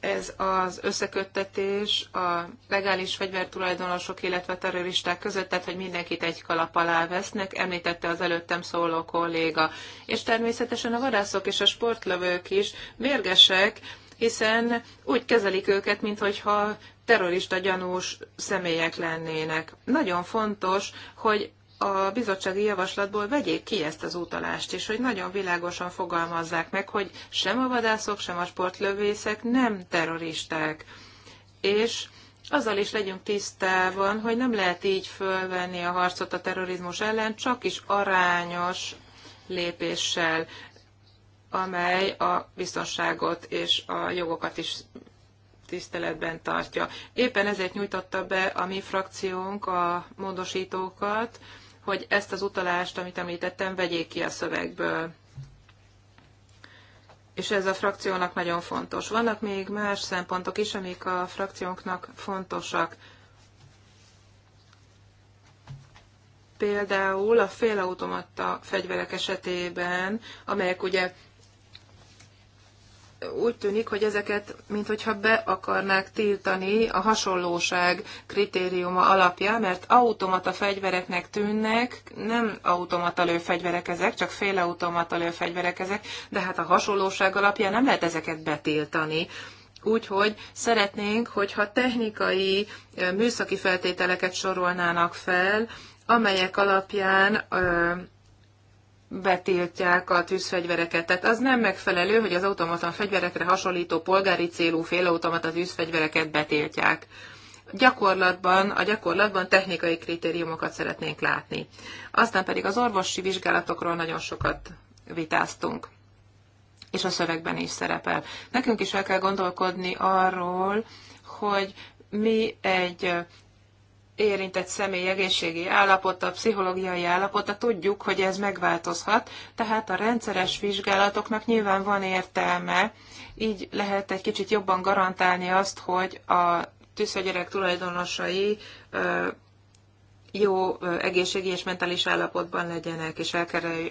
ez az összeköttetés a legális fegyvertulajdonosok, illetve a terroristák között, tehát hogy mindenkit egy kalap alá vesznek, említette az előttem szóló kolléga. És természetesen a vadászok és a sportlövők is mérgesek, hiszen úgy kezelik őket, mintha terrorista gyanús személyek lennének. Nagyon fontos, hogy a bizottsági javaslatból vegyék ki ezt az utalást, és hogy nagyon világosan fogalmazzák meg, hogy sem a vadászok, sem a sportlövészek nem terroristák. És azzal is legyünk tisztában, hogy nem lehet így fölvenni a harcot a terrorizmus ellen, csak is arányos lépéssel, amely a biztonságot és a jogokat is tiszteletben tartja. Éppen ezért nyújtotta be a mi frakciónk a módosítókat, hogy ezt az utalást, amit említettem, vegyék ki a szövegből. És ez a frakciónak nagyon fontos. Vannak még más szempontok is, amik a frakciónknak fontosak. Például a félautomata fegyverek esetében, amelyek ugye úgy tűnik, hogy ezeket, minthogyha be akarnák tiltani a hasonlóság kritériuma alapja, mert automata fegyvereknek tűnnek, nem automata lőfegyverek ezek, csak félautomata lőfegyverek ezek, de hát a hasonlóság alapján nem lehet ezeket betiltani. Úgyhogy szeretnénk, hogyha technikai, műszaki feltételeket sorolnának fel, amelyek alapján betiltják a tűzfegyvereket. Tehát az nem megfelelő, hogy az automata fegyverekre hasonlító polgári célú félautomata tűzfegyvereket betiltják. Gyakorlatban, a gyakorlatban technikai kritériumokat szeretnénk látni. Aztán pedig az orvosi vizsgálatokról nagyon sokat vitáztunk és a szövegben is szerepel. Nekünk is el kell gondolkodni arról, hogy mi egy érintett személy egészségi állapota, pszichológiai állapota, tudjuk, hogy ez megváltozhat, tehát a rendszeres vizsgálatoknak nyilván van értelme, így lehet egy kicsit jobban garantálni azt, hogy a tűzhegyerek tulajdonosai jó egészségi és mentális állapotban legyenek, és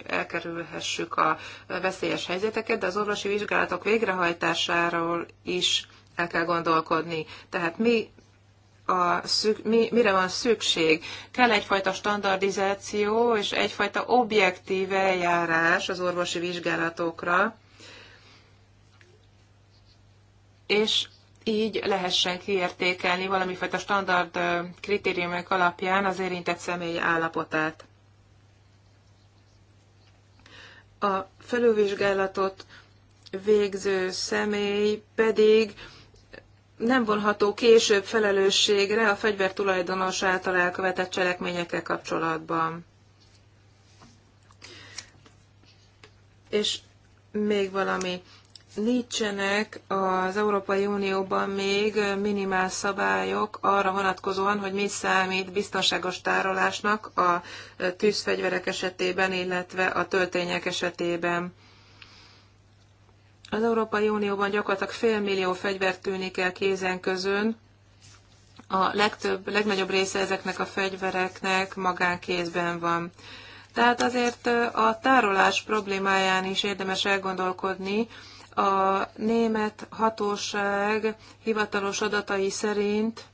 elkerülhessük a veszélyes helyzeteket, de az orvosi vizsgálatok végrehajtásáról is el kell gondolkodni. Tehát mi a szük, mi, mire van szükség. Kell egyfajta standardizáció és egyfajta objektív eljárás az orvosi vizsgálatokra, és így lehessen kiértékelni valamifajta standard kritériumok alapján az érintett személy állapotát. A felülvizsgálatot végző személy pedig nem vonható később felelősségre a fegyvertulajdonos által elkövetett cselekményekkel kapcsolatban. És még valami. Nincsenek az Európai Unióban még minimál szabályok arra vonatkozóan, hogy mi számít biztonságos tárolásnak a tűzfegyverek esetében, illetve a töltények esetében. Az Európai Unióban gyakorlatilag félmillió fegyvert tűnik el kézen közön, a legtöbb, legnagyobb része ezeknek a fegyvereknek magánkézben van. Tehát azért a tárolás problémáján is érdemes elgondolkodni. A német hatóság hivatalos adatai szerint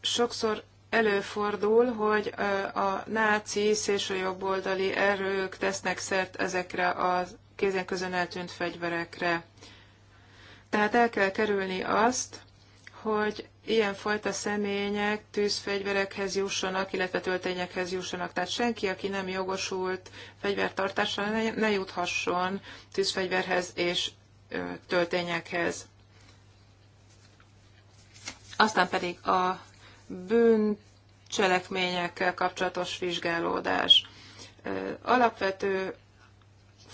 sokszor előfordul, hogy a náci szélsőjobboldali erők tesznek szert ezekre a kézen közön eltűnt fegyverekre. Tehát el kell kerülni azt, hogy ilyenfajta személyek tűzfegyverekhez jussanak, illetve töltényekhez jussanak. Tehát senki, aki nem jogosult fegyvertartásra, ne, ne juthasson tűzfegyverhez és ö, töltényekhez. Aztán pedig a bűncselekményekkel kapcsolatos vizsgálódás. Alapvető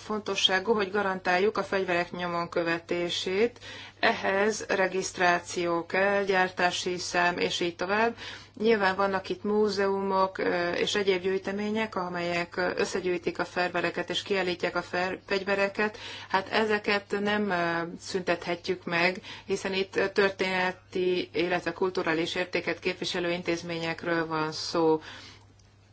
fontosságú, hogy garantáljuk a fegyverek nyomon követését. Ehhez regisztráció kell, gyártási szám, és így tovább. Nyilván vannak itt múzeumok és egyéb gyűjtemények, amelyek összegyűjtik a fegyvereket és kiállítják a fegyvereket. Hát ezeket nem szüntethetjük meg, hiszen itt történeti, illetve kulturális értéket képviselő intézményekről van szó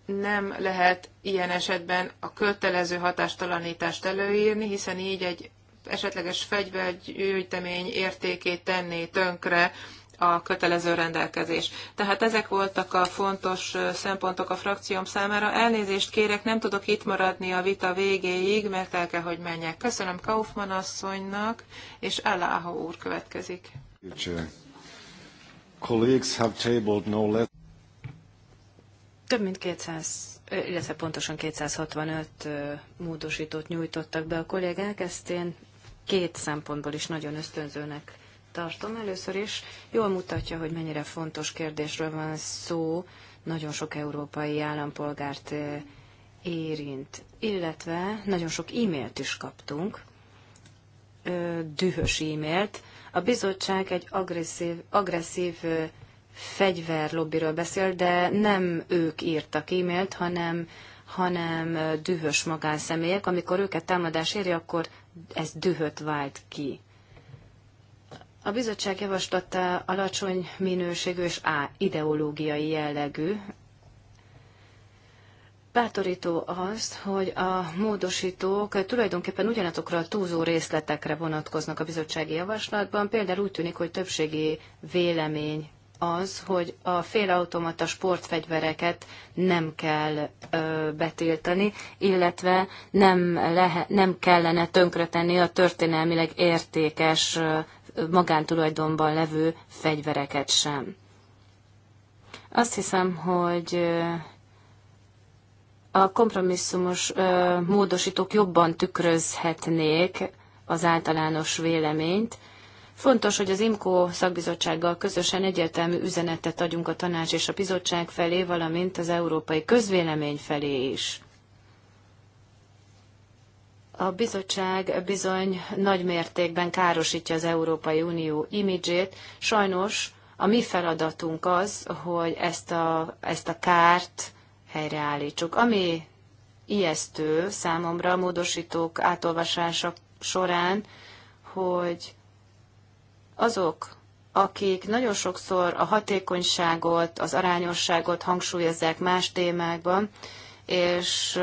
nem lehet ilyen esetben a kötelező hatástalanítást előírni, hiszen így egy esetleges fegyvergyűjtemény értékét tenné tönkre a kötelező rendelkezés. Tehát ezek voltak a fontos szempontok a frakcióm számára. Elnézést kérek, nem tudok itt maradni a vita végéig, mert el kell, hogy menjek. Köszönöm Kaufmann asszonynak, és Eláha úr következik. Colleagues have tabled no less. Több mint 200, illetve pontosan 265 módosítót nyújtottak be a kollégák, ezt én két szempontból is nagyon ösztönzőnek tartom. Először is jól mutatja, hogy mennyire fontos kérdésről van szó, nagyon sok európai állampolgárt érint, illetve nagyon sok e-mailt is kaptunk, dühös e-mailt. A bizottság egy agresszív, agresszív fegyverlobbiről beszél, de nem ők írtak e-mailt, hanem, hanem dühös magánszemélyek. Amikor őket támadás éri, akkor ez dühöt vált ki. A bizottság javaslata alacsony minőségű és á, ideológiai jellegű. Bátorító az, hogy a módosítók tulajdonképpen ugyanazokra a túlzó részletekre vonatkoznak a bizottsági javaslatban. Például úgy tűnik, hogy többségi vélemény az, hogy a félautomata sportfegyvereket nem kell ö, betiltani, illetve nem, lehe, nem kellene tönkretenni a történelmileg értékes ö, magántulajdonban levő fegyvereket sem. Azt hiszem, hogy ö, a kompromisszumos ö, módosítók jobban tükrözhetnék az általános véleményt, Fontos, hogy az IMCO szakbizottsággal közösen egyértelmű üzenetet adjunk a tanács és a bizottság felé, valamint az európai közvélemény felé is. A bizottság bizony nagy mértékben károsítja az Európai Unió imidzsét. Sajnos a mi feladatunk az, hogy ezt a, ezt a kárt helyreállítsuk. Ami ijesztő számomra a módosítók átolvasása során, hogy azok, akik nagyon sokszor a hatékonyságot, az arányosságot hangsúlyozzák más témákban, és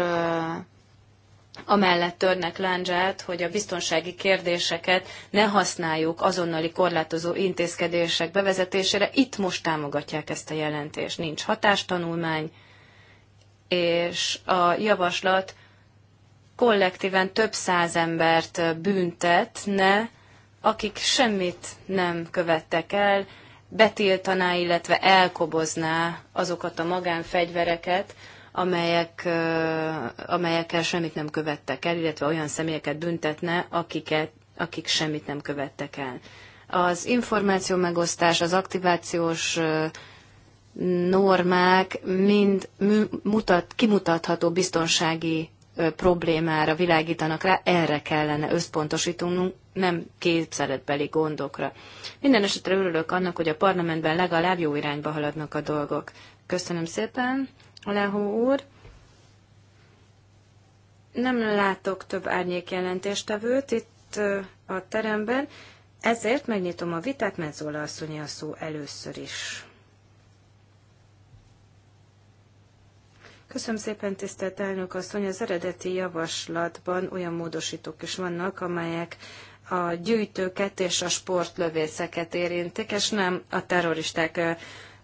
amellett törnek láncsát, hogy a biztonsági kérdéseket ne használjuk azonnali korlátozó intézkedések bevezetésére. Itt most támogatják ezt a jelentést. Nincs hatástanulmány, és a javaslat kollektíven több száz embert büntetne, akik semmit nem követtek el, betiltaná, illetve elkobozná azokat a magánfegyvereket, amelyek, amelyekkel semmit nem követtek el, illetve olyan személyeket büntetne, akiket, akik semmit nem követtek el. Az információ megosztás, az aktivációs normák mind mutat, kimutatható biztonsági problémára világítanak rá, erre kellene összpontosítanunk, nem képzeletbeli gondokra. Minden esetre örülök annak, hogy a parlamentben legalább jó irányba haladnak a dolgok. Köszönöm szépen, Lehó úr. Nem látok több árnyék jelentéstevőt itt a teremben, ezért megnyitom a vitát, mert Zola asszonyi a szó először is. Köszönöm szépen, tisztelt elnök asszony. Az eredeti javaslatban olyan módosítók is vannak, amelyek a gyűjtőket és a sportlövészeket érintik, és nem a terroristák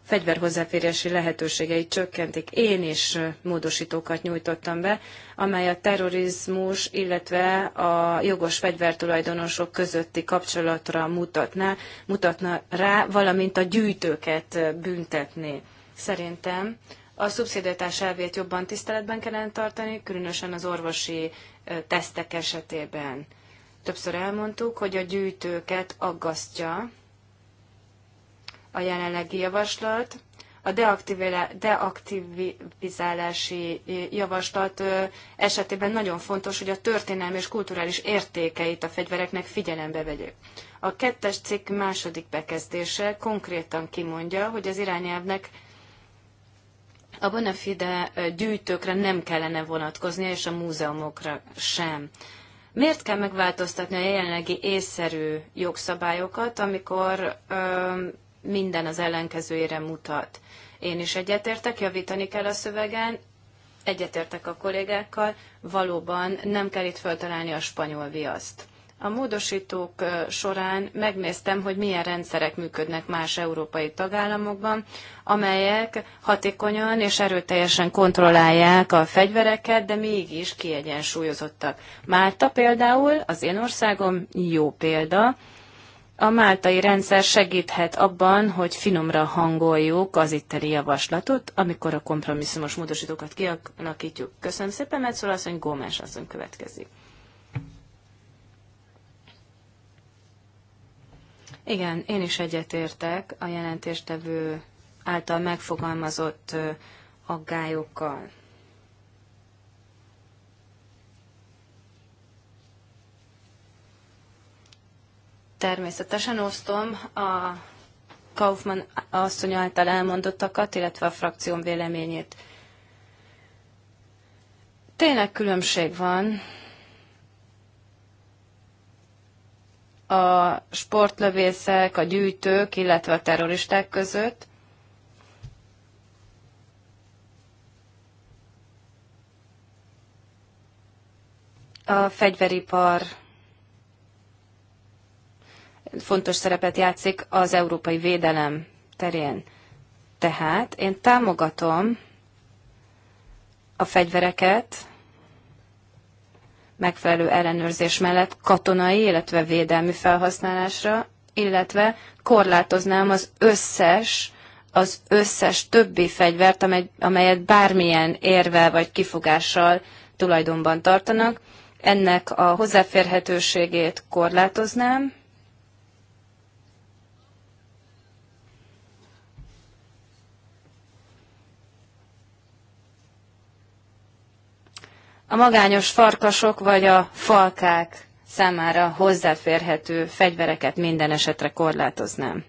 fegyverhozzáférési lehetőségeit csökkentik. Én is módosítókat nyújtottam be, amely a terrorizmus, illetve a jogos fegyvertulajdonosok közötti kapcsolatra mutatná, mutatna rá, valamint a gyűjtőket büntetni. Szerintem a szubszidiatás elvét jobban tiszteletben kellene tartani, különösen az orvosi tesztek esetében. Többször elmondtuk, hogy a gyűjtőket aggasztja a jelenlegi javaslat, a deaktivizálási javaslat esetében nagyon fontos, hogy a történelmi és kulturális értékeit a fegyvereknek figyelembe vegyük. A kettes cikk második bekezdése konkrétan kimondja, hogy az irányelvnek a fide gyűjtőkre nem kellene vonatkoznia, és a múzeumokra sem. Miért kell megváltoztatni a jelenlegi észszerű jogszabályokat, amikor ö, minden az ellenkezőjére mutat? Én is egyetértek, javítani kell a szövegen, egyetértek a kollégákkal, valóban nem kell itt föltalálni a spanyol viaszt. A módosítók során megnéztem, hogy milyen rendszerek működnek más európai tagállamokban, amelyek hatékonyan és erőteljesen kontrollálják a fegyvereket, de mégis kiegyensúlyozottak. Málta például, az én országom jó példa, a máltai rendszer segíthet abban, hogy finomra hangoljuk az itteni javaslatot, amikor a kompromisszumos módosítókat kialakítjuk. Köszönöm szépen, azt, hogy Gómez asszony következik. Igen, én is egyetértek a jelentéstevő által megfogalmazott aggályokkal. Természetesen osztom a Kaufmann asszony által elmondottakat, illetve a frakcióm véleményét. Tényleg különbség van a sportlövészek, a gyűjtők, illetve a terroristák között. A fegyveripar fontos szerepet játszik az európai védelem terén. Tehát én támogatom a fegyvereket, megfelelő ellenőrzés mellett katonai, illetve védelmi felhasználásra, illetve korlátoznám az összes az összes többi fegyvert, amely, amelyet bármilyen érvel vagy kifogással tulajdonban tartanak. Ennek a hozzáférhetőségét korlátoznám, a magányos farkasok vagy a falkák számára hozzáférhető fegyvereket minden esetre korlátoznám.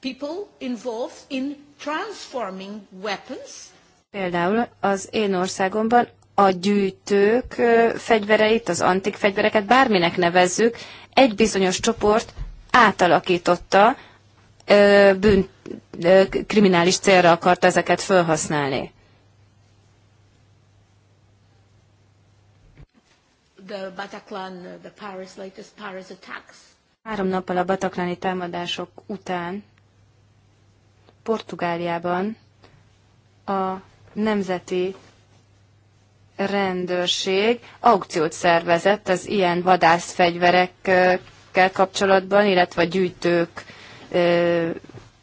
People involved in transforming weapons. Például az én országomban a gyűjtők fegyvereit, az antik fegyvereket, bárminek nevezzük, egy bizonyos csoport átalakította, bűn, kriminális célra akart ezeket felhasználni. the Bataclan, uh, the Paris, latest Paris attacks. Három nappal a bataklani támadások után Portugáliában a nemzeti rendőrség aukciót szervezett az ilyen vadászfegyverekkel kapcsolatban, illetve a gyűjtők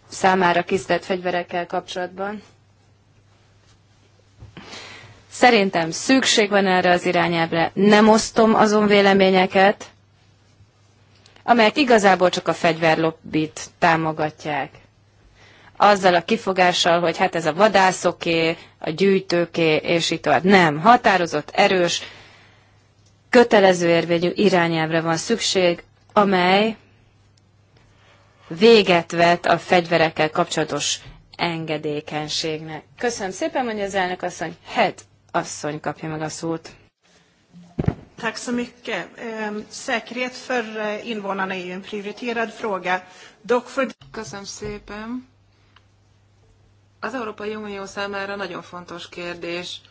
számára készített fegyverekkel kapcsolatban. Szerintem szükség van erre az irányelvre, nem osztom azon véleményeket, amelyek igazából csak a fegyverlobbit támogatják. Azzal a kifogással, hogy hát ez a vadászoké, a gyűjtőké, és itt tovább. Nem, határozott, erős, kötelező érvényű irányelvre van szükség, amely véget vet a fegyverekkel kapcsolatos engedékenységnek. Köszönöm szépen, mondja az elnök asszony. hát asszony kapja meg a szót. Tack så mycket. Ehm, säkerhet för eh, invånarna är ju en prioriterad fråga. Dock för... Köszönöm szépen. Az Európai Unió számára nagyon fontos kérdés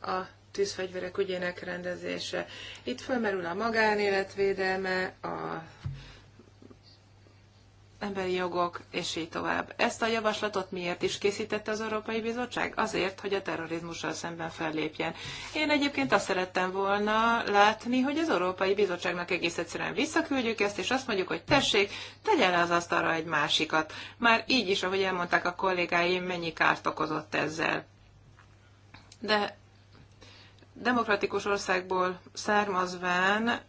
a tűzfegyverek ügyének rendezése. Itt felmerül a magánélet védelme, a emberi jogok, és így tovább. Ezt a javaslatot miért is készítette az Európai Bizottság? Azért, hogy a terrorizmussal szemben fellépjen. Én egyébként azt szerettem volna látni, hogy az Európai Bizottságnak egész egyszerűen visszaküldjük ezt, és azt mondjuk, hogy tessék, tegyen le az asztalra egy másikat. Már így is, ahogy elmondták a kollégáim, mennyi kárt okozott ezzel. De demokratikus országból származván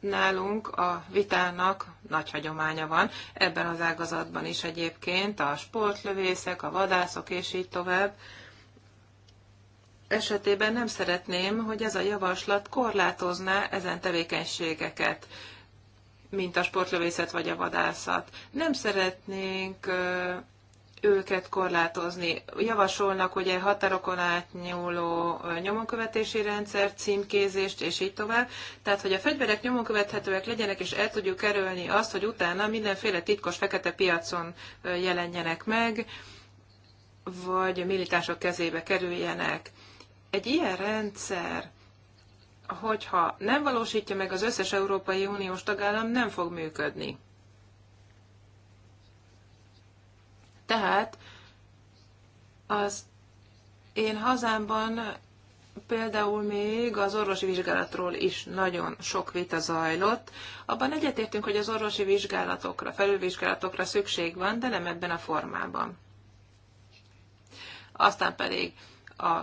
nálunk a vitának nagy hagyománya van, ebben az ágazatban is egyébként a sportlövészek, a vadászok és így tovább esetében nem szeretném, hogy ez a javaslat korlátozná ezen tevékenységeket, mint a sportlövészet vagy a vadászat. Nem szeretnénk őket korlátozni. Javasolnak ugye határokon átnyúló nyomonkövetési rendszer, címkézést, és így tovább. Tehát, hogy a fegyverek nyomonkövethetőek legyenek, és el tudjuk kerülni azt, hogy utána mindenféle titkos fekete piacon jelenjenek meg, vagy militások kezébe kerüljenek. Egy ilyen rendszer, hogyha nem valósítja meg az összes Európai Uniós tagállam, nem fog működni. Tehát az én hazámban például még az orvosi vizsgálatról is nagyon sok vita zajlott. Abban egyetértünk, hogy az orvosi vizsgálatokra, felülvizsgálatokra szükség van, de nem ebben a formában. Aztán pedig a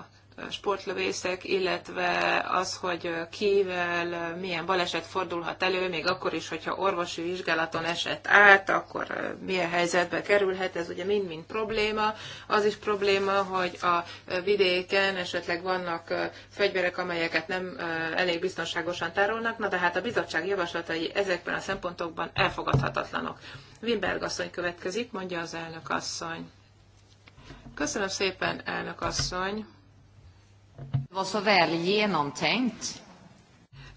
sportlövészek, illetve az, hogy kivel milyen baleset fordulhat elő, még akkor is, hogyha orvosi vizsgálaton esett át, akkor eh, milyen helyzetbe kerülhet, ez ugye mind-mind probléma. Az is probléma, hogy a vidéken esetleg vannak eh, fegyverek, amelyeket nem eh, elég biztonságosan tárolnak, na de hát a bizottság javaslatai ezekben a szempontokban elfogadhatatlanok. Wimberg asszony következik, mondja az elnök asszony. Köszönöm szépen, elnök asszony!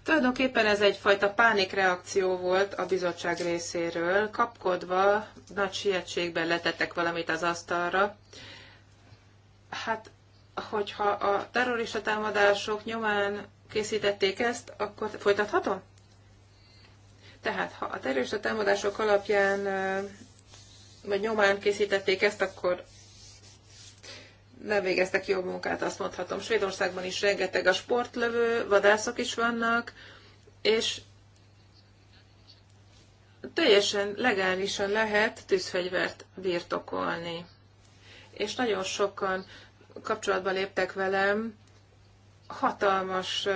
Tulajdonképpen ez egyfajta pánikreakció volt a bizottság részéről. Kapkodva, nagy sietségben letettek valamit az asztalra. Hát, hogyha a terrorista támadások nyomán készítették ezt, akkor folytathatom? Tehát, ha a terrorista támadások alapján vagy nyomán készítették ezt, akkor nem végeztek jó munkát, azt mondhatom. Svédországban is rengeteg a sportlövő, vadászok is vannak, és teljesen legálisan lehet tűzfegyvert birtokolni. És nagyon sokan kapcsolatba léptek velem, hatalmas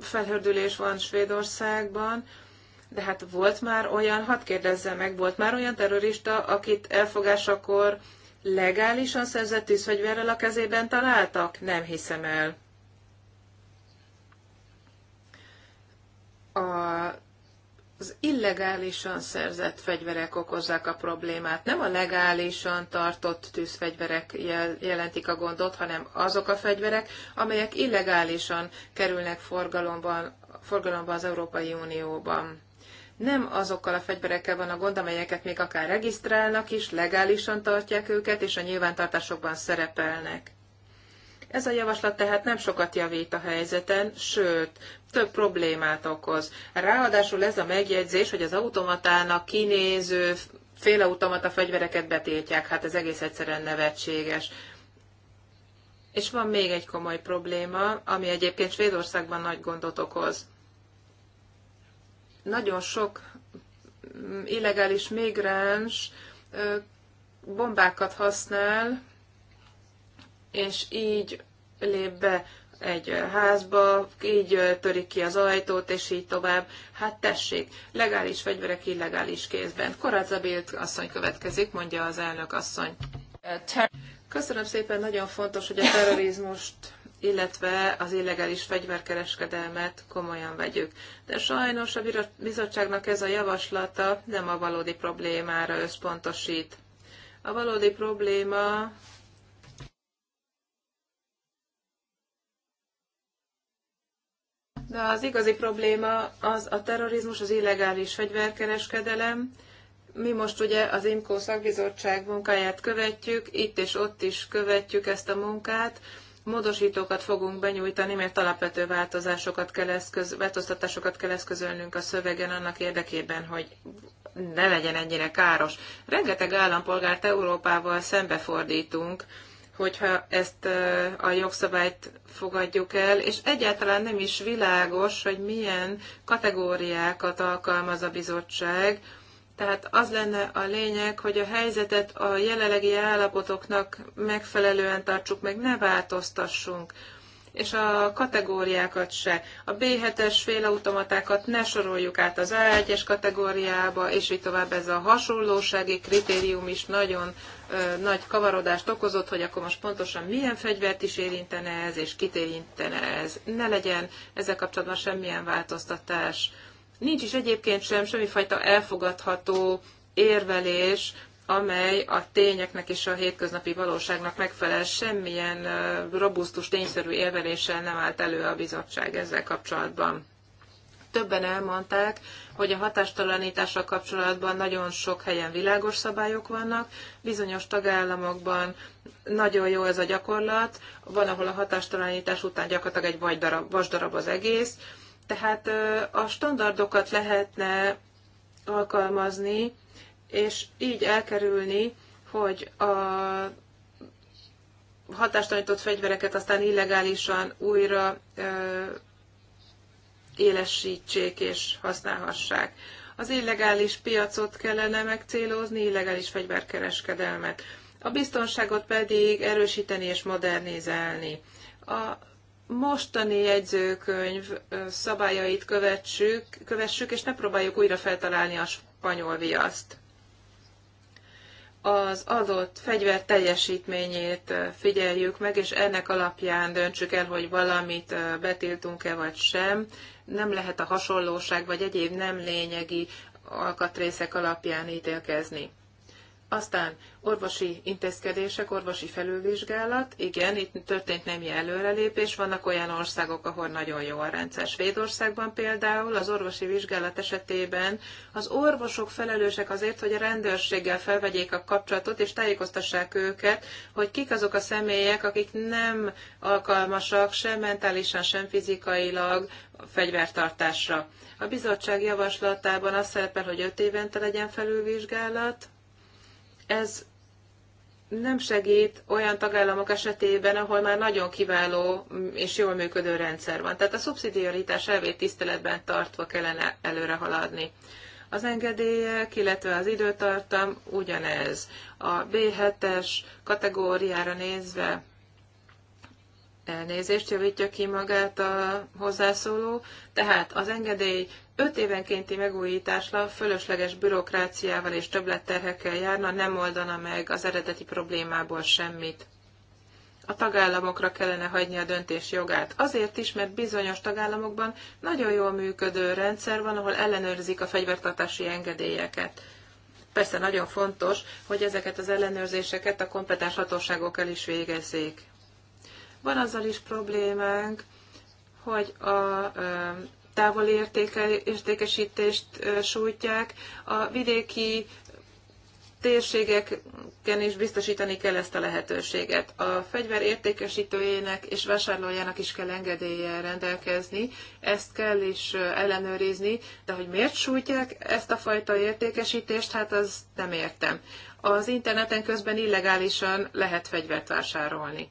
felhördülés van Svédországban, de hát volt már olyan, hadd kérdezzem meg, volt már olyan terrorista, akit elfogásakor legálisan szerzett tűzfegyverrel a kezében találtak? Nem hiszem el. A, az illegálisan szerzett fegyverek okozzák a problémát. Nem a legálisan tartott tűzfegyverek jel, jelentik a gondot, hanem azok a fegyverek, amelyek illegálisan kerülnek forgalomban, forgalomba az Európai Unióban nem azokkal a fegyverekkel van a gond, amelyeket még akár regisztrálnak is, legálisan tartják őket, és a nyilvántartásokban szerepelnek. Ez a javaslat tehát nem sokat javít a helyzeten, sőt, több problémát okoz. Ráadásul ez a megjegyzés, hogy az automatának kinéző félautomata fegyvereket betiltják, hát ez egész egyszerűen nevetséges. És van még egy komoly probléma, ami egyébként Svédországban nagy gondot okoz nagyon sok mm, illegális migráns bombákat használ, és így lép be egy házba, így törik ki az ajtót, és így tovább. Hát tessék, legális fegyverek illegális kézben. Korazabilt asszony következik, mondja az elnök asszony. Uh, Köszönöm szépen, nagyon fontos, hogy a terrorizmust illetve az illegális fegyverkereskedelmet komolyan vegyük. De sajnos a bizottságnak ez a javaslata nem a valódi problémára összpontosít. A valódi probléma De az igazi probléma az a terrorizmus, az illegális fegyverkereskedelem. Mi most ugye az IMCO szakbizottság munkáját követjük, itt és ott is követjük ezt a munkát, Módosítókat fogunk benyújtani, mert alapvető változásokat kell eszköz, változtatásokat kell eszközölnünk a szövegen annak érdekében, hogy ne legyen ennyire káros. Rengeteg állampolgárt Európával szembefordítunk, hogyha ezt a jogszabályt fogadjuk el, és egyáltalán nem is világos, hogy milyen kategóriákat alkalmaz a bizottság, tehát az lenne a lényeg, hogy a helyzetet a jelenlegi állapotoknak megfelelően tartsuk meg, ne változtassunk és a kategóriákat se. A B7-es félautomatákat ne soroljuk át az A1-es kategóriába, és így tovább ez a hasonlósági kritérium is nagyon ö, nagy kavarodást okozott, hogy akkor most pontosan milyen fegyvert is érintene ez, és kit érintene ez. Ne legyen ezzel kapcsolatban semmilyen változtatás. Nincs is egyébként sem semmifajta elfogadható érvelés, amely a tényeknek és a hétköznapi valóságnak megfelel, semmilyen robusztus, tényszerű érveléssel nem állt elő a bizottság ezzel kapcsolatban. Többen elmondták, hogy a hatástalanítással kapcsolatban nagyon sok helyen világos szabályok vannak, bizonyos tagállamokban nagyon jó ez a gyakorlat, van, ahol a hatástalanítás után gyakorlatilag egy vasdarab az egész, tehát a standardokat lehetne alkalmazni, és így elkerülni, hogy a hatástalanított fegyvereket aztán illegálisan újra ö, élesítsék és használhassák. Az illegális piacot kellene megcélozni, illegális fegyverkereskedelmet. A biztonságot pedig erősíteni és modernizálni. A mostani jegyzőkönyv szabályait kövessük, kövessük, és ne próbáljuk újra feltalálni a spanyol viaszt. Az adott fegyver teljesítményét figyeljük meg, és ennek alapján döntsük el, hogy valamit betiltunk-e vagy sem. Nem lehet a hasonlóság vagy egyéb nem lényegi alkatrészek alapján ítélkezni. Aztán orvosi intézkedések, orvosi felülvizsgálat. Igen, itt történt némi előrelépés. Vannak olyan országok, ahol nagyon jó a rendszer. Svédországban például az orvosi vizsgálat esetében az orvosok felelősek azért, hogy a rendőrséggel felvegyék a kapcsolatot, és tájékoztassák őket, hogy kik azok a személyek, akik nem alkalmasak sem mentálisan, sem fizikailag fegyvertartásra. A bizottság javaslatában az szerepel, hogy öt évente legyen felülvizsgálat, ez nem segít olyan tagállamok esetében, ahol már nagyon kiváló és jól működő rendszer van. Tehát a szubszidiaritás elvét tiszteletben tartva kellene előre haladni. Az engedélyek, illetve az időtartam ugyanez. A B7-es kategóriára nézve elnézést javítja ki magát a hozzászóló. Tehát az engedély öt évenkénti megújításra fölösleges bürokráciával és többletterhekkel járna, nem oldana meg az eredeti problémából semmit. A tagállamokra kellene hagyni a döntés jogát. Azért is, mert bizonyos tagállamokban nagyon jól működő rendszer van, ahol ellenőrzik a fegyvertartási engedélyeket. Persze nagyon fontos, hogy ezeket az ellenőrzéseket a kompetens hatóságok el is végezzék. Van azzal is problémánk, hogy a távoli értékesítést sújtják. A vidéki térségeken is biztosítani kell ezt a lehetőséget. A fegyver értékesítőjének és vásárlójának is kell engedéllyel rendelkezni, ezt kell is ellenőrizni, de hogy miért sújtják ezt a fajta értékesítést, hát az nem értem. Az interneten közben illegálisan lehet fegyvert vásárolni.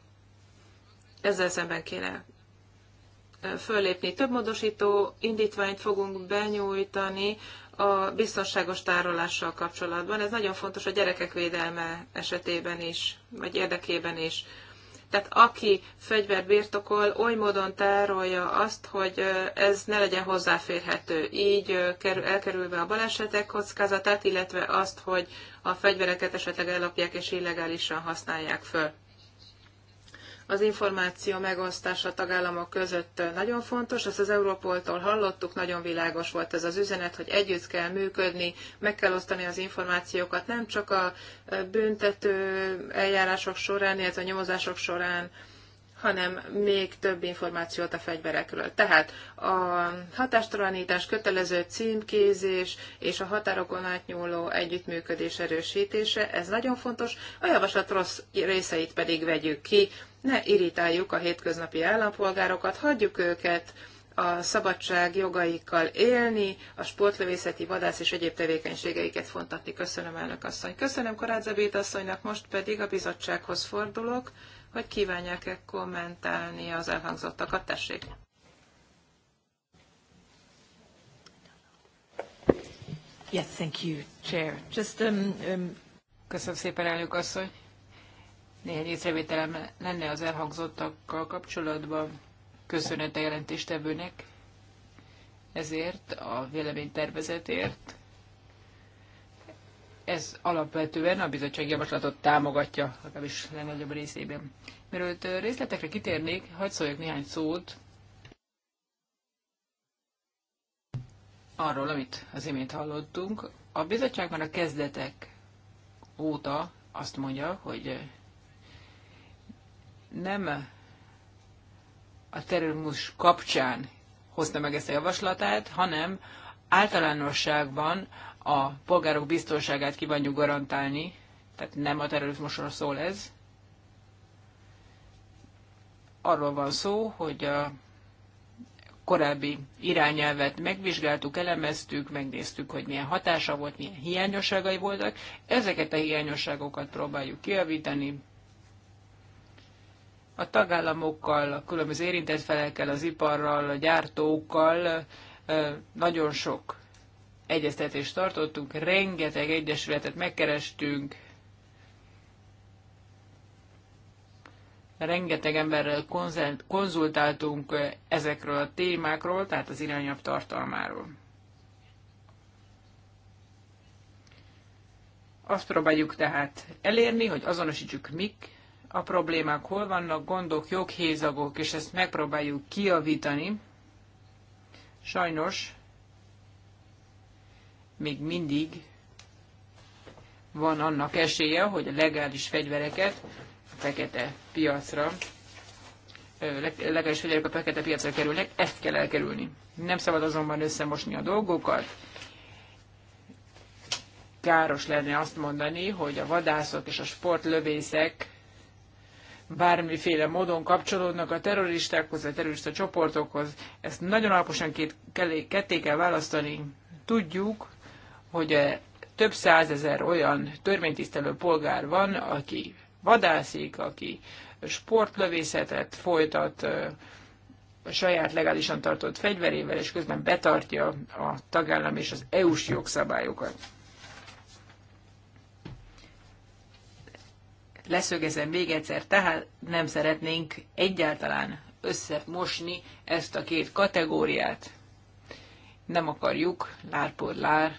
Ezzel szemben kéne föllépni. Több módosító indítványt fogunk benyújtani a biztonságos tárolással kapcsolatban. Ez nagyon fontos a gyerekek védelme esetében is, vagy érdekében is. Tehát aki fegyvert birtokol, oly módon tárolja azt, hogy ez ne legyen hozzáférhető. Így elkerülve a balesetek kockázatát, illetve azt, hogy a fegyvereket esetleg ellopják és illegálisan használják föl. Az információ megosztása a tagállamok között nagyon fontos, ezt az Európoltól hallottuk, nagyon világos volt ez az üzenet, hogy együtt kell működni, meg kell osztani az információkat, nem csak a büntető eljárások során, illetve a nyomozások során, hanem még több információt a fegyverekről. Tehát a hatástalanítás, kötelező címkézés és a határokon átnyúló együttműködés erősítése, ez nagyon fontos, a javaslat rossz részeit pedig vegyük ki, ne irítáljuk a hétköznapi állampolgárokat, hagyjuk őket a szabadság jogaikkal élni, a sportlövészeti vadász és egyéb tevékenységeiket fontatni. Köszönöm, elnök asszony. Köszönöm Karádzabét asszonynak, most pedig a bizottsághoz fordulok, hogy kívánják-e kommentálni az elhangzottakat. Tessék! Yes, thank you, Chair. Just, um, um... Köszönöm szépen, elnök asszony. Néhány észrevételem lenne az elhangzottakkal kapcsolatban. Köszönet a jelentéstevőnek ezért a véleménytervezetért. Ez alapvetően a bizottság javaslatot támogatja, legalábbis legnagyobb részében. Mielőtt részletekre kitérnék, hagyd szóljak néhány szót arról, amit az imént hallottunk. A bizottság már a kezdetek óta azt mondja, hogy nem a terrorizmus kapcsán hozta meg ezt a javaslatát, hanem általánosságban a polgárok biztonságát kívánjuk garantálni, tehát nem a terrorizmusról szól ez. Arról van szó, hogy a korábbi irányelvet megvizsgáltuk, elemeztük, megnéztük, hogy milyen hatása volt, milyen hiányosságai voltak. Ezeket a hiányosságokat próbáljuk kiavítani, a tagállamokkal, a különböző érintett felekkel, az iparral, a gyártókkal nagyon sok egyeztetést tartottunk, rengeteg egyesületet megkerestünk, rengeteg emberrel konzultáltunk ezekről a témákról, tehát az irányabb tartalmáról. Azt próbáljuk tehát elérni, hogy azonosítsuk mik a problémák hol vannak, gondok, joghézagok, és ezt megpróbáljuk kiavítani. Sajnos még mindig van annak esélye, hogy a legális fegyvereket a fekete piacra, legális fegyverek a fekete piacra kerülnek, ezt kell elkerülni. Nem szabad azonban összemosni a dolgokat, káros lenne azt mondani, hogy a vadászok és a sportlövészek bármiféle módon kapcsolódnak a terroristákhoz, a terrorista csoportokhoz. Ezt nagyon alaposan két, ketté kell választani. Tudjuk, hogy eh, több százezer olyan törvénytisztelő polgár van, aki vadászik, aki sportlövészetet folytat eh, a saját legálisan tartott fegyverével, és közben betartja a tagállam és az EU-s jogszabályokat. leszögezem még egyszer, tehát nem szeretnénk egyáltalán összemosni ezt a két kategóriát. Nem akarjuk lárpor lár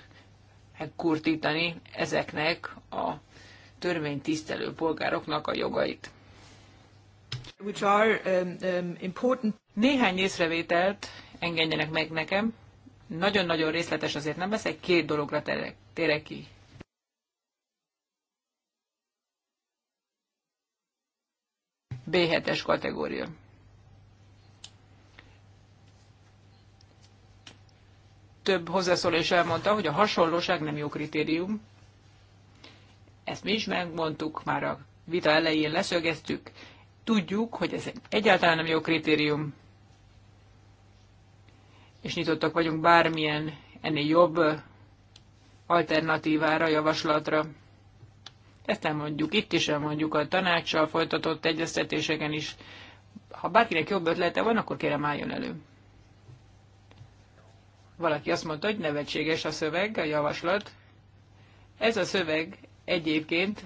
kurtítani ezeknek a törvénytisztelő polgároknak a jogait. Which are, um, um, important. Néhány észrevételt engedjenek meg nekem. Nagyon-nagyon részletes azért nem leszek, két dologra térek ki B7-es kategória. Több hozzászólás elmondta, hogy a hasonlóság nem jó kritérium. Ezt mi is megmondtuk, már a vita elején leszögeztük. Tudjuk, hogy ez egyáltalán nem jó kritérium, és nyitottak vagyunk bármilyen ennél jobb alternatívára, javaslatra. Ezt elmondjuk itt is, elmondjuk a tanácssal folytatott egyeztetéseken is. Ha bárkinek jobb ötlete van, akkor kérem álljon elő. Valaki azt mondta, hogy nevetséges a szöveg, a javaslat. Ez a szöveg egyébként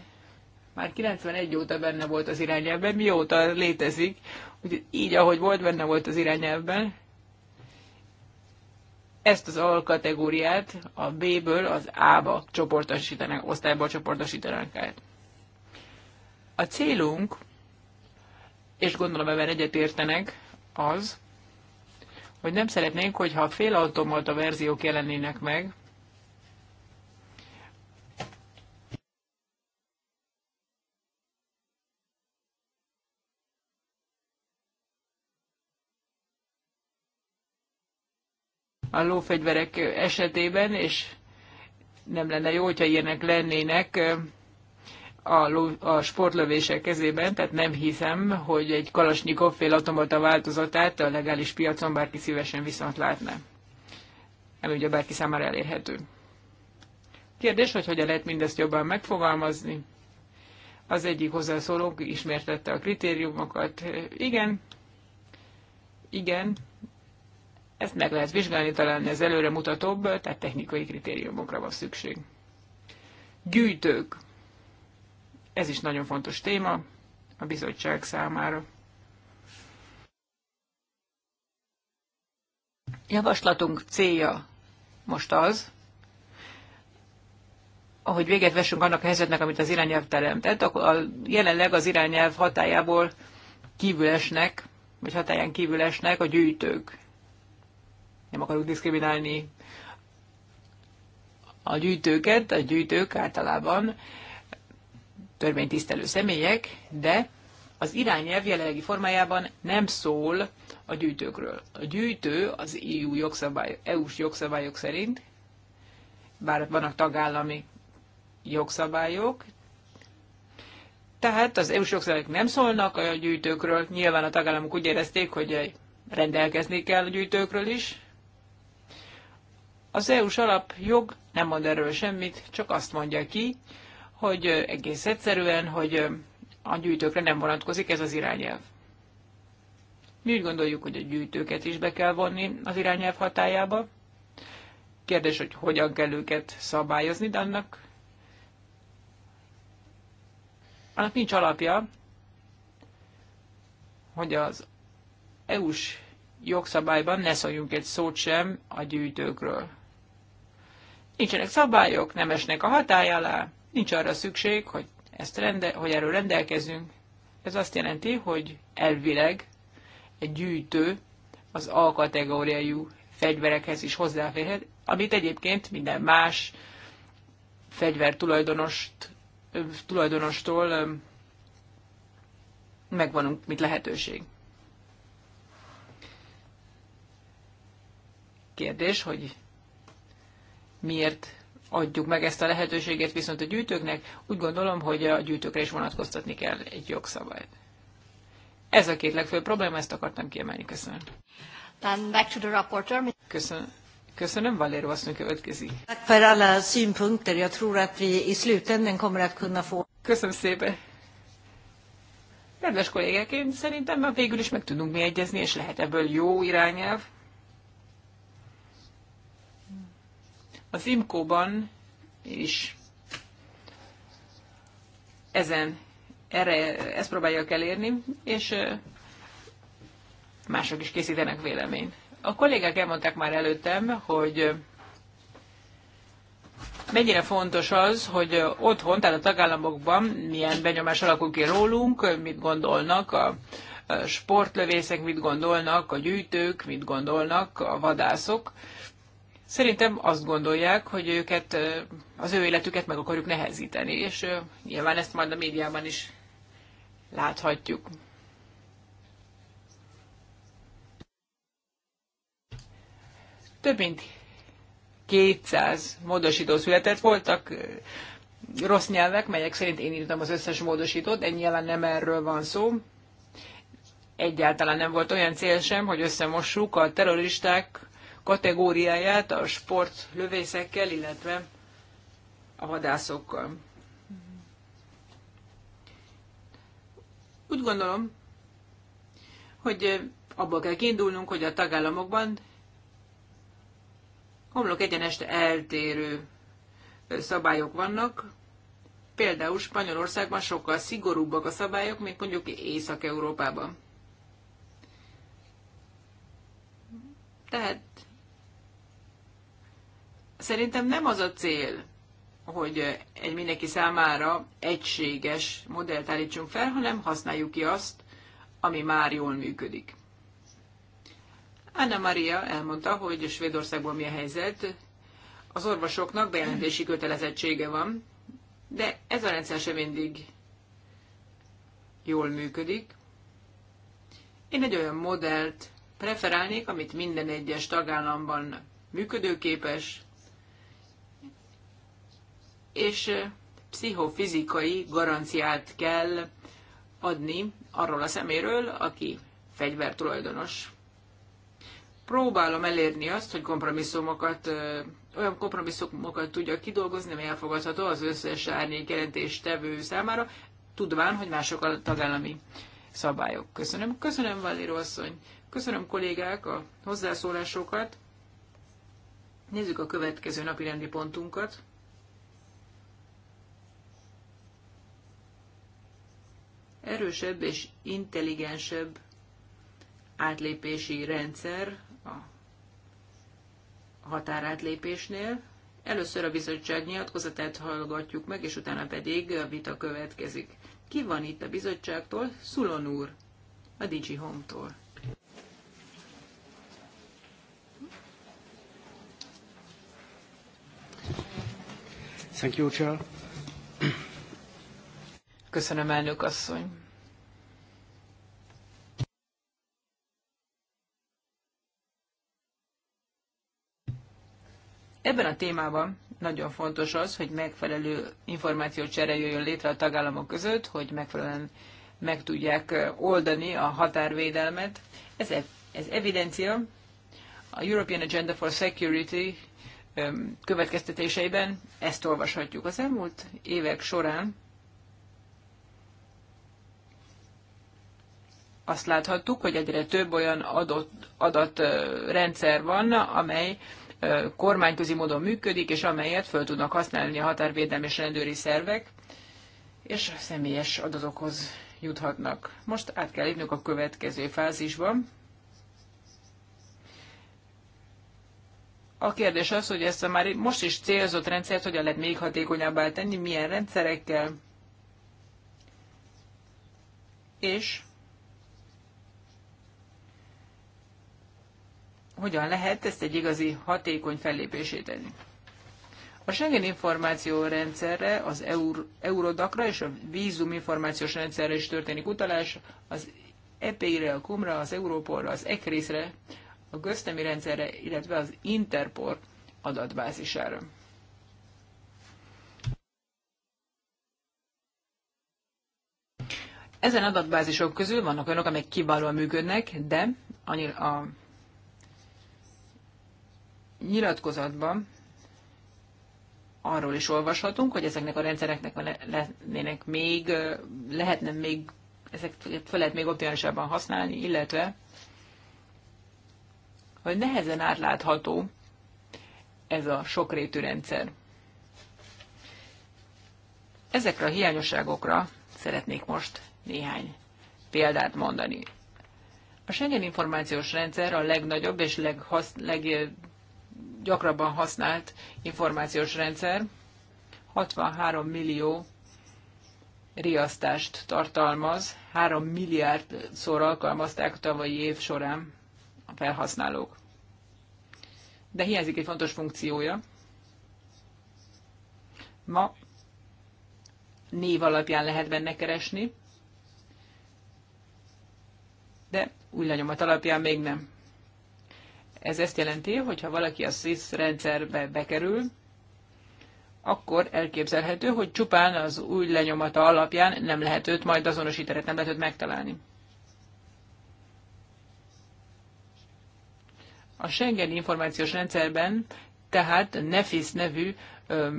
már 91 óta benne volt az irányelvben, mióta létezik, úgyhogy így, ahogy volt, benne volt az irányelvben, ezt az alkategóriát a B-ből az A-ba csoportosítanánk, osztályba csoportosítanánk át. A célunk, és gondolom ebben egyetértenek, az, hogy nem szeretnénk, hogyha félautomata verziók jelennének meg, a lófegyverek esetében, és nem lenne jó, hogyha ilyenek lennének a, ló, a sportlövések kezében, tehát nem hiszem, hogy egy Kalasnyikov fél automata változatát a legális piacon bárki szívesen viszont látná. Nem ugye bárki számára elérhető. Kérdés, hogy hogyan lehet mindezt jobban megfogalmazni. Az egyik hozzászólónk ismertette a kritériumokat. Igen, igen, ezt meg lehet vizsgálni, talán ez mutatóbb, tehát technikai kritériumokra van szükség. Gyűjtők. Ez is nagyon fontos téma a bizottság számára. Javaslatunk célja most az, ahogy véget vessünk annak a helyzetnek, amit az irányelv teremtett, akkor a, jelenleg az irányelv hatájából kívül esnek, vagy hatáján kívül esnek a gyűjtők nem akarok diszkriminálni a gyűjtőket, a gyűjtők általában törvénytisztelő személyek, de az irányelv jelenlegi formájában nem szól a gyűjtőkről. A gyűjtő az EU jogszabály, EU-s jogszabályok szerint, bár vannak tagállami jogszabályok, tehát az EU-s jogszabályok nem szólnak a gyűjtőkről, nyilván a tagállamok úgy érezték, hogy rendelkezni kell a gyűjtőkről is, az EU-s alapjog nem mond erről semmit, csak azt mondja ki, hogy egész egyszerűen, hogy a gyűjtőkre nem vonatkozik ez az irányelv. Mi úgy gondoljuk, hogy a gyűjtőket is be kell vonni az irányelv hatájába. Kérdés, hogy hogyan kell őket szabályozni, de annak, annak nincs alapja, hogy az EU-s jogszabályban ne szóljunk egy szót sem a gyűjtőkről. Nincsenek szabályok, nem esnek a hatály alá, nincs arra szükség, hogy, ezt rende, hogy erről rendelkezünk. Ez azt jelenti, hogy elvileg egy gyűjtő az A kategóriájú fegyverekhez is hozzáférhet, amit egyébként minden más fegyvertulajdonost tulajdonostól megvanunk, mint lehetőség. Kérdés, hogy miért adjuk meg ezt a lehetőséget viszont a gyűjtőknek, úgy gondolom, hogy a gyűjtőkre is vonatkoztatni kell egy jogszabályt. Ez a két legfőbb probléma, ezt akartam kiemelni. Köszönöm. Then back to the rapporteur. Köszönöm. Köszönöm, Valéro asszony következik. Köszönöm szépen. Kedves kollégák, én szerintem már végül is meg tudunk mi egyezni, és lehet ebből jó irányelv. Az Imkóban is ezen, erre, ezt próbálják elérni, és mások is készítenek véleményt. A kollégák elmondták már előttem, hogy mennyire fontos az, hogy otthon, tehát a tagállamokban milyen benyomás alakul ki rólunk, mit gondolnak a sportlövészek, mit gondolnak a gyűjtők, mit gondolnak a vadászok. Szerintem azt gondolják, hogy őket, az ő életüket meg akarjuk nehezíteni, és nyilván ezt majd a médiában is láthatjuk. Több mint 200 módosító született, voltak rossz nyelvek, melyek szerint én írtam az összes módosítót, de nyilván nem erről van szó. Egyáltalán nem volt olyan cél sem, hogy összemossuk a terroristák kategóriáját a sportlövészekkel, illetve a vadászokkal. Úgy gondolom, hogy abból kell kiindulnunk, hogy a tagállamokban homlok egyenest eltérő szabályok vannak. Például Spanyolországban sokkal szigorúbbak a szabályok, mint mondjuk Észak-Európában. Tehát Szerintem nem az a cél, hogy egy mindenki számára egységes modellt állítsunk fel, hanem használjuk ki azt, ami már jól működik. Anna Maria elmondta, hogy Svédországban mi a helyzet. Az orvosoknak bejelentési kötelezettsége van, de ez a rendszer sem mindig jól működik. Én egy olyan modellt preferálnék, amit minden egyes tagállamban működőképes, és pszichofizikai garanciát kell adni arról a szeméről, aki fegyvertulajdonos. Próbálom elérni azt, hogy kompromisszumokat, olyan kompromisszumokat tudja kidolgozni, ami elfogadható az összes árnyék tevő számára, tudván, hogy mások a tagállami szabályok. Köszönöm. Köszönöm, Valéro asszony. Köszönöm, kollégák, a hozzászólásokat. Nézzük a következő napi rendi pontunkat. erősebb és intelligensebb átlépési rendszer a határátlépésnél. Először a bizottság nyilatkozatát hallgatjuk meg, és utána pedig a vita következik. Ki van itt a bizottságtól? Szulon úr, a Digi Home-tól. Thank you, Chair. Köszönöm, elnök asszony. Ebben a témában nagyon fontos az, hogy megfelelő információcsere jöjjön létre a tagállamok között, hogy megfelelően meg tudják oldani a határvédelmet. Ez, e- ez evidencia a European Agenda for Security következtetéseiben ezt olvashatjuk. Az elmúlt évek során azt láthattuk, hogy egyre több olyan adott, adatrendszer van, amely kormányközi módon működik, és amelyet föl tudnak használni a határvédelmi és rendőri szervek, és személyes adatokhoz juthatnak. Most át kell lépnünk a következő fázisba. A kérdés az, hogy ezt a már most is célzott rendszert hogyan lehet még hatékonyabbá tenni, milyen rendszerekkel, és hogyan lehet ezt egy igazi hatékony fellépését tenni. A Schengen rendszerre, az Eurodakra és a vízum információs rendszerre is történik utalás, az EPI-re, a Kumra, az európorra, az ECRIS-re, a Göztemi rendszerre, illetve az Interpol adatbázisára. Ezen adatbázisok közül vannak olyanok, amelyek kiválóan működnek, de a nyilatkozatban arról is olvashatunk, hogy ezeknek a rendszereknek lennének még, lehetne még, ezeket fel lehet még optimálisabban használni, illetve hogy nehezen átlátható ez a sokrétű rendszer. Ezekre a hiányosságokra szeretnék most néhány példát mondani. A Schengen információs rendszer a legnagyobb és leghasz, leg, gyakrabban használt információs rendszer. 63 millió riasztást tartalmaz, 3 milliárd szor alkalmazták a tavalyi év során a felhasználók. De hiányzik egy fontos funkciója. Ma név alapján lehet benne keresni, de új lenyomat alapján még nem. Ez ezt jelenti, hogy ha valaki a SIS rendszerbe bekerül, akkor elképzelhető, hogy csupán az új lenyomata alapján nem lehet őt majd azonosítani, nem lehet őt megtalálni. A Schengen információs rendszerben tehát NEFIS nevű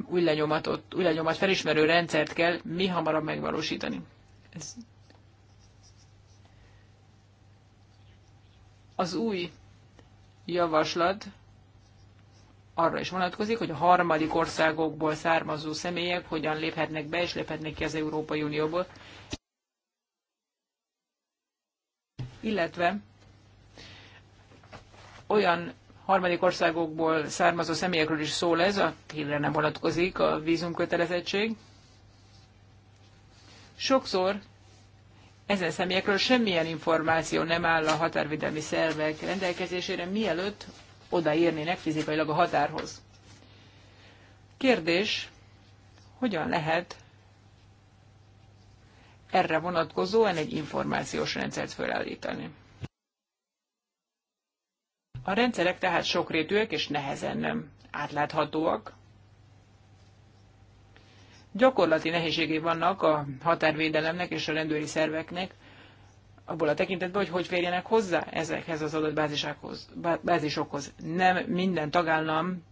új, lenyomatot, új lenyomat felismerő rendszert kell mi hamarabb megvalósítani. Ez az új javaslat arra is vonatkozik, hogy a harmadik országokból származó személyek hogyan léphetnek be és léphetnek ki az Európai Unióból. Illetve olyan harmadik országokból származó személyekről is szól ez, akire nem vonatkozik a vízumkötelezettség. Sokszor ezen személyekről semmilyen információ nem áll a határvédelmi szervek rendelkezésére, mielőtt odaérnének fizikailag a határhoz. Kérdés, hogyan lehet erre vonatkozóan egy információs rendszert felállítani? A rendszerek tehát sokrétűek és nehezen nem átláthatóak gyakorlati nehézségei vannak a határvédelemnek és a rendőri szerveknek, abból a tekintetben, hogy hogy férjenek hozzá ezekhez az adatbázisokhoz. Nem minden tagállam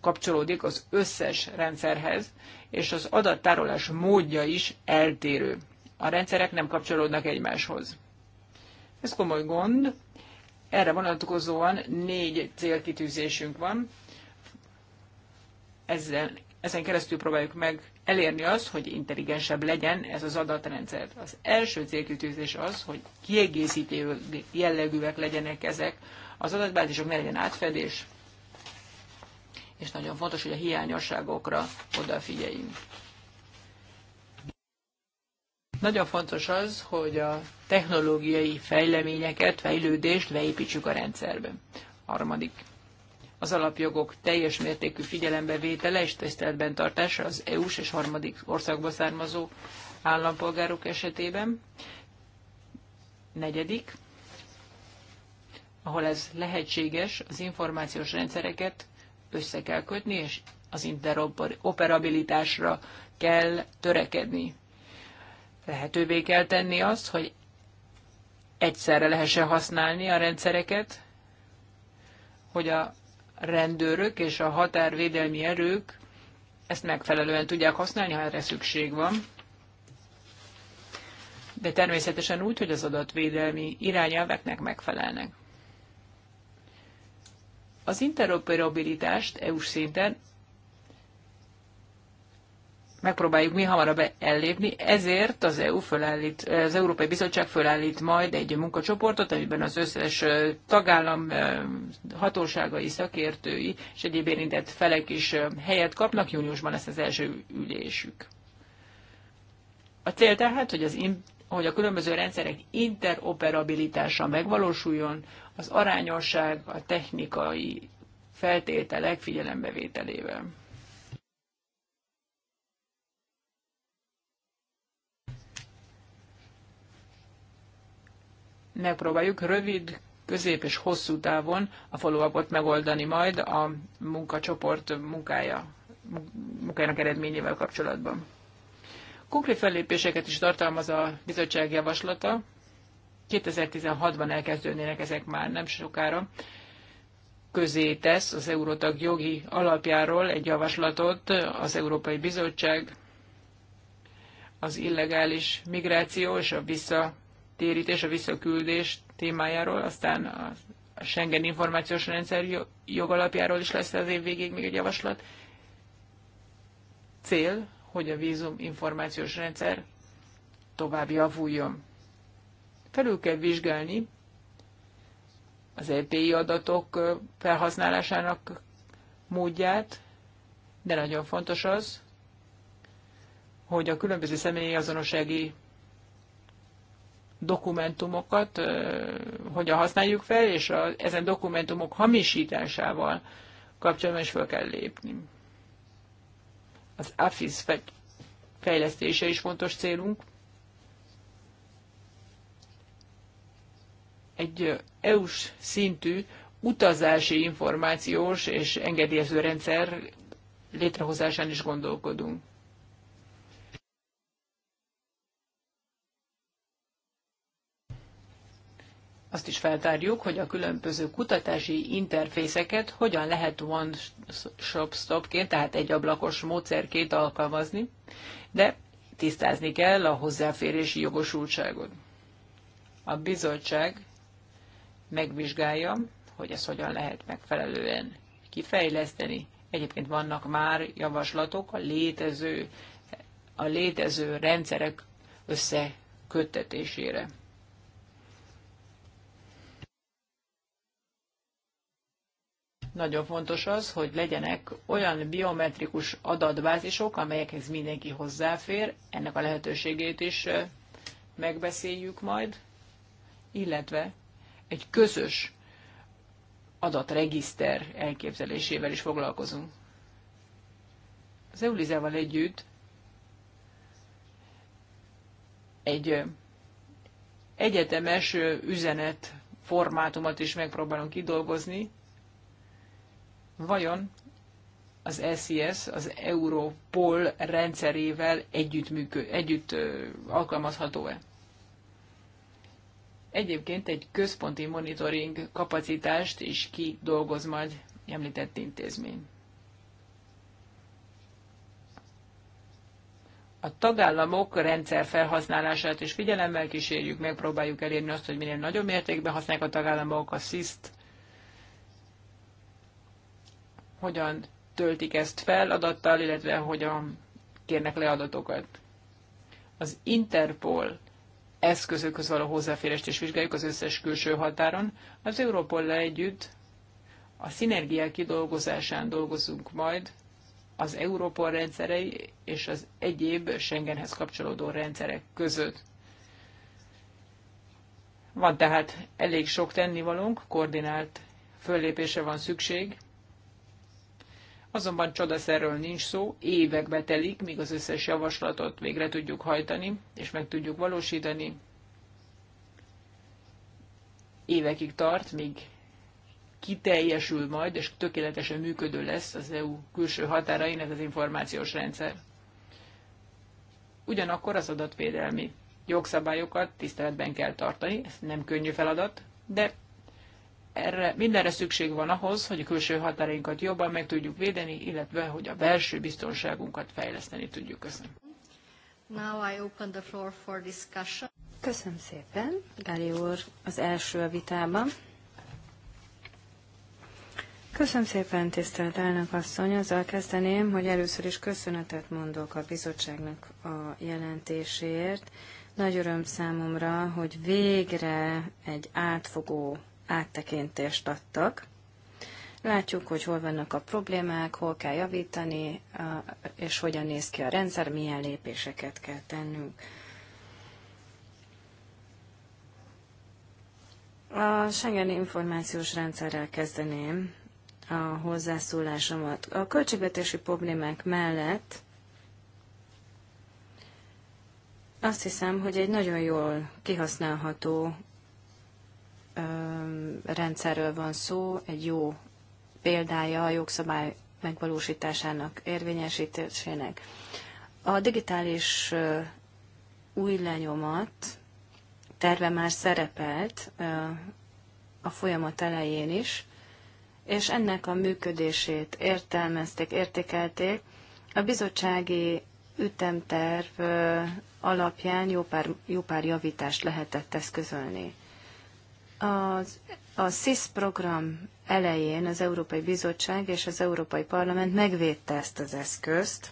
kapcsolódik az összes rendszerhez, és az adattárolás módja is eltérő. A rendszerek nem kapcsolódnak egymáshoz. Ez komoly gond. Erre vonatkozóan négy célkitűzésünk van. Ezzel ezen keresztül próbáljuk meg elérni azt, hogy intelligensebb legyen ez az adatrendszer. Az első célkitűzés az, hogy kiegészítő jellegűek legyenek ezek, az adatbázisok ne legyen átfedés, és nagyon fontos, hogy a hiányosságokra odafigyeljünk. Nagyon fontos az, hogy a technológiai fejleményeket, fejlődést beépítsük a rendszerbe. Harmadik az alapjogok teljes mértékű figyelembevétele és tiszteletben tartása az EU-s és harmadik országba származó állampolgárok esetében. Negyedik, ahol ez lehetséges, az információs rendszereket össze kell kötni, és az interoperabilitásra kell törekedni. Lehetővé kell tenni azt, hogy egyszerre lehessen használni a rendszereket, hogy a rendőrök és a határvédelmi erők ezt megfelelően tudják használni, ha erre szükség van. De természetesen úgy, hogy az adatvédelmi irányelveknek megfelelnek. Az interoperabilitást EU-s szinten megpróbáljuk mi hamarabb ellépni, ezért az, EU fölállít, az Európai Bizottság fölállít majd egy munkacsoportot, amiben az összes tagállam hatóságai, szakértői és egyéb érintett felek is helyet kapnak. Júniusban lesz az első ülésük. A cél tehát, hogy, az in, hogy a különböző rendszerek interoperabilitása megvalósuljon, az arányosság, a technikai feltételek figyelembevételével. megpróbáljuk rövid, közép és hosszú távon a follow megoldani majd a munkacsoport munkája, munkájának eredményével kapcsolatban. Konkrét fellépéseket is tartalmaz a bizottság javaslata. 2016-ban elkezdődnének ezek már nem sokára. Közé tesz az Eurotag jogi alapjáról egy javaslatot az Európai Bizottság az illegális migráció és a vissza térítés, a visszaküldés témájáról, aztán a Schengen információs rendszer jogalapjáról is lesz az év végéig még egy javaslat. Cél, hogy a vízum információs rendszer tovább javuljon. Felül kell vizsgálni az EPI adatok felhasználásának módját, de nagyon fontos az, hogy a különböző személyi azonossági dokumentumokat hogyan használjuk fel, és a, ezen dokumentumok hamisításával kapcsolatban is fel kell lépni. Az AFIS fejlesztése is fontos célunk. Egy EU-s szintű utazási információs és engedélyező rendszer létrehozásán is gondolkodunk. azt is feltárjuk, hogy a különböző kutatási interfészeket hogyan lehet one-shop stopként, tehát egy ablakos módszerként alkalmazni, de tisztázni kell a hozzáférési jogosultságot. A bizottság megvizsgálja, hogy ezt hogyan lehet megfelelően kifejleszteni. Egyébként vannak már javaslatok a létező, a létező rendszerek összeköttetésére. Nagyon fontos az, hogy legyenek olyan biometrikus adatbázisok, amelyekhez mindenki hozzáfér. Ennek a lehetőségét is megbeszéljük majd, illetve egy közös adatregiszter elképzelésével is foglalkozunk. Az Eulizával együtt egy egyetemes üzenet formátumot is megpróbálunk kidolgozni, vajon az SES, az Europol rendszerével együtt, működ, együtt alkalmazható-e? Egyébként egy központi monitoring kapacitást is kidolgoz majd említett intézmény. A tagállamok rendszer felhasználását is figyelemmel kísérjük, megpróbáljuk elérni azt, hogy minél nagyobb mértékben használják a tagállamok a SIS-t, hogyan töltik ezt fel adattal, illetve hogyan kérnek le adatokat. Az Interpol eszközökhöz való hozzáférést is vizsgáljuk az összes külső határon. Az Europollal együtt a szinergiák kidolgozásán dolgozunk majd az Európol rendszerei és az egyéb Schengenhez kapcsolódó rendszerek között. Van tehát elég sok tennivalónk, koordinált föllépése van szükség, Azonban csodaszerről nincs szó, évekbe telik, míg az összes javaslatot végre tudjuk hajtani, és meg tudjuk valósítani. Évekig tart, míg kiteljesül majd, és tökéletesen működő lesz az EU külső határain ez az információs rendszer. Ugyanakkor az adatvédelmi jogszabályokat tiszteletben kell tartani, ez nem könnyű feladat, de erre, mindenre szükség van ahhoz, hogy a külső határainkat jobban meg tudjuk védeni, illetve hogy a belső biztonságunkat fejleszteni tudjuk. Köszönöm. Now I open the floor for discussion. Köszönöm szépen, Gáli úr, az első a vitában. Köszönöm szépen, tisztelt elnök asszony. Azzal kezdeném, hogy először is köszönetet mondok a bizottságnak a jelentéséért. Nagy öröm számomra, hogy végre egy átfogó áttekintést adtak. Látjuk, hogy hol vannak a problémák, hol kell javítani, és hogyan néz ki a rendszer, milyen lépéseket kell tennünk. A Schengen információs rendszerrel kezdeném a hozzászólásomat. A költségvetési problémák mellett azt hiszem, hogy egy nagyon jól kihasználható rendszerről van szó, egy jó példája a jogszabály megvalósításának, érvényesítésének. A digitális új lenyomat terve már szerepelt a folyamat elején is, és ennek a működését értelmezték, értékelték. A bizottsági ütemterv alapján jó pár, jó pár javítást lehetett eszközölni. Az, a SIS program elején az Európai Bizottság és az Európai Parlament megvédte ezt az eszközt,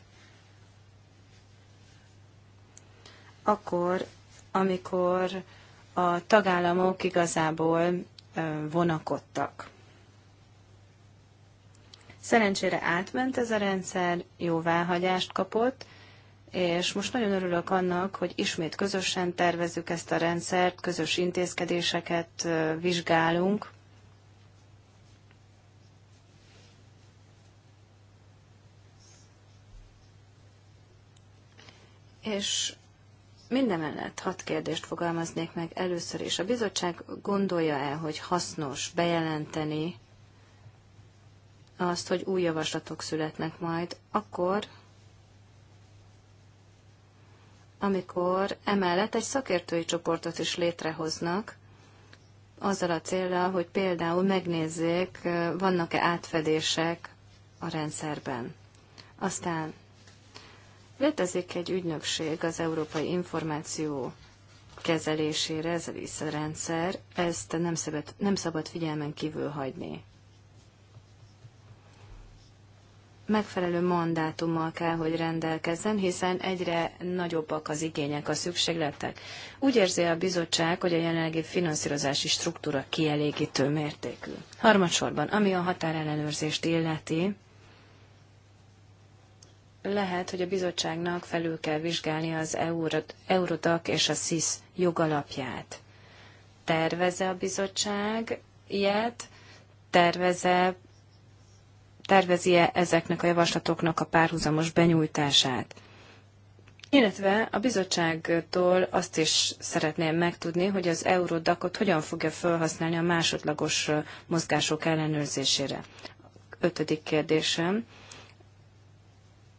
akkor, amikor a tagállamok igazából vonakodtak. Szerencsére átment ez a rendszer, jóváhagyást kapott, és most nagyon örülök annak, hogy ismét közösen tervezzük ezt a rendszert, közös intézkedéseket vizsgálunk. És mindemellett hat kérdést fogalmaznék meg először is. A bizottság gondolja el, hogy hasznos bejelenteni azt, hogy új javaslatok születnek majd, akkor, amikor emellett egy szakértői csoportot is létrehoznak, azzal a célra, hogy például megnézzék, vannak-e átfedések a rendszerben. Aztán létezik egy ügynökség az Európai Információ kezelésére, ez a rendszer, ezt nem szabad, nem szabad figyelmen kívül hagyni. megfelelő mandátummal kell, hogy rendelkezzen, hiszen egyre nagyobbak az igények, a szükségletek. Úgy érzi a bizottság, hogy a jelenlegi finanszírozási struktúra kielégítő mértékű. Harmadsorban, ami a határellenőrzést illeti, lehet, hogy a bizottságnak felül kell vizsgálni az Eurodac és a SIS jogalapját. Terveze a bizottság ilyet, terveze tervezi-e ezeknek a javaslatoknak a párhuzamos benyújtását. Illetve a bizottságtól azt is szeretném megtudni, hogy az eurodakot hogyan fogja felhasználni a másodlagos mozgások ellenőrzésére. Ötödik kérdésem.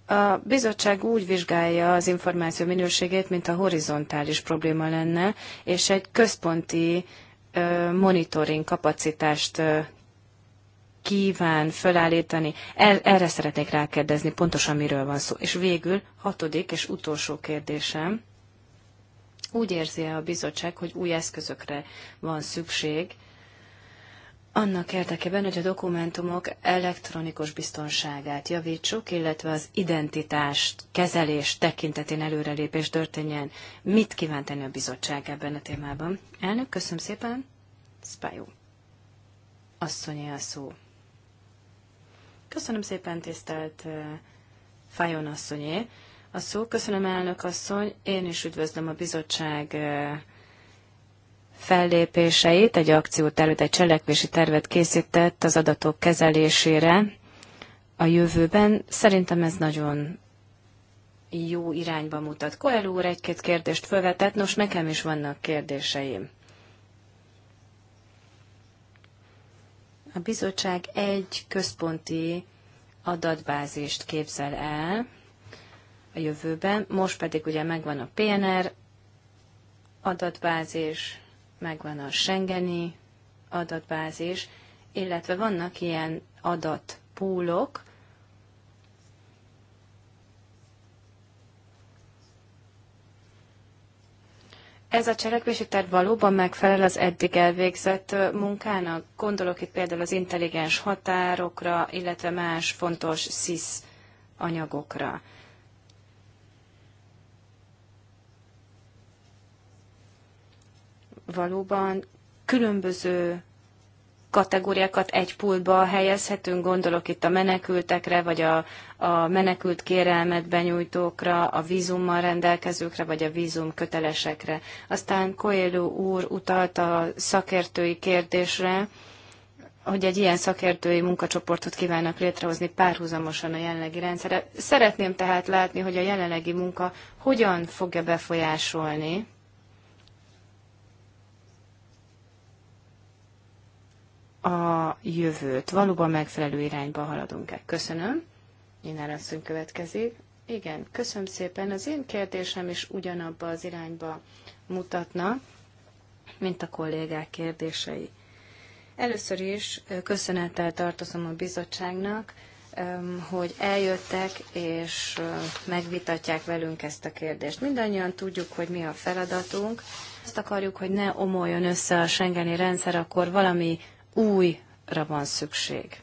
A bizottság úgy vizsgálja az információ minőségét, mint a horizontális probléma lenne, és egy központi monitoring kapacitást kíván fölállítani. El, erre szeretnék rákérdezni, pontosan miről van szó. És végül hatodik és utolsó kérdésem. Úgy érzi -e a bizottság, hogy új eszközökre van szükség, annak érdekében, hogy a dokumentumok elektronikus biztonságát javítsuk, illetve az identitást kezelés tekintetén előrelépés történjen. Mit kíván tenni a bizottság ebben a témában? Elnök, köszönöm szépen. Spájú. Asszonyi a szó. Köszönöm szépen, tisztelt Fajon asszonyé. A szó, köszönöm elnök asszony, én is üdvözlöm a bizottság fellépéseit, egy akciótervet, egy cselekvési tervet készített az adatok kezelésére a jövőben. Szerintem ez nagyon jó irányba mutat. Koel úr egy-két kérdést felvetett, nos nekem is vannak kérdéseim. A bizottság egy központi adatbázist képzel el a jövőben, most pedig ugye megvan a PNR adatbázis, megvan a Schengeni adatbázis, illetve vannak ilyen adatpúlok, Ez a cselekvési terv valóban megfelel az eddig elvégzett munkának? Gondolok itt például az intelligens határokra, illetve más fontos SZISZ anyagokra. Valóban különböző kategóriákat egy pultba helyezhetünk, gondolok itt a menekültekre, vagy a, a menekült kérelmet benyújtókra, a vízummal rendelkezőkre, vagy a vízum kötelesekre. Aztán Coelho úr utalt a szakértői kérdésre, hogy egy ilyen szakértői munkacsoportot kívánnak létrehozni párhuzamosan a jelenlegi rendszerre. Szeretném tehát látni, hogy a jelenlegi munka hogyan fogja befolyásolni a jövőt. Valóban megfelelő irányba haladunk-e? Köszönöm. Innen asszony következik. Igen, köszönöm szépen. Az én kérdésem is ugyanabba az irányba mutatna, mint a kollégák kérdései. Először is köszönettel tartozom a bizottságnak, hogy eljöttek és megvitatják velünk ezt a kérdést. Mindannyian tudjuk, hogy mi a feladatunk. Azt akarjuk, hogy ne omoljon össze a Schengeni rendszer, akkor valami újra van szükség.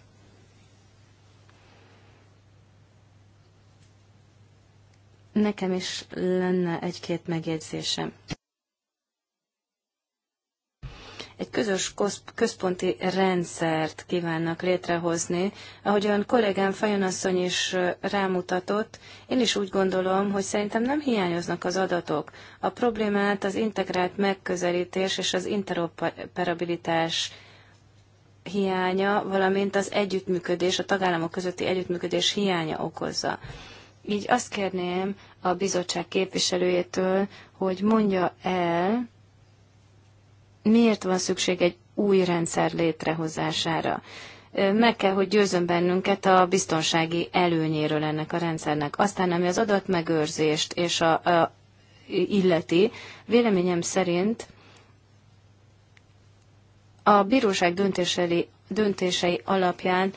Nekem is lenne egy-két megjegyzésem. Egy közös központi rendszert kívánnak létrehozni. Ahogyan kollégám Fajonasszony is rámutatott, én is úgy gondolom, hogy szerintem nem hiányoznak az adatok. A problémát az integrált megközelítés és az interoperabilitás hiánya, valamint az együttműködés, a tagállamok közötti együttműködés hiánya okozza. Így azt kérném a bizottság képviselőjétől, hogy mondja el, miért van szükség egy új rendszer létrehozására. Meg kell, hogy győzön bennünket a biztonsági előnyéről ennek a rendszernek. Aztán, ami az adatmegőrzést és a, a illeti, véleményem szerint a bíróság döntései, döntései alapján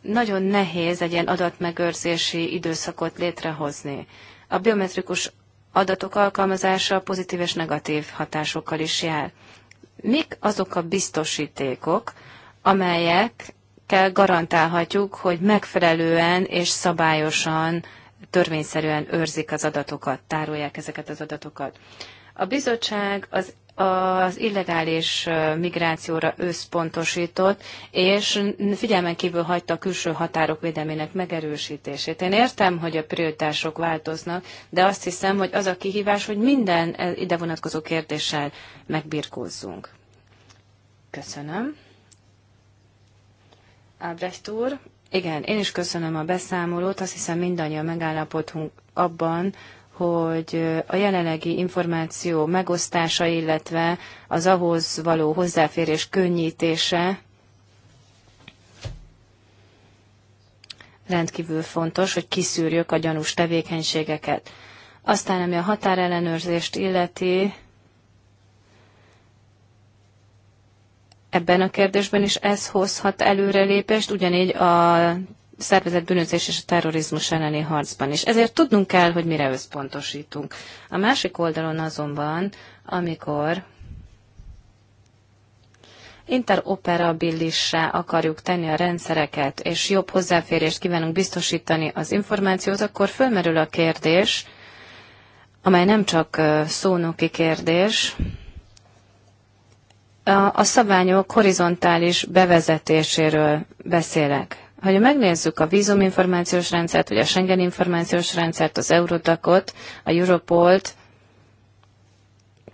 nagyon nehéz egy ilyen adatmegőrzési időszakot létrehozni. A biometrikus adatok alkalmazása pozitív és negatív hatásokkal is jár. Mik azok a biztosítékok, amelyekkel garantálhatjuk, hogy megfelelően és szabályosan, törvényszerűen őrzik az adatokat, tárolják ezeket az adatokat? A bizottság az az illegális migrációra összpontosított, és figyelmen kívül hagyta a külső határok védelmének megerősítését. Én értem, hogy a prioritások változnak, de azt hiszem, hogy az a kihívás, hogy minden ide vonatkozó kérdéssel megbirkózzunk. Köszönöm. Ábrecht úr, igen, én is köszönöm a beszámolót. Azt hiszem mindannyian megállapodtunk abban, hogy a jelenlegi információ megosztása, illetve az ahhoz való hozzáférés könnyítése rendkívül fontos, hogy kiszűrjük a gyanús tevékenységeket. Aztán, ami a határellenőrzést illeti, ebben a kérdésben is ez hozhat előrelépést, ugyanígy a szervezett bűnözés és a terrorizmus elleni harcban is. Ezért tudnunk kell, hogy mire összpontosítunk. A másik oldalon azonban, amikor interoperabilissá akarjuk tenni a rendszereket, és jobb hozzáférést kívánunk biztosítani az információhoz, akkor fölmerül a kérdés, amely nem csak szónoki kérdés, a szabványok horizontális bevezetéséről beszélek hogyha megnézzük a vízuminformációs rendszert, vagy a Schengen információs rendszert, az Eurodacot, a Europolt,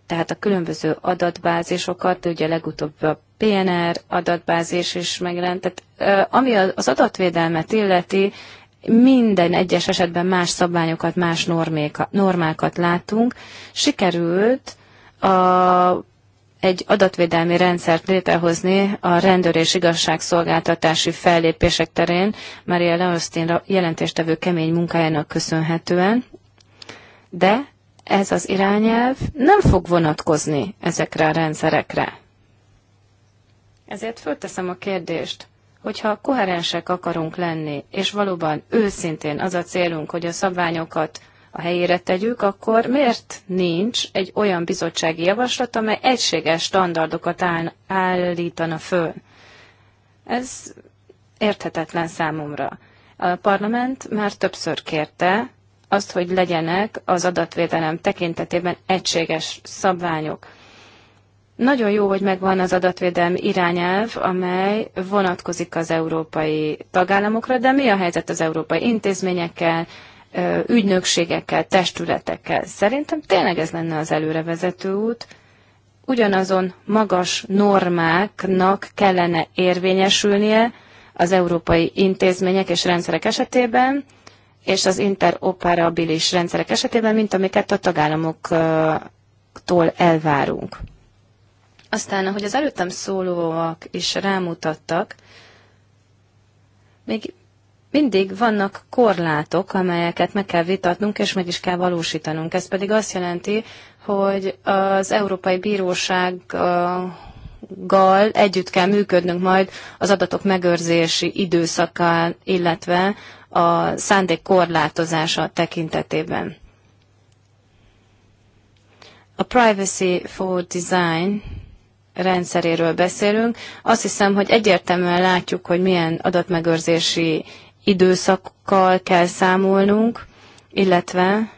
tehát a különböző adatbázisokat, ugye legutóbb a PNR adatbázis is megjelent. Tehát, ami az adatvédelmet illeti, minden egyes esetben más szabványokat, más normákat látunk. Sikerült a egy adatvédelmi rendszert létrehozni a rendőr és igazságszolgáltatási fellépések terén Maria Leosztin jelentéstevő kemény munkájának köszönhetően, de ez az irányelv nem fog vonatkozni ezekre a rendszerekre. Ezért fölteszem a kérdést, hogyha koherensek akarunk lenni, és valóban őszintén az a célunk, hogy a szabványokat a helyére tegyük, akkor miért nincs egy olyan bizottsági javaslat, amely egységes standardokat áll, állítana föl? Ez érthetetlen számomra. A parlament már többször kérte azt, hogy legyenek az adatvédelem tekintetében egységes szabványok. Nagyon jó, hogy megvan az adatvédelmi irányelv, amely vonatkozik az európai tagállamokra, de mi a helyzet az európai intézményekkel, ügynökségekkel, testületekkel. Szerintem tényleg ez lenne az előrevezető út. Ugyanazon magas normáknak kellene érvényesülnie az európai intézmények és rendszerek esetében, és az interoperabilis rendszerek esetében, mint amiket a tagállamoktól elvárunk. Aztán, ahogy az előttem szólóak is rámutattak, még mindig vannak korlátok, amelyeket meg kell vitatnunk, és meg is kell valósítanunk. Ez pedig azt jelenti, hogy az Európai Bírósággal együtt kell működnünk majd az adatok megőrzési időszaka illetve a szándék korlátozása tekintetében. A Privacy for Design rendszeréről beszélünk. Azt hiszem, hogy egyértelműen látjuk, hogy milyen adatmegőrzési időszakkal kell számolnunk, illetve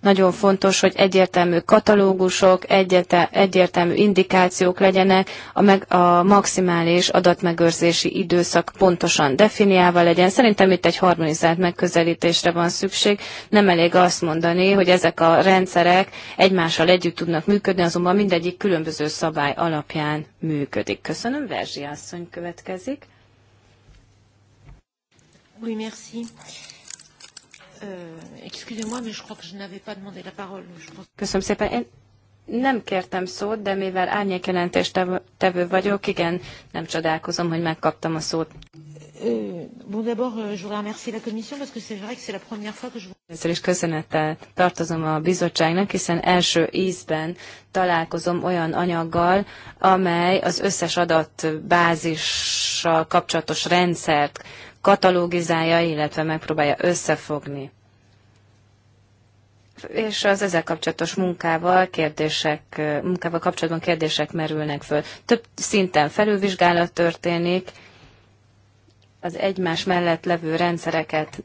nagyon fontos, hogy egyértelmű katalógusok, egyete, egyértelmű indikációk legyenek, a, meg, a maximális adatmegőrzési időszak pontosan definiálva legyen. Szerintem itt egy harmonizált megközelítésre van szükség. Nem elég azt mondani, hogy ezek a rendszerek egymással együtt tudnak működni, azonban mindegyik különböző szabály alapján működik. Köszönöm, Verzsi asszony következik. Oui, merci. Euh, excusez-moi, mais je crois que je n'avais pas demandé la parole. Je pense... Köszönöm szépen. Én nem kértem szót, de mivel árnyékjelentés tevő vagyok, igen, nem csodálkozom, hogy megkaptam a szót. Euh, bon, d'abord, euh, je voudrais remercier la Commission parce que c'est vrai que c'est la première fois que je Ezzel is köszönettel tartozom a bizottságnak, hiszen első ízben találkozom olyan anyaggal, amely az összes adatbázissal kapcsolatos rendszert katalogizálja, illetve megpróbálja összefogni. És az ezzel kapcsolatos munkával, kérdések, munkával kapcsolatban kérdések merülnek föl. Több szinten felülvizsgálat történik, az egymás mellett levő rendszereket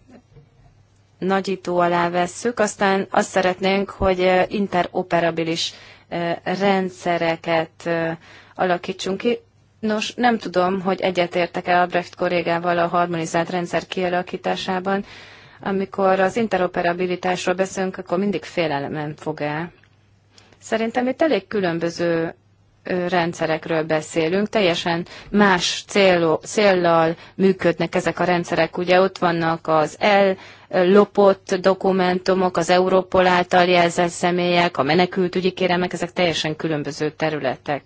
nagyító alá vesszük, aztán azt szeretnénk, hogy eh, interoperabilis eh, rendszereket eh, alakítsunk ki, Nos, nem tudom, hogy egyetértek-e Albrecht kollégával a harmonizált rendszer kialakításában. Amikor az interoperabilitásról beszélünk, akkor mindig félelemen fog el. Szerintem itt elég különböző rendszerekről beszélünk, teljesen más céló, céllal működnek ezek a rendszerek. Ugye ott vannak az ellopott dokumentumok, az Európol által jelzett személyek, a menekültügyi kéremek, ezek teljesen különböző területek.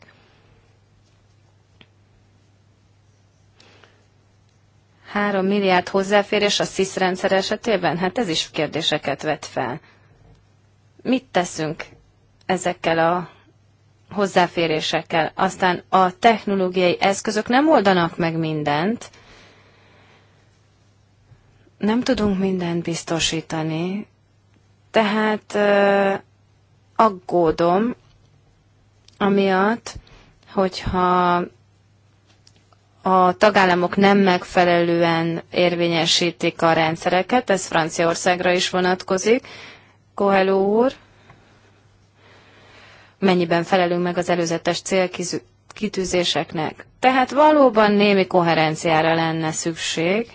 3 milliárd hozzáférés a SZISZ rendszer esetében? Hát ez is kérdéseket vet fel. Mit teszünk ezekkel a hozzáférésekkel? Aztán a technológiai eszközök nem oldanak meg mindent, nem tudunk mindent biztosítani, tehát aggódom, amiatt, hogyha a tagállamok nem megfelelően érvényesítik a rendszereket, ez Franciaországra is vonatkozik. Coelho úr, mennyiben felelünk meg az előzetes célkitűzéseknek? Tehát valóban némi koherenciára lenne szükség.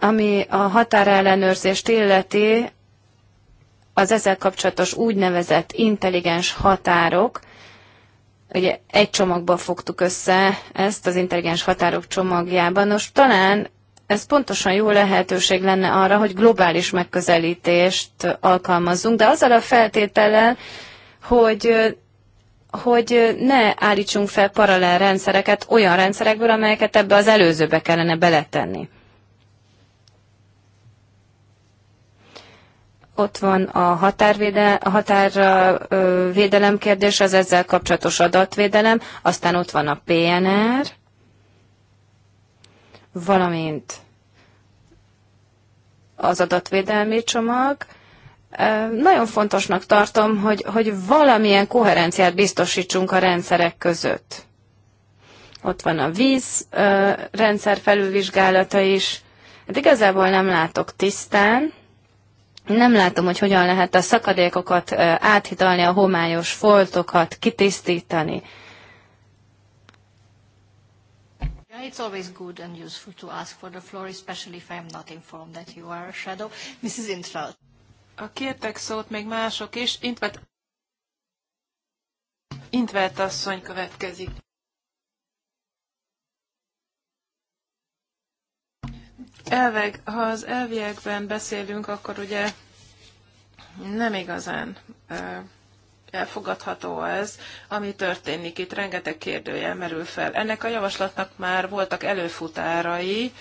Ami a határellenőrzést illeti, az ezzel kapcsolatos úgynevezett intelligens határok, Ugye egy csomagban fogtuk össze ezt az intelligens határok csomagjában. Most talán ez pontosan jó lehetőség lenne arra, hogy globális megközelítést alkalmazzunk, de azzal a feltétellel, hogy hogy ne állítsunk fel paralel rendszereket olyan rendszerekből, amelyeket ebbe az előzőbe kellene beletenni. Ott van a, határvéde, a határvédelem kérdés, az ezzel kapcsolatos adatvédelem, aztán ott van a PNR, valamint az adatvédelmi csomag. Nagyon fontosnak tartom, hogy, hogy valamilyen koherenciát biztosítsunk a rendszerek között. Ott van a víz rendszer felülvizsgálata is. Hát igazából nem látok tisztán. Nem látom, hogy hogyan lehet a szakadékokat áthidalni, a homályos foltokat kitisztítani. It's always good and useful to ask for the floor, especially if I am not informed that you are a shadow. Mrs. Intrad. A kértek szót még mások is. Intvet, Intvet asszony következik. Elveg, ha az elviekben beszélünk, akkor ugye nem igazán elfogadható ez, ami történik itt, rengeteg kérdője merül fel. Ennek a javaslatnak már voltak előfutárai,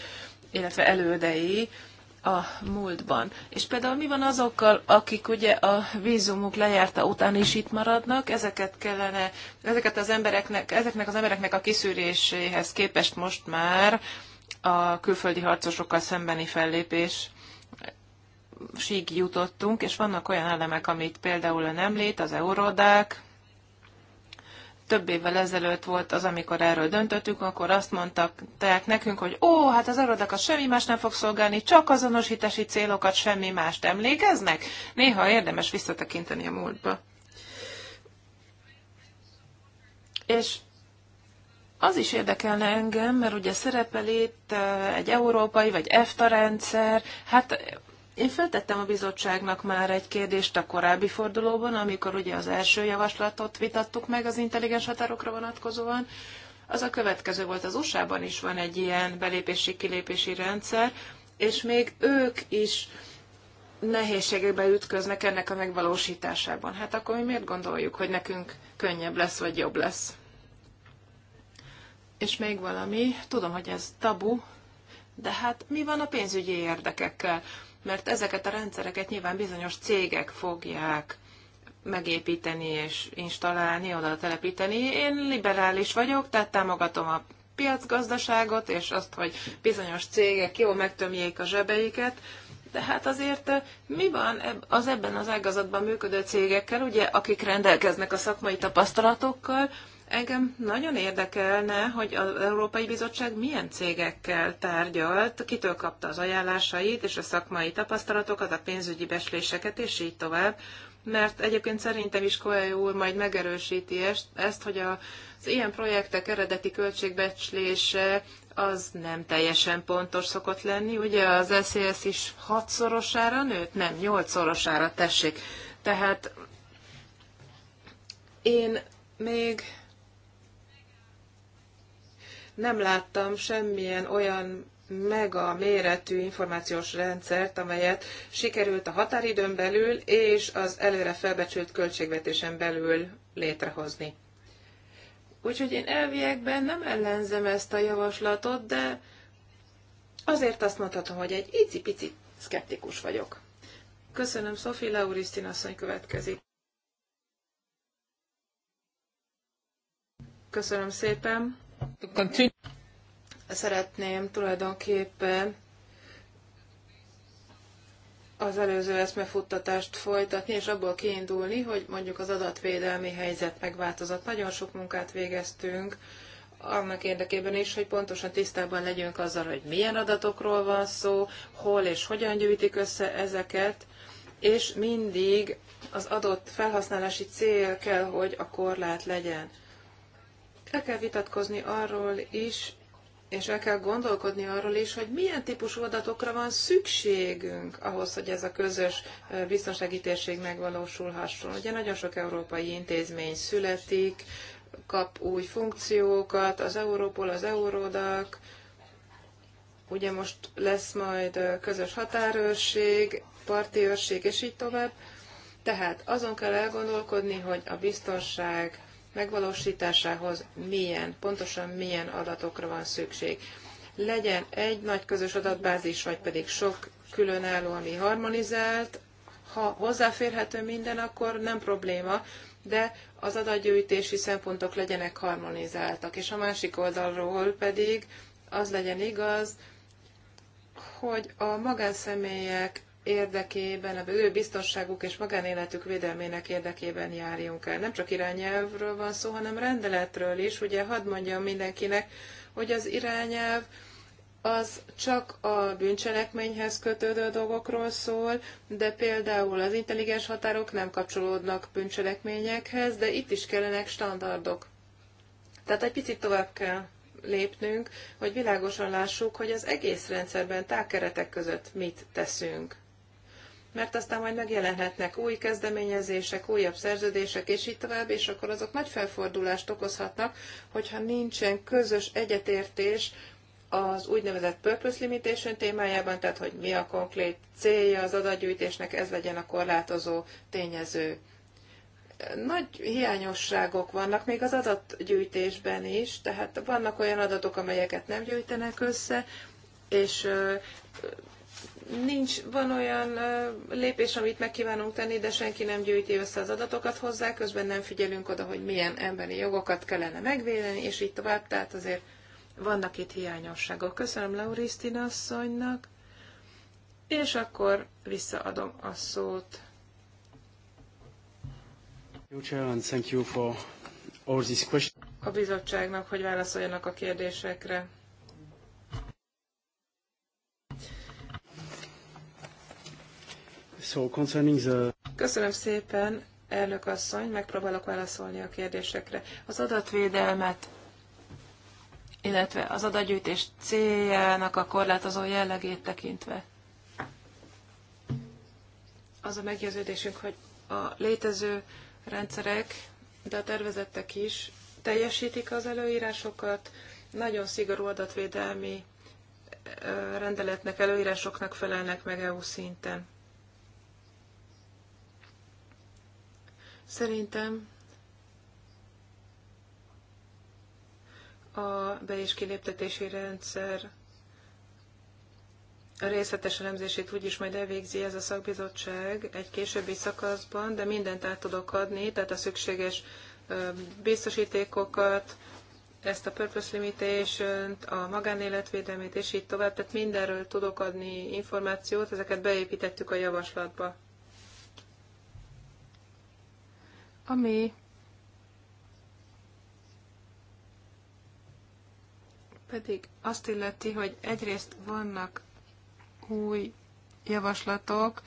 illetve elődei a múltban. És például mi van azokkal, akik ugye a vízumuk lejárta után is itt maradnak, ezeket kellene, ezeket az embereknek, ezeknek az embereknek a kiszűréséhez képest most már a külföldi harcosokkal szembeni fellépés síg jutottunk, és vannak olyan elemek, amit például a nem lét, az eurodák, több évvel ezelőtt volt az, amikor erről döntöttük, akkor azt mondtak tehát nekünk, hogy ó, hát az erodak az semmi más nem fog szolgálni, csak azonosítási célokat, semmi mást emlékeznek. Néha érdemes visszatekinteni a múltba. És az is érdekelne engem, mert ugye szerepel itt egy európai vagy EFTA rendszer, hát én feltettem a bizottságnak már egy kérdést a korábbi fordulóban, amikor ugye az első javaslatot vitattuk meg az intelligens határokra vonatkozóan. Az a következő volt, az USA-ban is van egy ilyen belépési-kilépési rendszer, és még ők is nehézségekbe ütköznek ennek a megvalósításában. Hát akkor mi miért gondoljuk, hogy nekünk könnyebb lesz, vagy jobb lesz? És még valami, tudom, hogy ez tabu, de hát mi van a pénzügyi érdekekkel? Mert ezeket a rendszereket nyilván bizonyos cégek fogják megépíteni és installálni, oda telepíteni. Én liberális vagyok, tehát támogatom a piacgazdaságot, és azt, hogy bizonyos cégek jó megtömjék a zsebeiket, de hát azért eh, mi van az ebben az ágazatban működő cégekkel, ugye, akik rendelkeznek a szakmai tapasztalatokkal, Engem nagyon érdekelne, hogy az Európai Bizottság milyen cégekkel tárgyalt, kitől kapta az ajánlásait és a szakmai tapasztalatokat, a pénzügyi besléseket, és így tovább. Mert egyébként szerintem is Koei úr majd megerősíti ezt, hogy az ilyen projektek eredeti költségbecslése az nem teljesen pontos szokott lenni. Ugye az SZSZ is hatszorosára nőtt? Nem, nyolcszorosára tessék. Tehát én még nem láttam semmilyen olyan mega méretű információs rendszert, amelyet sikerült a határidőn belül és az előre felbecsült költségvetésen belül létrehozni. Úgyhogy én elviekben nem ellenzem ezt a javaslatot, de azért azt mondhatom, hogy egy icipici szkeptikus vagyok. Köszönöm, Szofi Laurisztin asszony következik. Köszönöm szépen. Szeretném tulajdonképpen az előző eszmefuttatást folytatni, és abból kiindulni, hogy mondjuk az adatvédelmi helyzet megváltozott. Nagyon sok munkát végeztünk, annak érdekében is, hogy pontosan tisztában legyünk azzal, hogy milyen adatokról van szó, hol és hogyan gyűjtik össze ezeket, és mindig az adott felhasználási cél kell, hogy a korlát legyen. El kell vitatkozni arról is, és el kell gondolkodni arról is, hogy milyen típusú adatokra van szükségünk ahhoz, hogy ez a közös biztonsági térség megvalósulhasson. Ugye nagyon sok európai intézmény születik, kap új funkciókat, az Európol, az Euródak, ugye most lesz majd közös határőrség, parti őrség, és így tovább. Tehát azon kell elgondolkodni, hogy a biztonság megvalósításához milyen, pontosan milyen adatokra van szükség. Legyen egy nagy közös adatbázis, vagy pedig sok különálló, ami harmonizált. Ha hozzáférhető minden, akkor nem probléma, de az adatgyűjtési szempontok legyenek harmonizáltak, és a másik oldalról pedig az legyen igaz, hogy a magánszemélyek érdekében, az ő biztonságuk és magánéletük védelmének érdekében járjunk el. Nem csak irányelvről van szó, hanem rendeletről is. Ugye hadd mondjam mindenkinek, hogy az irányelv az csak a bűncselekményhez kötődő dolgokról szól, de például az intelligens határok nem kapcsolódnak bűncselekményekhez, de itt is kellenek standardok. Tehát egy picit tovább kell lépnünk, hogy világosan lássuk, hogy az egész rendszerben tágkeretek között mit teszünk mert aztán majd megjelenhetnek új kezdeményezések, újabb szerződések, és így tovább, és akkor azok nagy felfordulást okozhatnak, hogyha nincsen közös egyetértés az úgynevezett purpose limitation témájában, tehát hogy mi a konkrét célja az adatgyűjtésnek, ez legyen a korlátozó tényező. Nagy hiányosságok vannak még az adatgyűjtésben is, tehát vannak olyan adatok, amelyeket nem gyűjtenek össze, és nincs, van olyan lépés, amit megkívánunk tenni, de senki nem gyűjti össze az adatokat hozzá, közben nem figyelünk oda, hogy milyen emberi jogokat kellene megvédeni, és így tovább, tehát azért vannak itt hiányosságok. Köszönöm Laurisztina asszonynak, és akkor visszaadom a szót. A bizottságnak, hogy válaszoljanak a kérdésekre. So concerning the... Köszönöm szépen, elnök asszony, megpróbálok válaszolni a kérdésekre. Az adatvédelmet, illetve az adatgyűjtés céljának a korlátozó jellegét tekintve. Az a meggyőződésünk, hogy a létező rendszerek, de a tervezettek is teljesítik az előírásokat, nagyon szigorú adatvédelmi rendeletnek, előírásoknak felelnek meg EU szinten. Szerintem a be- és kiléptetési rendszer a részletes elemzését úgyis majd elvégzi ez a szakbizottság egy későbbi szakaszban, de mindent át tudok adni, tehát a szükséges biztosítékokat, ezt a purpose limitation a magánéletvédelmét, és így tovább, tehát mindenről tudok adni információt, ezeket beépítettük a javaslatba. ami pedig azt illeti, hogy egyrészt vannak új javaslatok,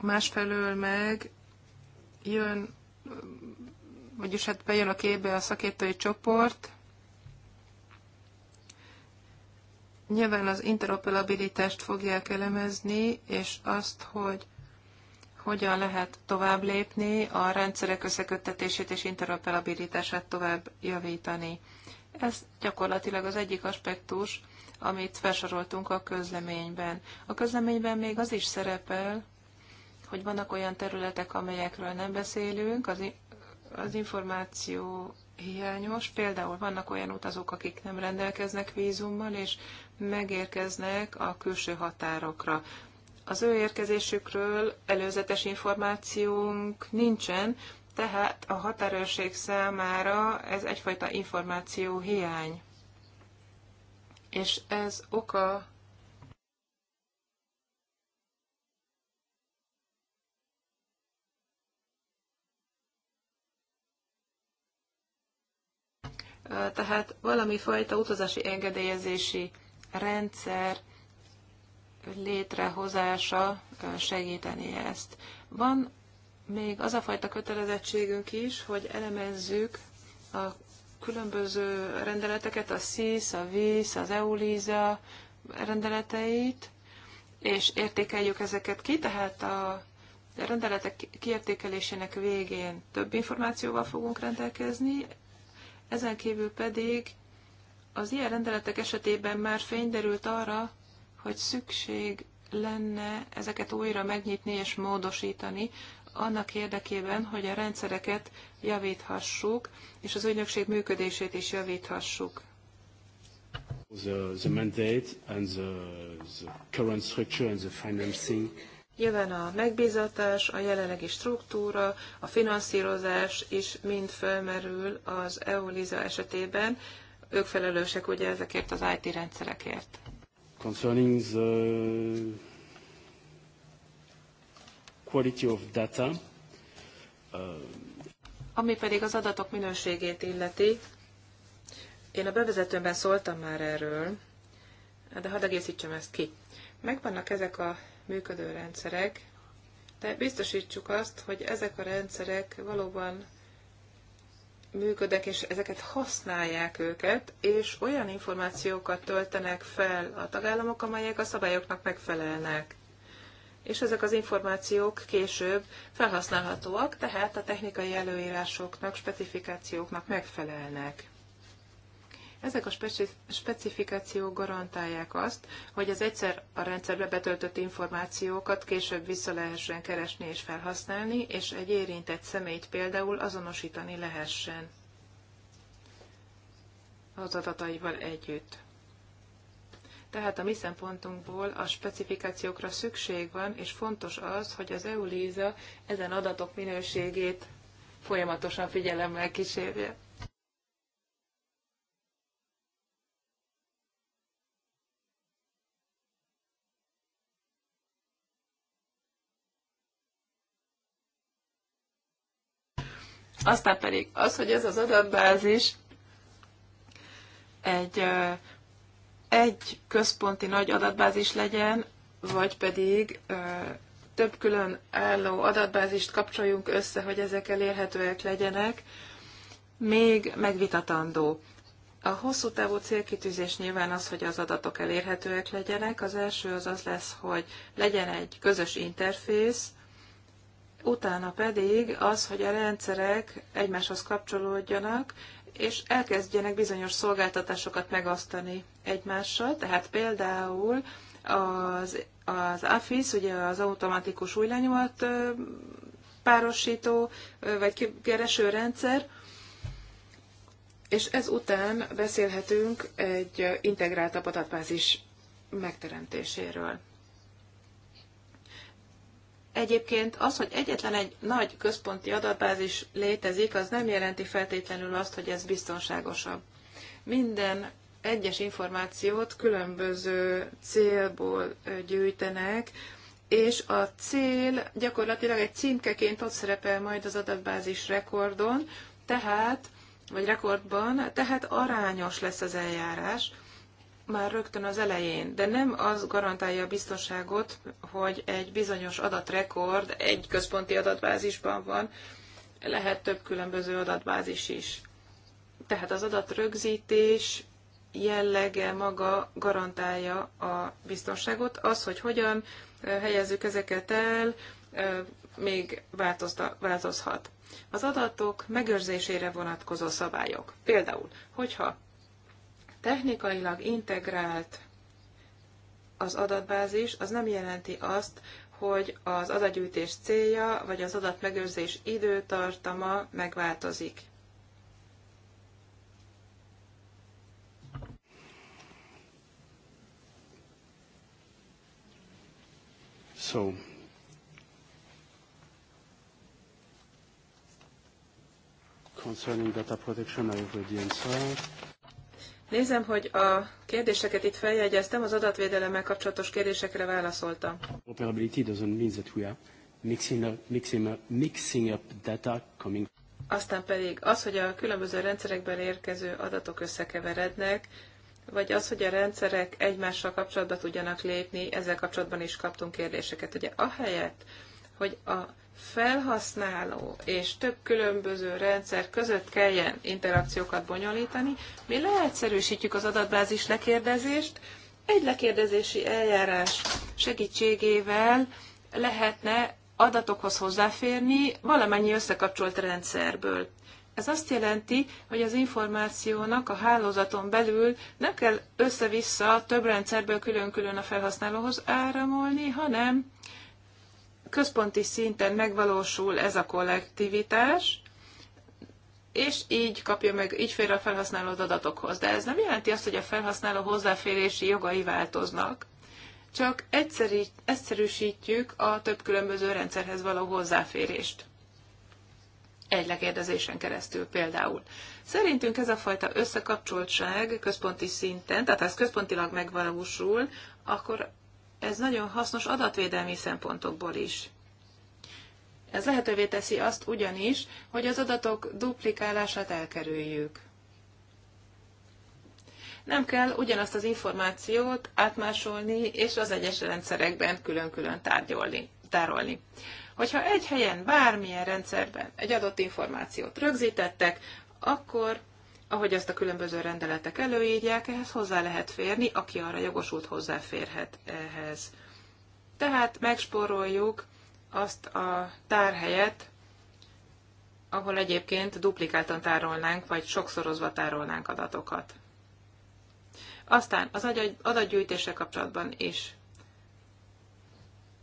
másfelől meg jön, vagyis hát bejön a képbe a szakértői csoport, nyilván az interoperabilitást fogják elemezni, és azt, hogy hogyan lehet tovább lépni, a rendszerek összeköttetését és interoperabilitását tovább javítani. Ez gyakorlatilag az egyik aspektus, amit felsoroltunk a közleményben. A közleményben még az is szerepel, hogy vannak olyan területek, amelyekről nem beszélünk, az, az információ hiányos. Például vannak olyan utazók, akik nem rendelkeznek vízummal, és megérkeznek a külső határokra. Az ő érkezésükről előzetes információnk nincsen, tehát a határőrség számára ez egyfajta információ hiány. És ez oka tehát valami fajta utazási engedélyezési rendszer létrehozása segíteni ezt. Van még az a fajta kötelezettségünk is, hogy elemezzük a különböző rendeleteket, a SZISZ, a VISZ, az EULISA rendeleteit, és értékeljük ezeket ki, tehát a rendeletek kiértékelésének végén több információval fogunk rendelkezni, ezen kívül pedig az ilyen rendeletek esetében már fény derült arra, hogy szükség lenne ezeket újra megnyitni és módosítani, annak érdekében, hogy a rendszereket javíthassuk, és az ügynökség működését is javíthassuk. The, the mandate and the, the current structure and the financing. Nyilván a megbízatás, a jelenlegi struktúra, a finanszírozás is mind felmerül az eu EULISA esetében. Ők felelősek ugye ezekért az IT rendszerekért concerning the quality of data. Uh, Ami pedig az adatok minőségét illeti, én a bevezetőben szóltam már erről, de hadd egészítsem ezt ki. Megvannak ezek a működő rendszerek, de biztosítsuk azt, hogy ezek a rendszerek valóban működnek, és ezeket használják őket, és olyan információkat töltenek fel a tagállamok, amelyek a szabályoknak megfelelnek. És ezek az információk később felhasználhatóak, tehát a technikai előírásoknak, specifikációknak megfelelnek. Ezek a specifikációk garantálják azt, hogy az egyszer a rendszerbe betöltött információkat később vissza lehessen keresni és felhasználni, és egy érintett személyt például azonosítani lehessen az adataival együtt. Tehát a mi szempontunkból a specifikációkra szükség van, és fontos az, hogy az EULISA ezen adatok minőségét folyamatosan figyelemmel kísérje. Aztán pedig az, hogy ez az adatbázis egy, egy központi nagy adatbázis legyen, vagy pedig több külön álló adatbázist kapcsoljunk össze, hogy ezek elérhetőek legyenek, még megvitatandó. A hosszú távú célkitűzés nyilván az, hogy az adatok elérhetőek legyenek. Az első az az lesz, hogy legyen egy közös interfész, utána pedig az, hogy a rendszerek egymáshoz kapcsolódjanak, és elkezdjenek bizonyos szolgáltatásokat megosztani egymással, tehát például az, az AFIS, ugye az automatikus újlenyomat párosító vagy kereső rendszer, és ezután beszélhetünk egy integrált adatbázis megteremtéséről. Egyébként az, hogy egyetlen egy nagy központi adatbázis létezik, az nem jelenti feltétlenül azt, hogy ez biztonságosabb. Minden egyes információt különböző célból gyűjtenek, és a cél gyakorlatilag egy címkeként ott szerepel majd az adatbázis rekordon, tehát, vagy rekordban, tehát arányos lesz az eljárás, már rögtön az elején, de nem az garantálja a biztonságot, hogy egy bizonyos adatrekord egy központi adatbázisban van, lehet több különböző adatbázis is. Tehát az adatrögzítés jellege maga garantálja a biztonságot. Az, hogy hogyan helyezzük ezeket el, még változhat. Az adatok megőrzésére vonatkozó szabályok. Például, hogyha Technikailag integrált az adatbázis, az nem jelenti azt, hogy az adatgyűjtés célja, vagy az adatmegőrzés időtartama megváltozik. So, concerning data protection, I already answered. Nézem, hogy a kérdéseket itt feljegyeztem, az adatvédelemmel kapcsolatos kérdésekre válaszoltam. Operability doesn't mean that we are mixing up, mixing up, mixing up data coming. Aztán pedig az, hogy a különböző rendszerekben érkező adatok összekeverednek, vagy az, hogy a rendszerek egymással kapcsolatba tudjanak lépni, ezzel kapcsolatban is kaptunk kérdéseket. Ugye ahelyett, hogy a felhasználó és több különböző rendszer között kelljen interakciókat bonyolítani, mi leegyszerűsítjük az adatbázis lekérdezést, egy lekérdezési eljárás segítségével lehetne adatokhoz hozzáférni valamennyi összekapcsolt rendszerből. Ez azt jelenti, hogy az információnak a hálózaton belül nem kell össze-vissza több rendszerből külön-külön a felhasználóhoz áramolni, hanem központi szinten megvalósul ez a kollektivitás, és így kapja meg, így fér a felhasználó adatokhoz. De ez nem jelenti azt, hogy a felhasználó hozzáférési jogai változnak, csak egyszerű, egyszerűsítjük a több különböző rendszerhez való hozzáférést. Egy lekérdezésen keresztül például. Szerintünk ez a fajta összekapcsoltság központi szinten, tehát ha ez központilag megvalósul, akkor ez nagyon hasznos adatvédelmi szempontokból is. Ez lehetővé teszi azt ugyanis, hogy az adatok duplikálását elkerüljük. Nem kell ugyanazt az információt átmásolni és az egyes rendszerekben külön-külön tárgyolni, tárolni. Hogyha egy helyen, bármilyen rendszerben egy adott információt rögzítettek, akkor ahogy azt a különböző rendeletek előírják, ehhez hozzá lehet férni, aki arra jogosult hozzáférhet ehhez. Tehát megsporoljuk azt a tárhelyet, ahol egyébként duplikáltan tárolnánk, vagy sokszorozva tárolnánk adatokat. Aztán az adatgyűjtése kapcsolatban is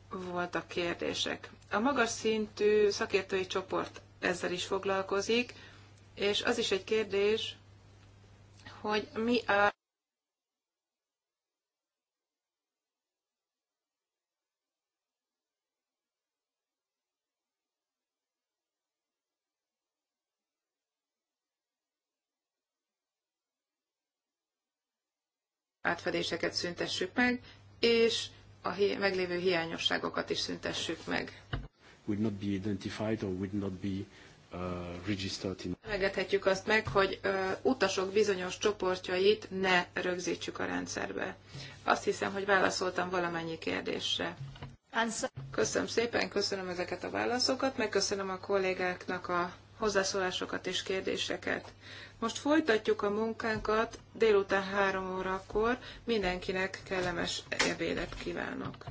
voltak kérdések. A magas szintű szakértői csoport ezzel is foglalkozik, és az is egy kérdés, hogy mi a átfedéseket szüntessük meg, és a hi- meglévő hiányosságokat is szüntessük meg. Would not be identified or would not be Uh, registered in... azt meg, hogy utasok bizonyos csoportjait ne rögzítsük a rendszerbe. Azt hiszem, hogy válaszoltam valamennyi kérdésre. Köszönöm szépen, köszönöm ezeket a válaszokat, megköszönöm a kollégáknak a hozzászólásokat és kérdéseket. Most folytatjuk a munkánkat délután három órakor. Mindenkinek kellemes ebédet kívánok.